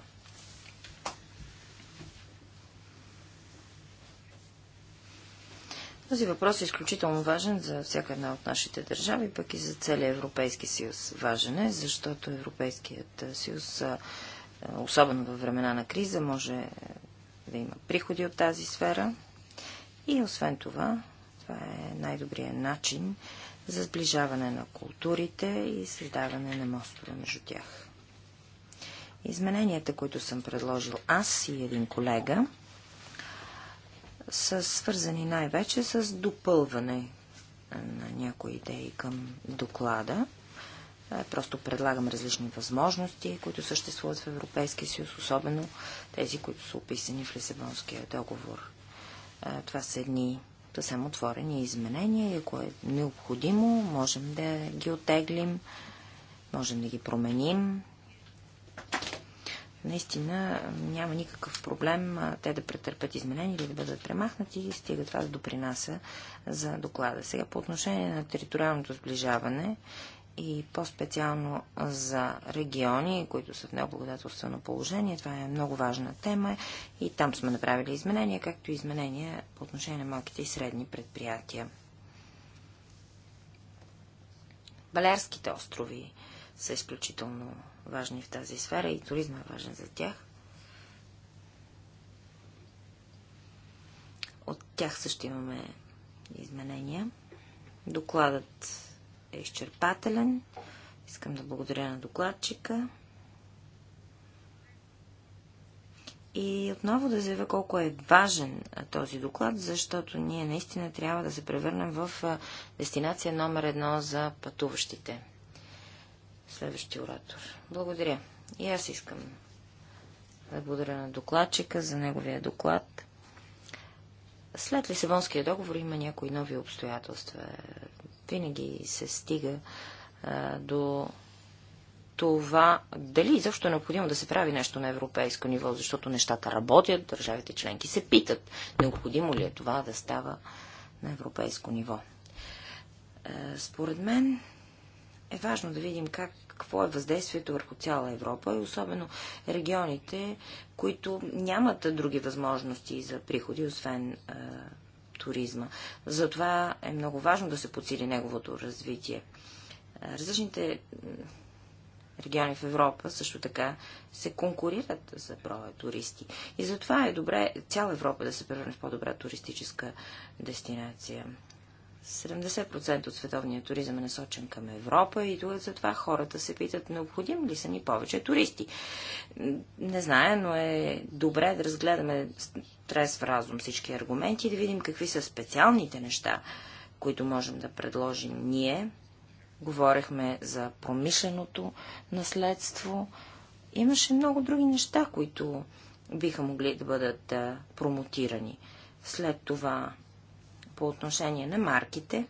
Този въпрос е изключително важен за всяка една от нашите държави, пък и за целия Европейски съюз. Важен е, защото Европейският съюз, е, особено във времена на криза, може да има приходи от тази сфера. И освен това, това е най-добрият начин за сближаване на културите и създаване на мостове между тях. Измененията, които съм предложил аз и един колега, са свързани най-вече с допълване на някои идеи към доклада. Е, просто предлагам различни възможности, които съществуват в Европейския съюз, особено тези, които са описани в Лисабонския договор. Е, това са едни съвсем отворени изменения и ако е необходимо, можем да ги отеглим, можем да ги променим. Наистина няма никакъв проблем те да претърпят изменения или да бъдат премахнати и стига това да допринася за доклада. Сега по отношение на териториалното сближаване и по-специално за региони, които са в необлагодателствено положение. Това е много важна тема и там сме направили изменения, както и изменения по отношение на малките и средни предприятия. Балярските острови са изключително важни в тази сфера и туризма е важен за тях. От тях също имаме изменения. Докладът е изчерпателен. Искам да благодаря на докладчика. И отново да заявя колко е важен този доклад, защото ние наистина трябва да се превърнем в дестинация номер едно за пътуващите. Следващия оратор. Благодаря. И аз искам да благодаря на докладчика за неговия доклад. След Лисабонския договор има някои нови обстоятелства винаги се стига а, до това, дали изобщо е необходимо да се прави нещо на европейско ниво, защото нещата работят, държавите членки се питат, необходимо ли е това да става на европейско ниво. Според мен е важно да видим как, какво е въздействието върху цяла Европа и особено регионите, които нямат други възможности за приходи, освен туризма. Затова е много важно да се подсили неговото развитие. Различните региони в Европа също така се конкурират за броя туристи. И затова е добре цяла Европа да се превърне в по-добра туристическа дестинация. 70% от световния туризъм е насочен към Европа и затова хората се питат, необходим ли са ни повече туристи. Не знае, но е добре да разгледаме трез в разум всички аргументи и да видим какви са специалните неща, които можем да предложим ние. Говорехме за промишленото наследство. Имаше много други неща, които биха могли да бъдат промотирани. След това по отношение на марките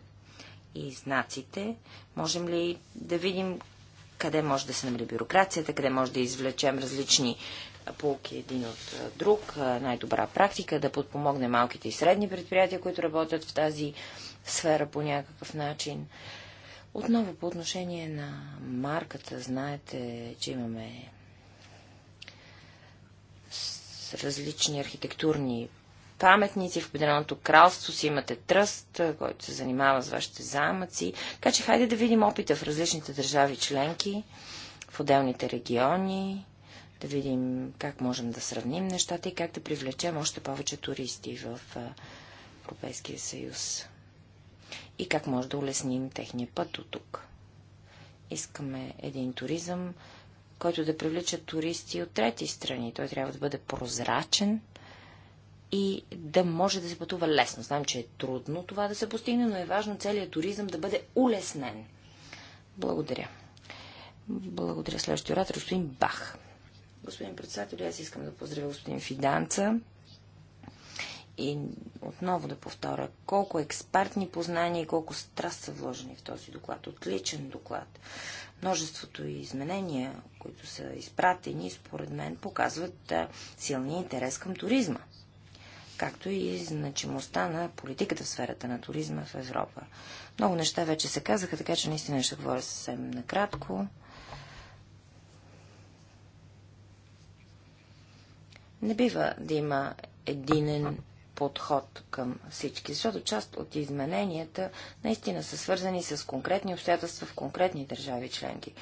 и знаците, можем ли да видим къде може да се намери бюрокрацията, къде може да извлечем различни полки един от друг, най-добра практика, да подпомогне малките и средни предприятия, които работят в тази сфера по някакъв начин. Отново по отношение на марката, знаете, че имаме различни архитектурни паметници. В Обединеното кралство си имате тръст, който се занимава с вашите замъци. Така че хайде да видим опита в различните държави членки, в отделните региони, да видим как можем да сравним нещата и как да привлечем още повече туристи в Европейския съюз. И как може да улесним техния път от тук. Искаме един туризъм, който да привлича туристи от трети страни. Той трябва да бъде прозрачен, и да може да се пътува лесно. Знам, че е трудно това да се постигне, но е важно целият туризъм да бъде улеснен. Благодаря. Благодаря следващия оратор, господин Бах. Господин председател, аз искам да поздравя господин Фиданца и отново да повторя колко експертни познания и колко страст са вложени в този доклад. Отличен доклад. Множеството и изменения, които са изпратени, според мен, показват силния интерес към туризма както и значимостта на политиката в сферата на туризма в Европа. Много неща вече се казаха, така че наистина ще говоря съвсем накратко. Не бива да има единен подход към всички, защото част от измененията наистина са свързани с конкретни обстоятелства в конкретни държави членки.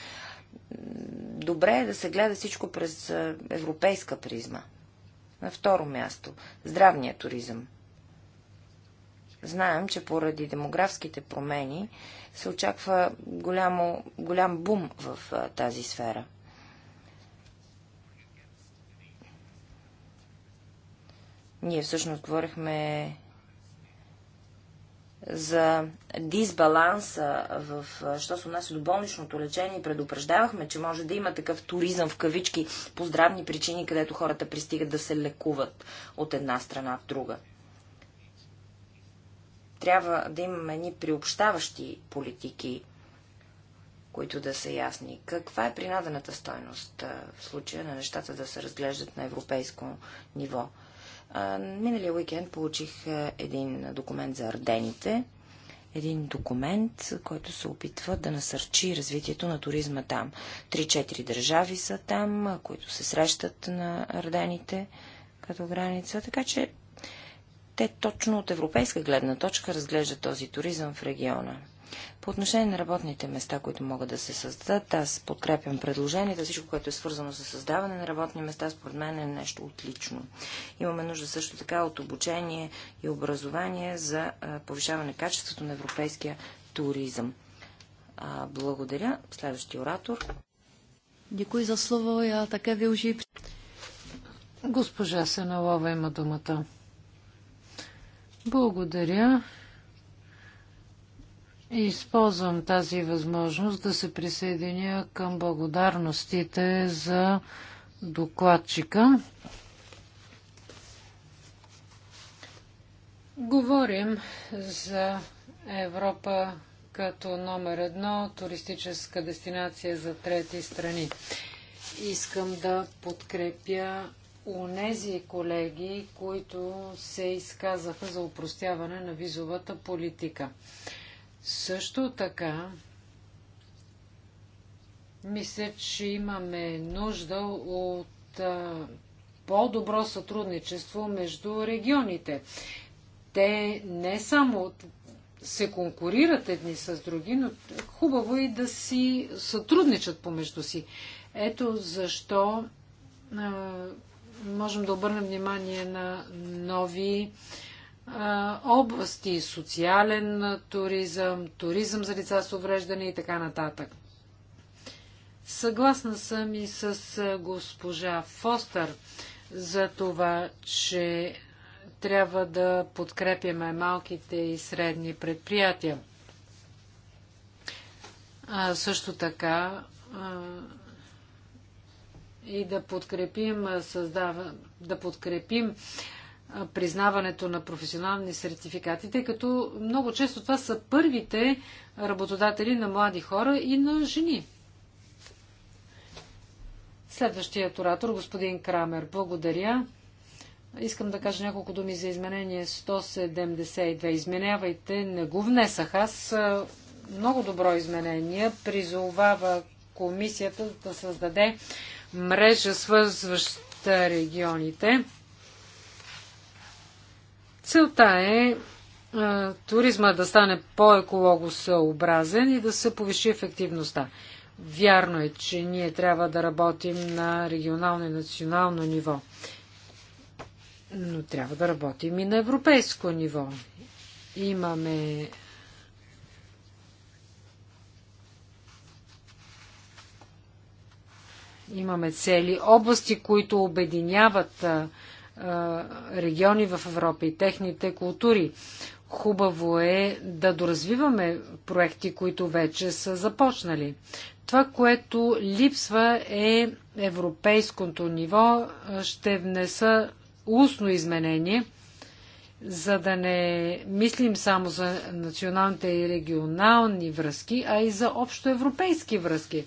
Добре е да се гледа всичко през европейска призма. На второ място – здравния туризъм. Знаем, че поради демографските промени се очаква голямо, голям бум в а, тази сфера. Ние всъщност говорихме за дисбаланса в, що се отнася до болничното лечение и предупреждавахме, че може да има такъв туризъм в кавички по здравни причини, където хората пристигат да се лекуват от една страна в друга. Трябва да имаме едни приобщаващи политики, които да са ясни. Каква е принадената стойност в случая на нещата да се разглеждат на европейско ниво? Миналия уикенд получих един документ за Ардените. Един документ, който се опитва да насърчи развитието на туризма там. Три-четири държави са там, които се срещат на Ардените като граница, така че те точно от европейска гледна точка разглеждат този туризъм в региона. По отношение на работните места, които могат да се създадат, аз подкрепям предложението. Всичко, което е свързано с създаване на работни места, според мен е нещо отлично. Имаме нужда също така от обучение и образование за повишаване качеството на европейския туризъм. Благодаря. Следващия оратор. Дякую за слово. Я ви využiji. Госпожа Сенолова има думата. Благодаря. Използвам тази възможност да се присъединя към благодарностите за докладчика. Говорим за Европа като номер едно туристическа дестинация за трети страни. Искам да подкрепя унези колеги, които се изказаха за упростяване на визовата политика. Също така, мисля, че имаме нужда от по-добро сътрудничество между регионите. Те не само се конкурират едни с други, но хубаво и е да си сътрудничат помежду си. Ето защо а, можем да обърнем внимание на нови области социален туризъм, туризъм за лица с увреждане и така нататък. Съгласна съм и с госпожа Фостър за това, че трябва да подкрепяме малките и средни предприятия. А, също така а, и да подкрепим създава, да подкрепим признаването на професионални сертификати, тъй като много често това са първите работодатели на млади хора и на жени. Следващият оратор, господин Крамер, благодаря. Искам да кажа няколко думи за изменение 172. Изменявайте, не го внесах аз. Много добро изменение. Призовава комисията да създаде мрежа, свързваща регионите. Целта е туризма да стане по-екологосъобразен и да се повиши ефективността. Вярно е, че ние трябва да работим на регионално и национално ниво, но трябва да работим и на европейско ниво. Имаме имаме цели области, които обединяват региони в Европа и техните култури. Хубаво е да доразвиваме проекти, които вече са започнали. Това, което липсва е европейското ниво. Ще внеса устно изменение, за да не мислим само за националните и регионални връзки, а и за общоевропейски връзки.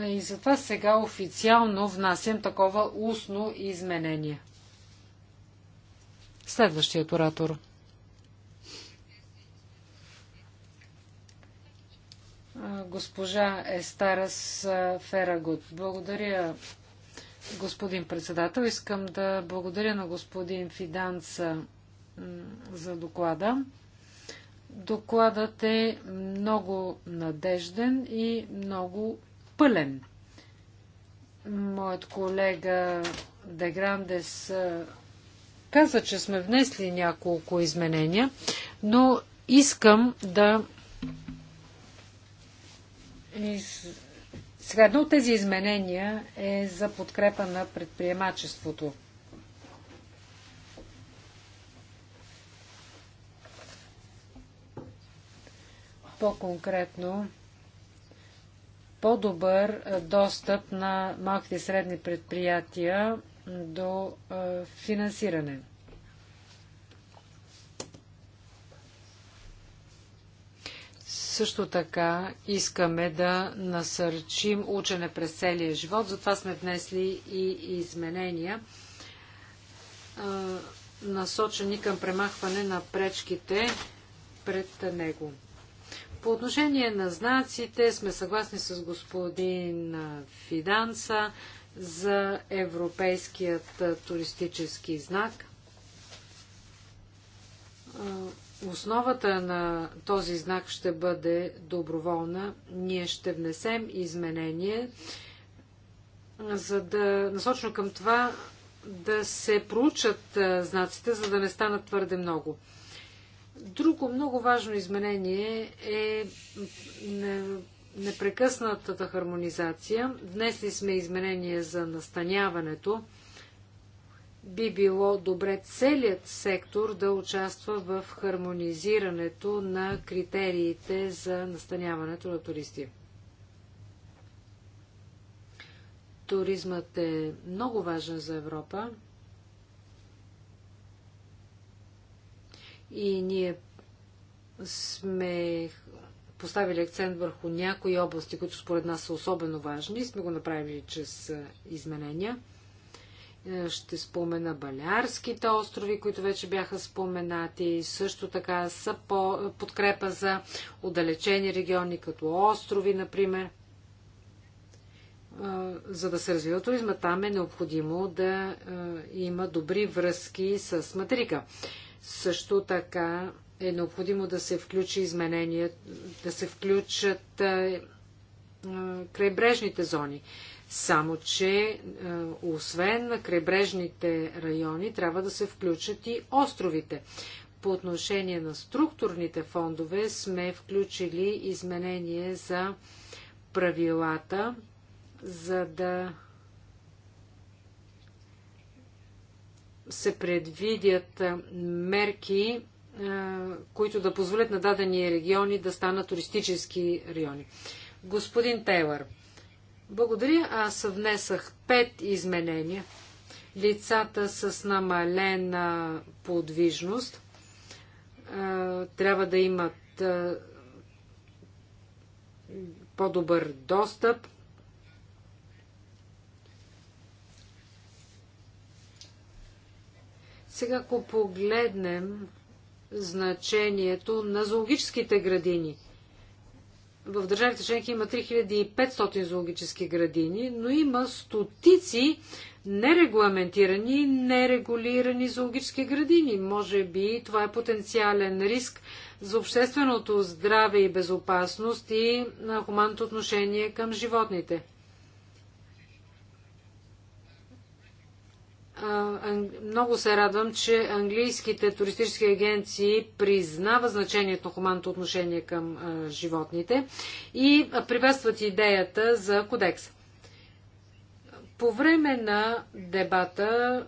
И затова сега официално внасям такова устно изменение. Следващият оратор. Госпожа Естарас Ферагут. Благодаря, господин председател. Искам да благодаря на господин Фиданца за доклада. Докладът е много надежден и много пълен. Моят колега Деграндес каза, че сме внесли няколко изменения, но искам да. Сега едно от тези изменения е за подкрепа на предприемачеството. По-конкретно по-добър е, достъп на малките и средни предприятия до е, финансиране. Също така искаме да насърчим учене през целия живот, затова сме внесли и изменения, е, насочени към премахване на пречките пред него. По отношение на знаците сме съгласни с господин Фиданца за европейският туристически знак. Основата на този знак ще бъде доброволна. Ние ще внесем изменение, за да насочно към това да се проучат знаците, за да не станат твърде много. Друго много важно изменение е непрекъснатата хармонизация. Внесли сме изменение за настаняването. Би било добре целият сектор да участва в хармонизирането на критериите за настаняването на туристи. Туризмът е много важен за Европа. и ние сме поставили акцент върху някои области, които според нас са особено важни и сме го направили чрез изменения. Е, ще спомена Балярските острови, които вече бяха споменати. Също така са по е, подкрепа за отдалечени региони, като острови, например. Е, за да се развива туризма, там е необходимо да има добри връзки с материка. Също така е необходимо да се включи изменения, да се включат а, а, крайбрежните зони. Само, че а, освен на крайбрежните райони, трябва да се включат и островите. По отношение на структурните фондове сме включили изменение за правилата, за да се предвидят мерки, които да позволят на дадени региони да станат туристически райони. Господин Тейлър, благодаря. Аз внесах пет изменения. Лицата с намалена подвижност трябва да имат по-добър достъп Сега, ако погледнем значението на зоологическите градини, в държавите членки има 3500 зоологически градини, но има стотици нерегламентирани, нерегулирани зоологически градини. Може би това е потенциален риск за общественото здраве и безопасност и на хуманното отношение към животните. много се радвам, че английските туристически агенции признава значението на хуманното отношение към животните и приветстват идеята за кодекс. По време на дебата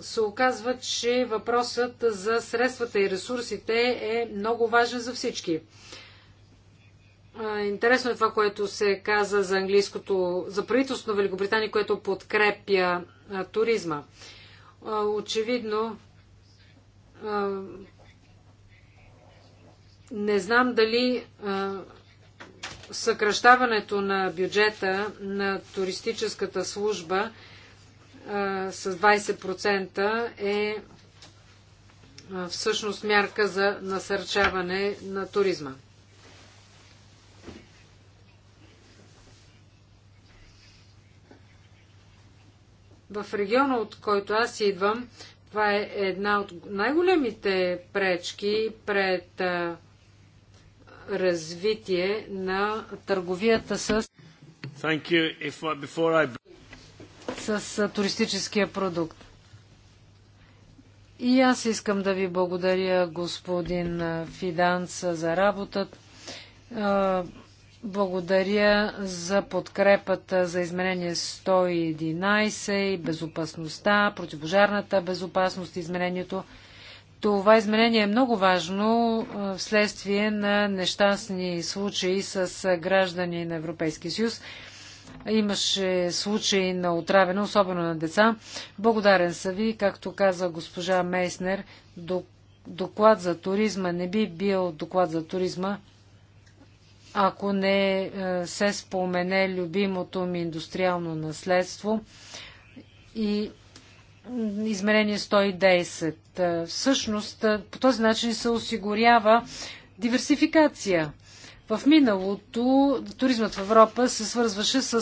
се оказва, че въпросът за средствата и ресурсите е много важен за всички. Интересно е това, което се каза за английското, за правителството на Великобритания, което подкрепя а, туризма. А, очевидно, а, не знам дали съкръщаването на бюджета на туристическата служба с 20% е всъщност мярка за насърчаване на туризма. В региона, от който аз идвам, това е една от най-големите пречки пред а, развитие на търговията с, I... с а, туристическия продукт. И аз искам да ви благодаря, господин Фиданс, за работата. Благодаря за подкрепата за изменение 111 и безопасността, противожарната безопасност, изменението. Това изменение е много важно вследствие на нещастни случаи с граждани на Европейския съюз. Имаше случаи на отравяне, особено на деца. Благодарен са ви, както каза госпожа Мейснер, доклад за туризма не би бил доклад за туризма, ако не е, се спомене любимото ми индустриално наследство и измерение 110. Е, всъщност, е, по този начин се осигурява диверсификация. В миналото туризмът в Европа се свързваше с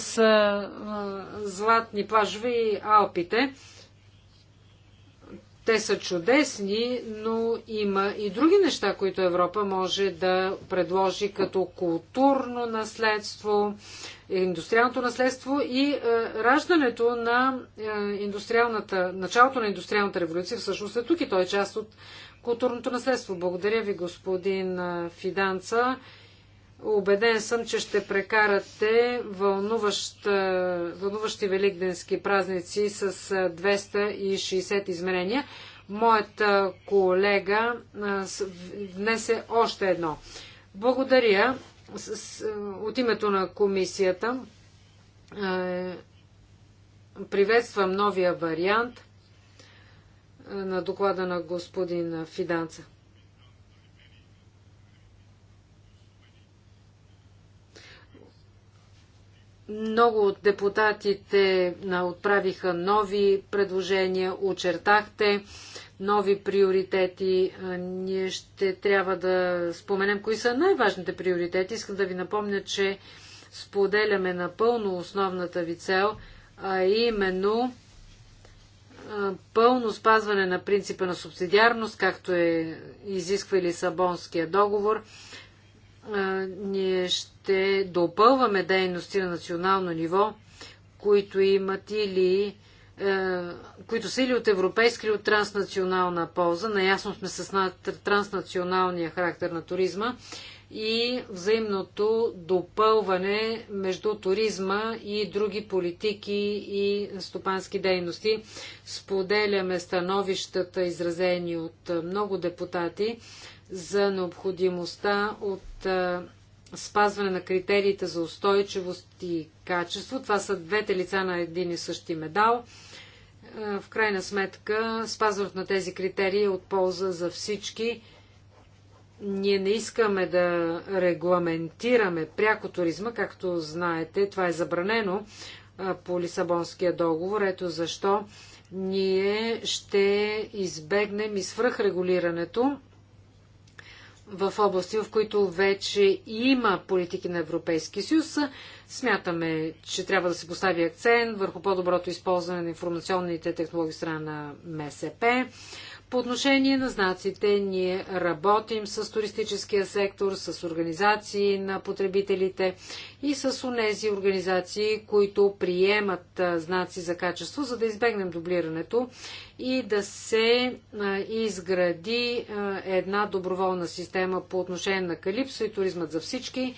златни плажове и Алпите – те са чудесни, но има и други неща, които Европа може да предложи като културно наследство, индустриалното наследство и е, раждането на е, индустриалната, началото на индустриалната революция всъщност е тук и той е част от културното наследство. Благодаря ви, господин е, Фиданца. Обеден съм, че ще прекарате вълнуващ, е, вълнуващи великденски празници с 260 е, измерения, Моят е, колега внесе още едно. Благодаря от името на комисията. Приветствам новия вариант на доклада на господин Фиданца. Много от депутатите отправиха нови предложения, очертахте нови приоритети. Ние ще трябва да споменем кои са най-важните приоритети. Искам да ви напомня, че споделяме напълно основната ви цел, а именно пълно спазване на принципа на субсидиарност, както е изисква и Лисабонския договор – ние ще допълваме дейности на национално ниво, които имат или е, които са или от европейска, или от транснационална полза. Наясно сме с транснационалния характер на туризма и взаимното допълване между туризма и други политики и стопански дейности. Споделяме становищата, изразени от много депутати, за необходимостта от спазване на критериите за устойчивост и качество. Това са двете лица на един и същи медал. В крайна сметка, спазването на тези критерии е от полза за всички. Ние не искаме да регламентираме пряко туризма, както знаете, това е забранено по Лисабонския договор. Ето защо ние ще избегнем и свръхрегулирането в области, в които вече има политики на Европейския съюз. Смятаме, че трябва да се постави акцент върху по-доброто използване на информационните технологии страна на МСП, по отношение на знаците, ние работим с туристическия сектор, с организации на потребителите и с онези организации, които приемат знаци за качество, за да избегнем дублирането и да се изгради една доброволна система по отношение на Калипсо и туризмът за всички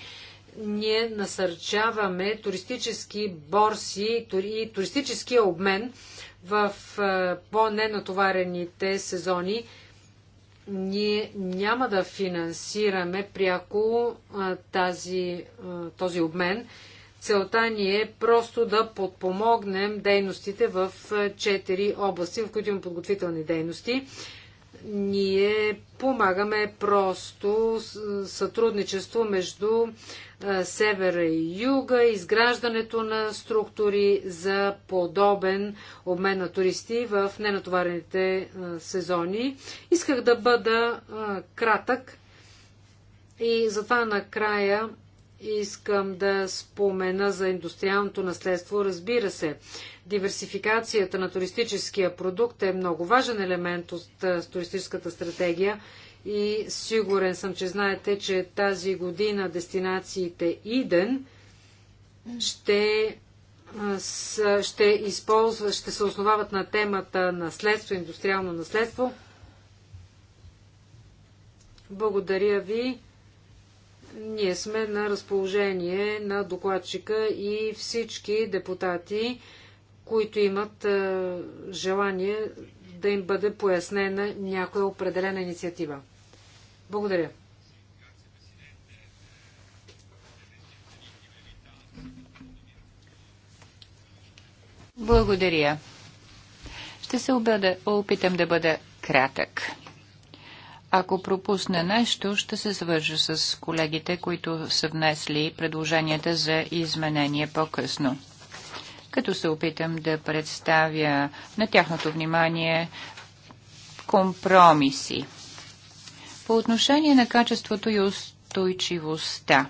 ние насърчаваме туристически борси и туристическия обмен в по-ненатоварените сезони ние няма да финансираме пряко тази, този обмен. Целта ни е просто да подпомогнем дейностите в четири области, в които има подготвителни дейности ние помагаме просто сътрудничество между севера и юга, изграждането на структури за подобен обмен на туристи в ненатоварените сезони. Исках да бъда кратък и затова накрая искам да спомена за индустриалното наследство. Разбира се, Диверсификацията на туристическия продукт е много важен елемент от туристическата стратегия и сигурен съм, че знаете, че тази година дестинациите Иден ще, ще, използва, ще се основават на темата наследство, индустриално наследство. Благодаря ви. Ние сме на разположение на докладчика и всички депутати които имат е, желание да им бъде пояснена някоя определена инициатива. Благодаря. Благодаря. Ще се обеда, опитам да бъда кратък. Ако пропусна нещо, ще се свържа с колегите, които са внесли предложенията за изменение по-късно като се опитам да представя на тяхното внимание компромиси. По отношение на качеството и устойчивостта.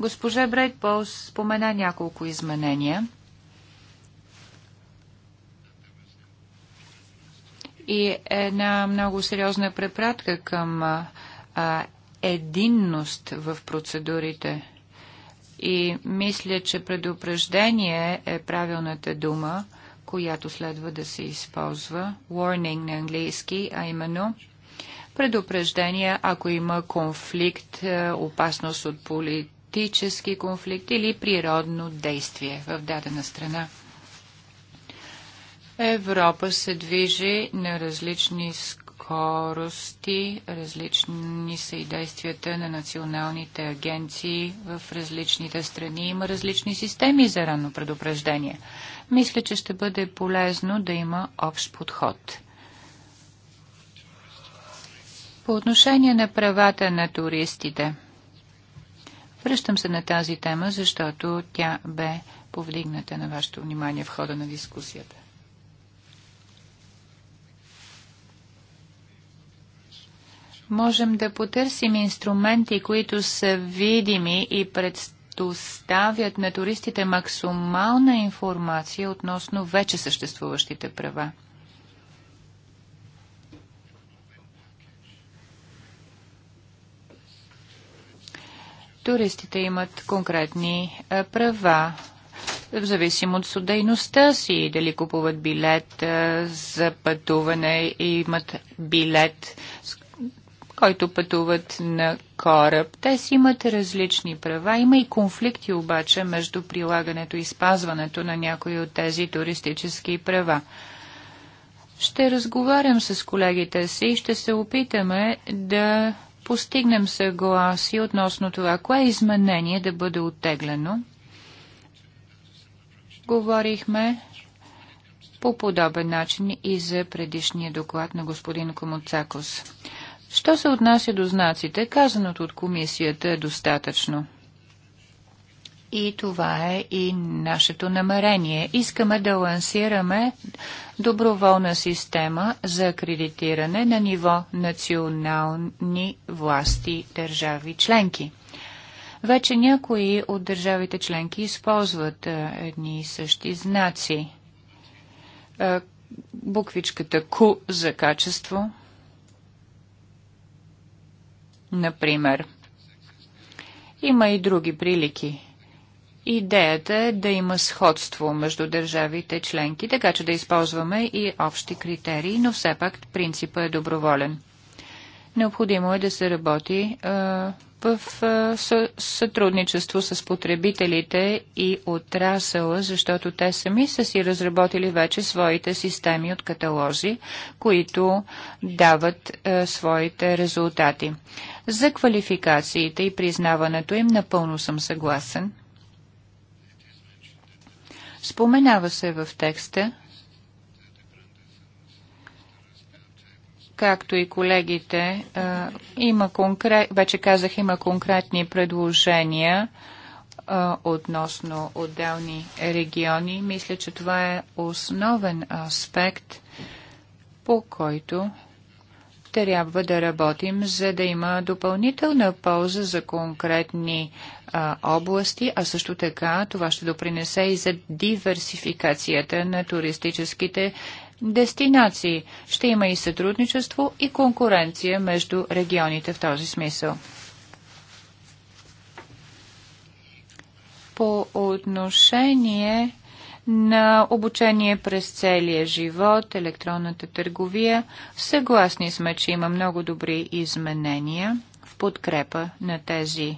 Госпожа Брейтпол спомена няколко изменения. И една много сериозна препратка към а, единност в процедурите и мисля, че предупреждение е правилната дума, която следва да се използва. Warning на английски, а именно предупреждение, ако има конфликт, е, опасност от политически конфликт или природно действие в дадена страна. Европа се движи на различни скорости скорости, различни са и действията на националните агенции в различните страни. Има различни системи за ранно предупреждение. Мисля, че ще бъде полезно да има общ подход. По отношение на правата на туристите. Връщам се на тази тема, защото тя бе повдигната на вашето внимание в хода на дискусията. можем да потърсим инструменти, които са видими и предоставят на туристите максимална информация относно вече съществуващите права. Туристите имат конкретни права в зависимост от дейността си, дали купуват билет за пътуване и имат билет, с който пътуват на кораб. Те си имат различни права. Има и конфликти обаче между прилагането и спазването на някои от тези туристически права. Ще разговарям с колегите си и ще се опитаме да постигнем съгласие относно това, кое изменение да бъде оттеглено. Говорихме по подобен начин и за предишния доклад на господин Комуцакос. Що се отнася до знаците, казаното от комисията е достатъчно. И това е и нашето намерение. Искаме да лансираме доброволна система за акредитиране на ниво национални власти държави членки. Вече някои от държавите членки използват е, едни и същи знаци. Е, буквичката Q за качество, например. Има и други прилики. Идеята е да има сходство между държавите членки, така че да използваме и общи критерии, но все пак принципът е доброволен. Необходимо е да се работи в сътрудничество с потребителите и отрасъла, защото те сами са си разработили вече своите системи от каталози, които дават своите резултати. За квалификациите и признаването им напълно съм съгласен. Споменава се в текста, както и колегите, има конкрет, вече казах, има конкретни предложения относно отделни региони. Мисля, че това е основен аспект, по който трябва да работим, за да има допълнителна полза за конкретни а, области, а също така това ще допринесе и за диверсификацията на туристическите дестинации. Ще има и сътрудничество и конкуренция между регионите в този смисъл. По отношение на обучение през целия живот, електронната търговия. Съгласни сме, че има много добри изменения в подкрепа на тези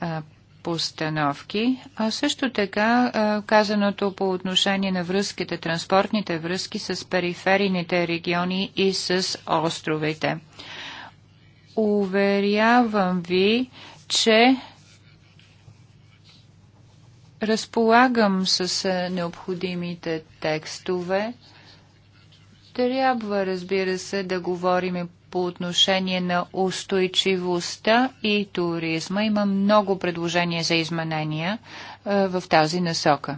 а, постановки, а също така казаното по отношение на връзките, транспортните връзки с периферийните региони и с островите. Уверявам ви, че разполагам с е, необходимите текстове. Трябва, разбира се, да говорим по отношение на устойчивостта и туризма. Има много предложения за изменения е, в тази насока.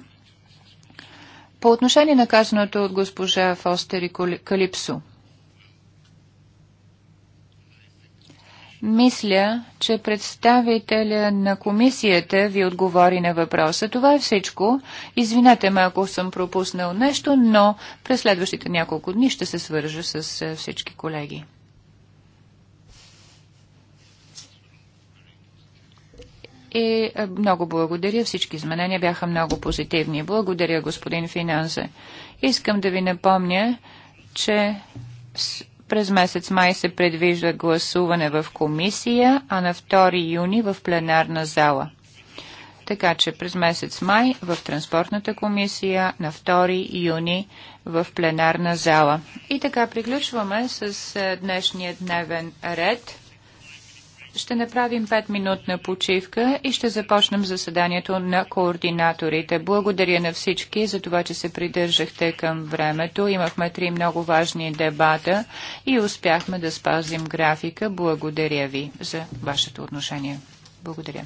По отношение на казаното от госпожа Фостер и Калипсо – Мисля, че представителя на комисията ви отговори на въпроса. Това е всичко. Извинете ме, ако съм пропуснал нещо, но през следващите няколко дни ще се свържа с е, всички колеги. И е, много благодаря. Всички изменения бяха много позитивни. Благодаря, господин Финансе. Искам да ви напомня, че през месец май се предвижда гласуване в комисия, а на 2 юни в пленарна зала. Така че през месец май в Транспортната комисия, на 2 юни в пленарна зала. И така приключваме с е, днешния дневен ред ще направим 5-минутна почивка и ще започнем заседанието на координаторите. Благодаря на всички за това, че се придържахте към времето. Имахме три много важни дебата и успяхме да спазим графика. Благодаря ви за вашето отношение. Благодаря.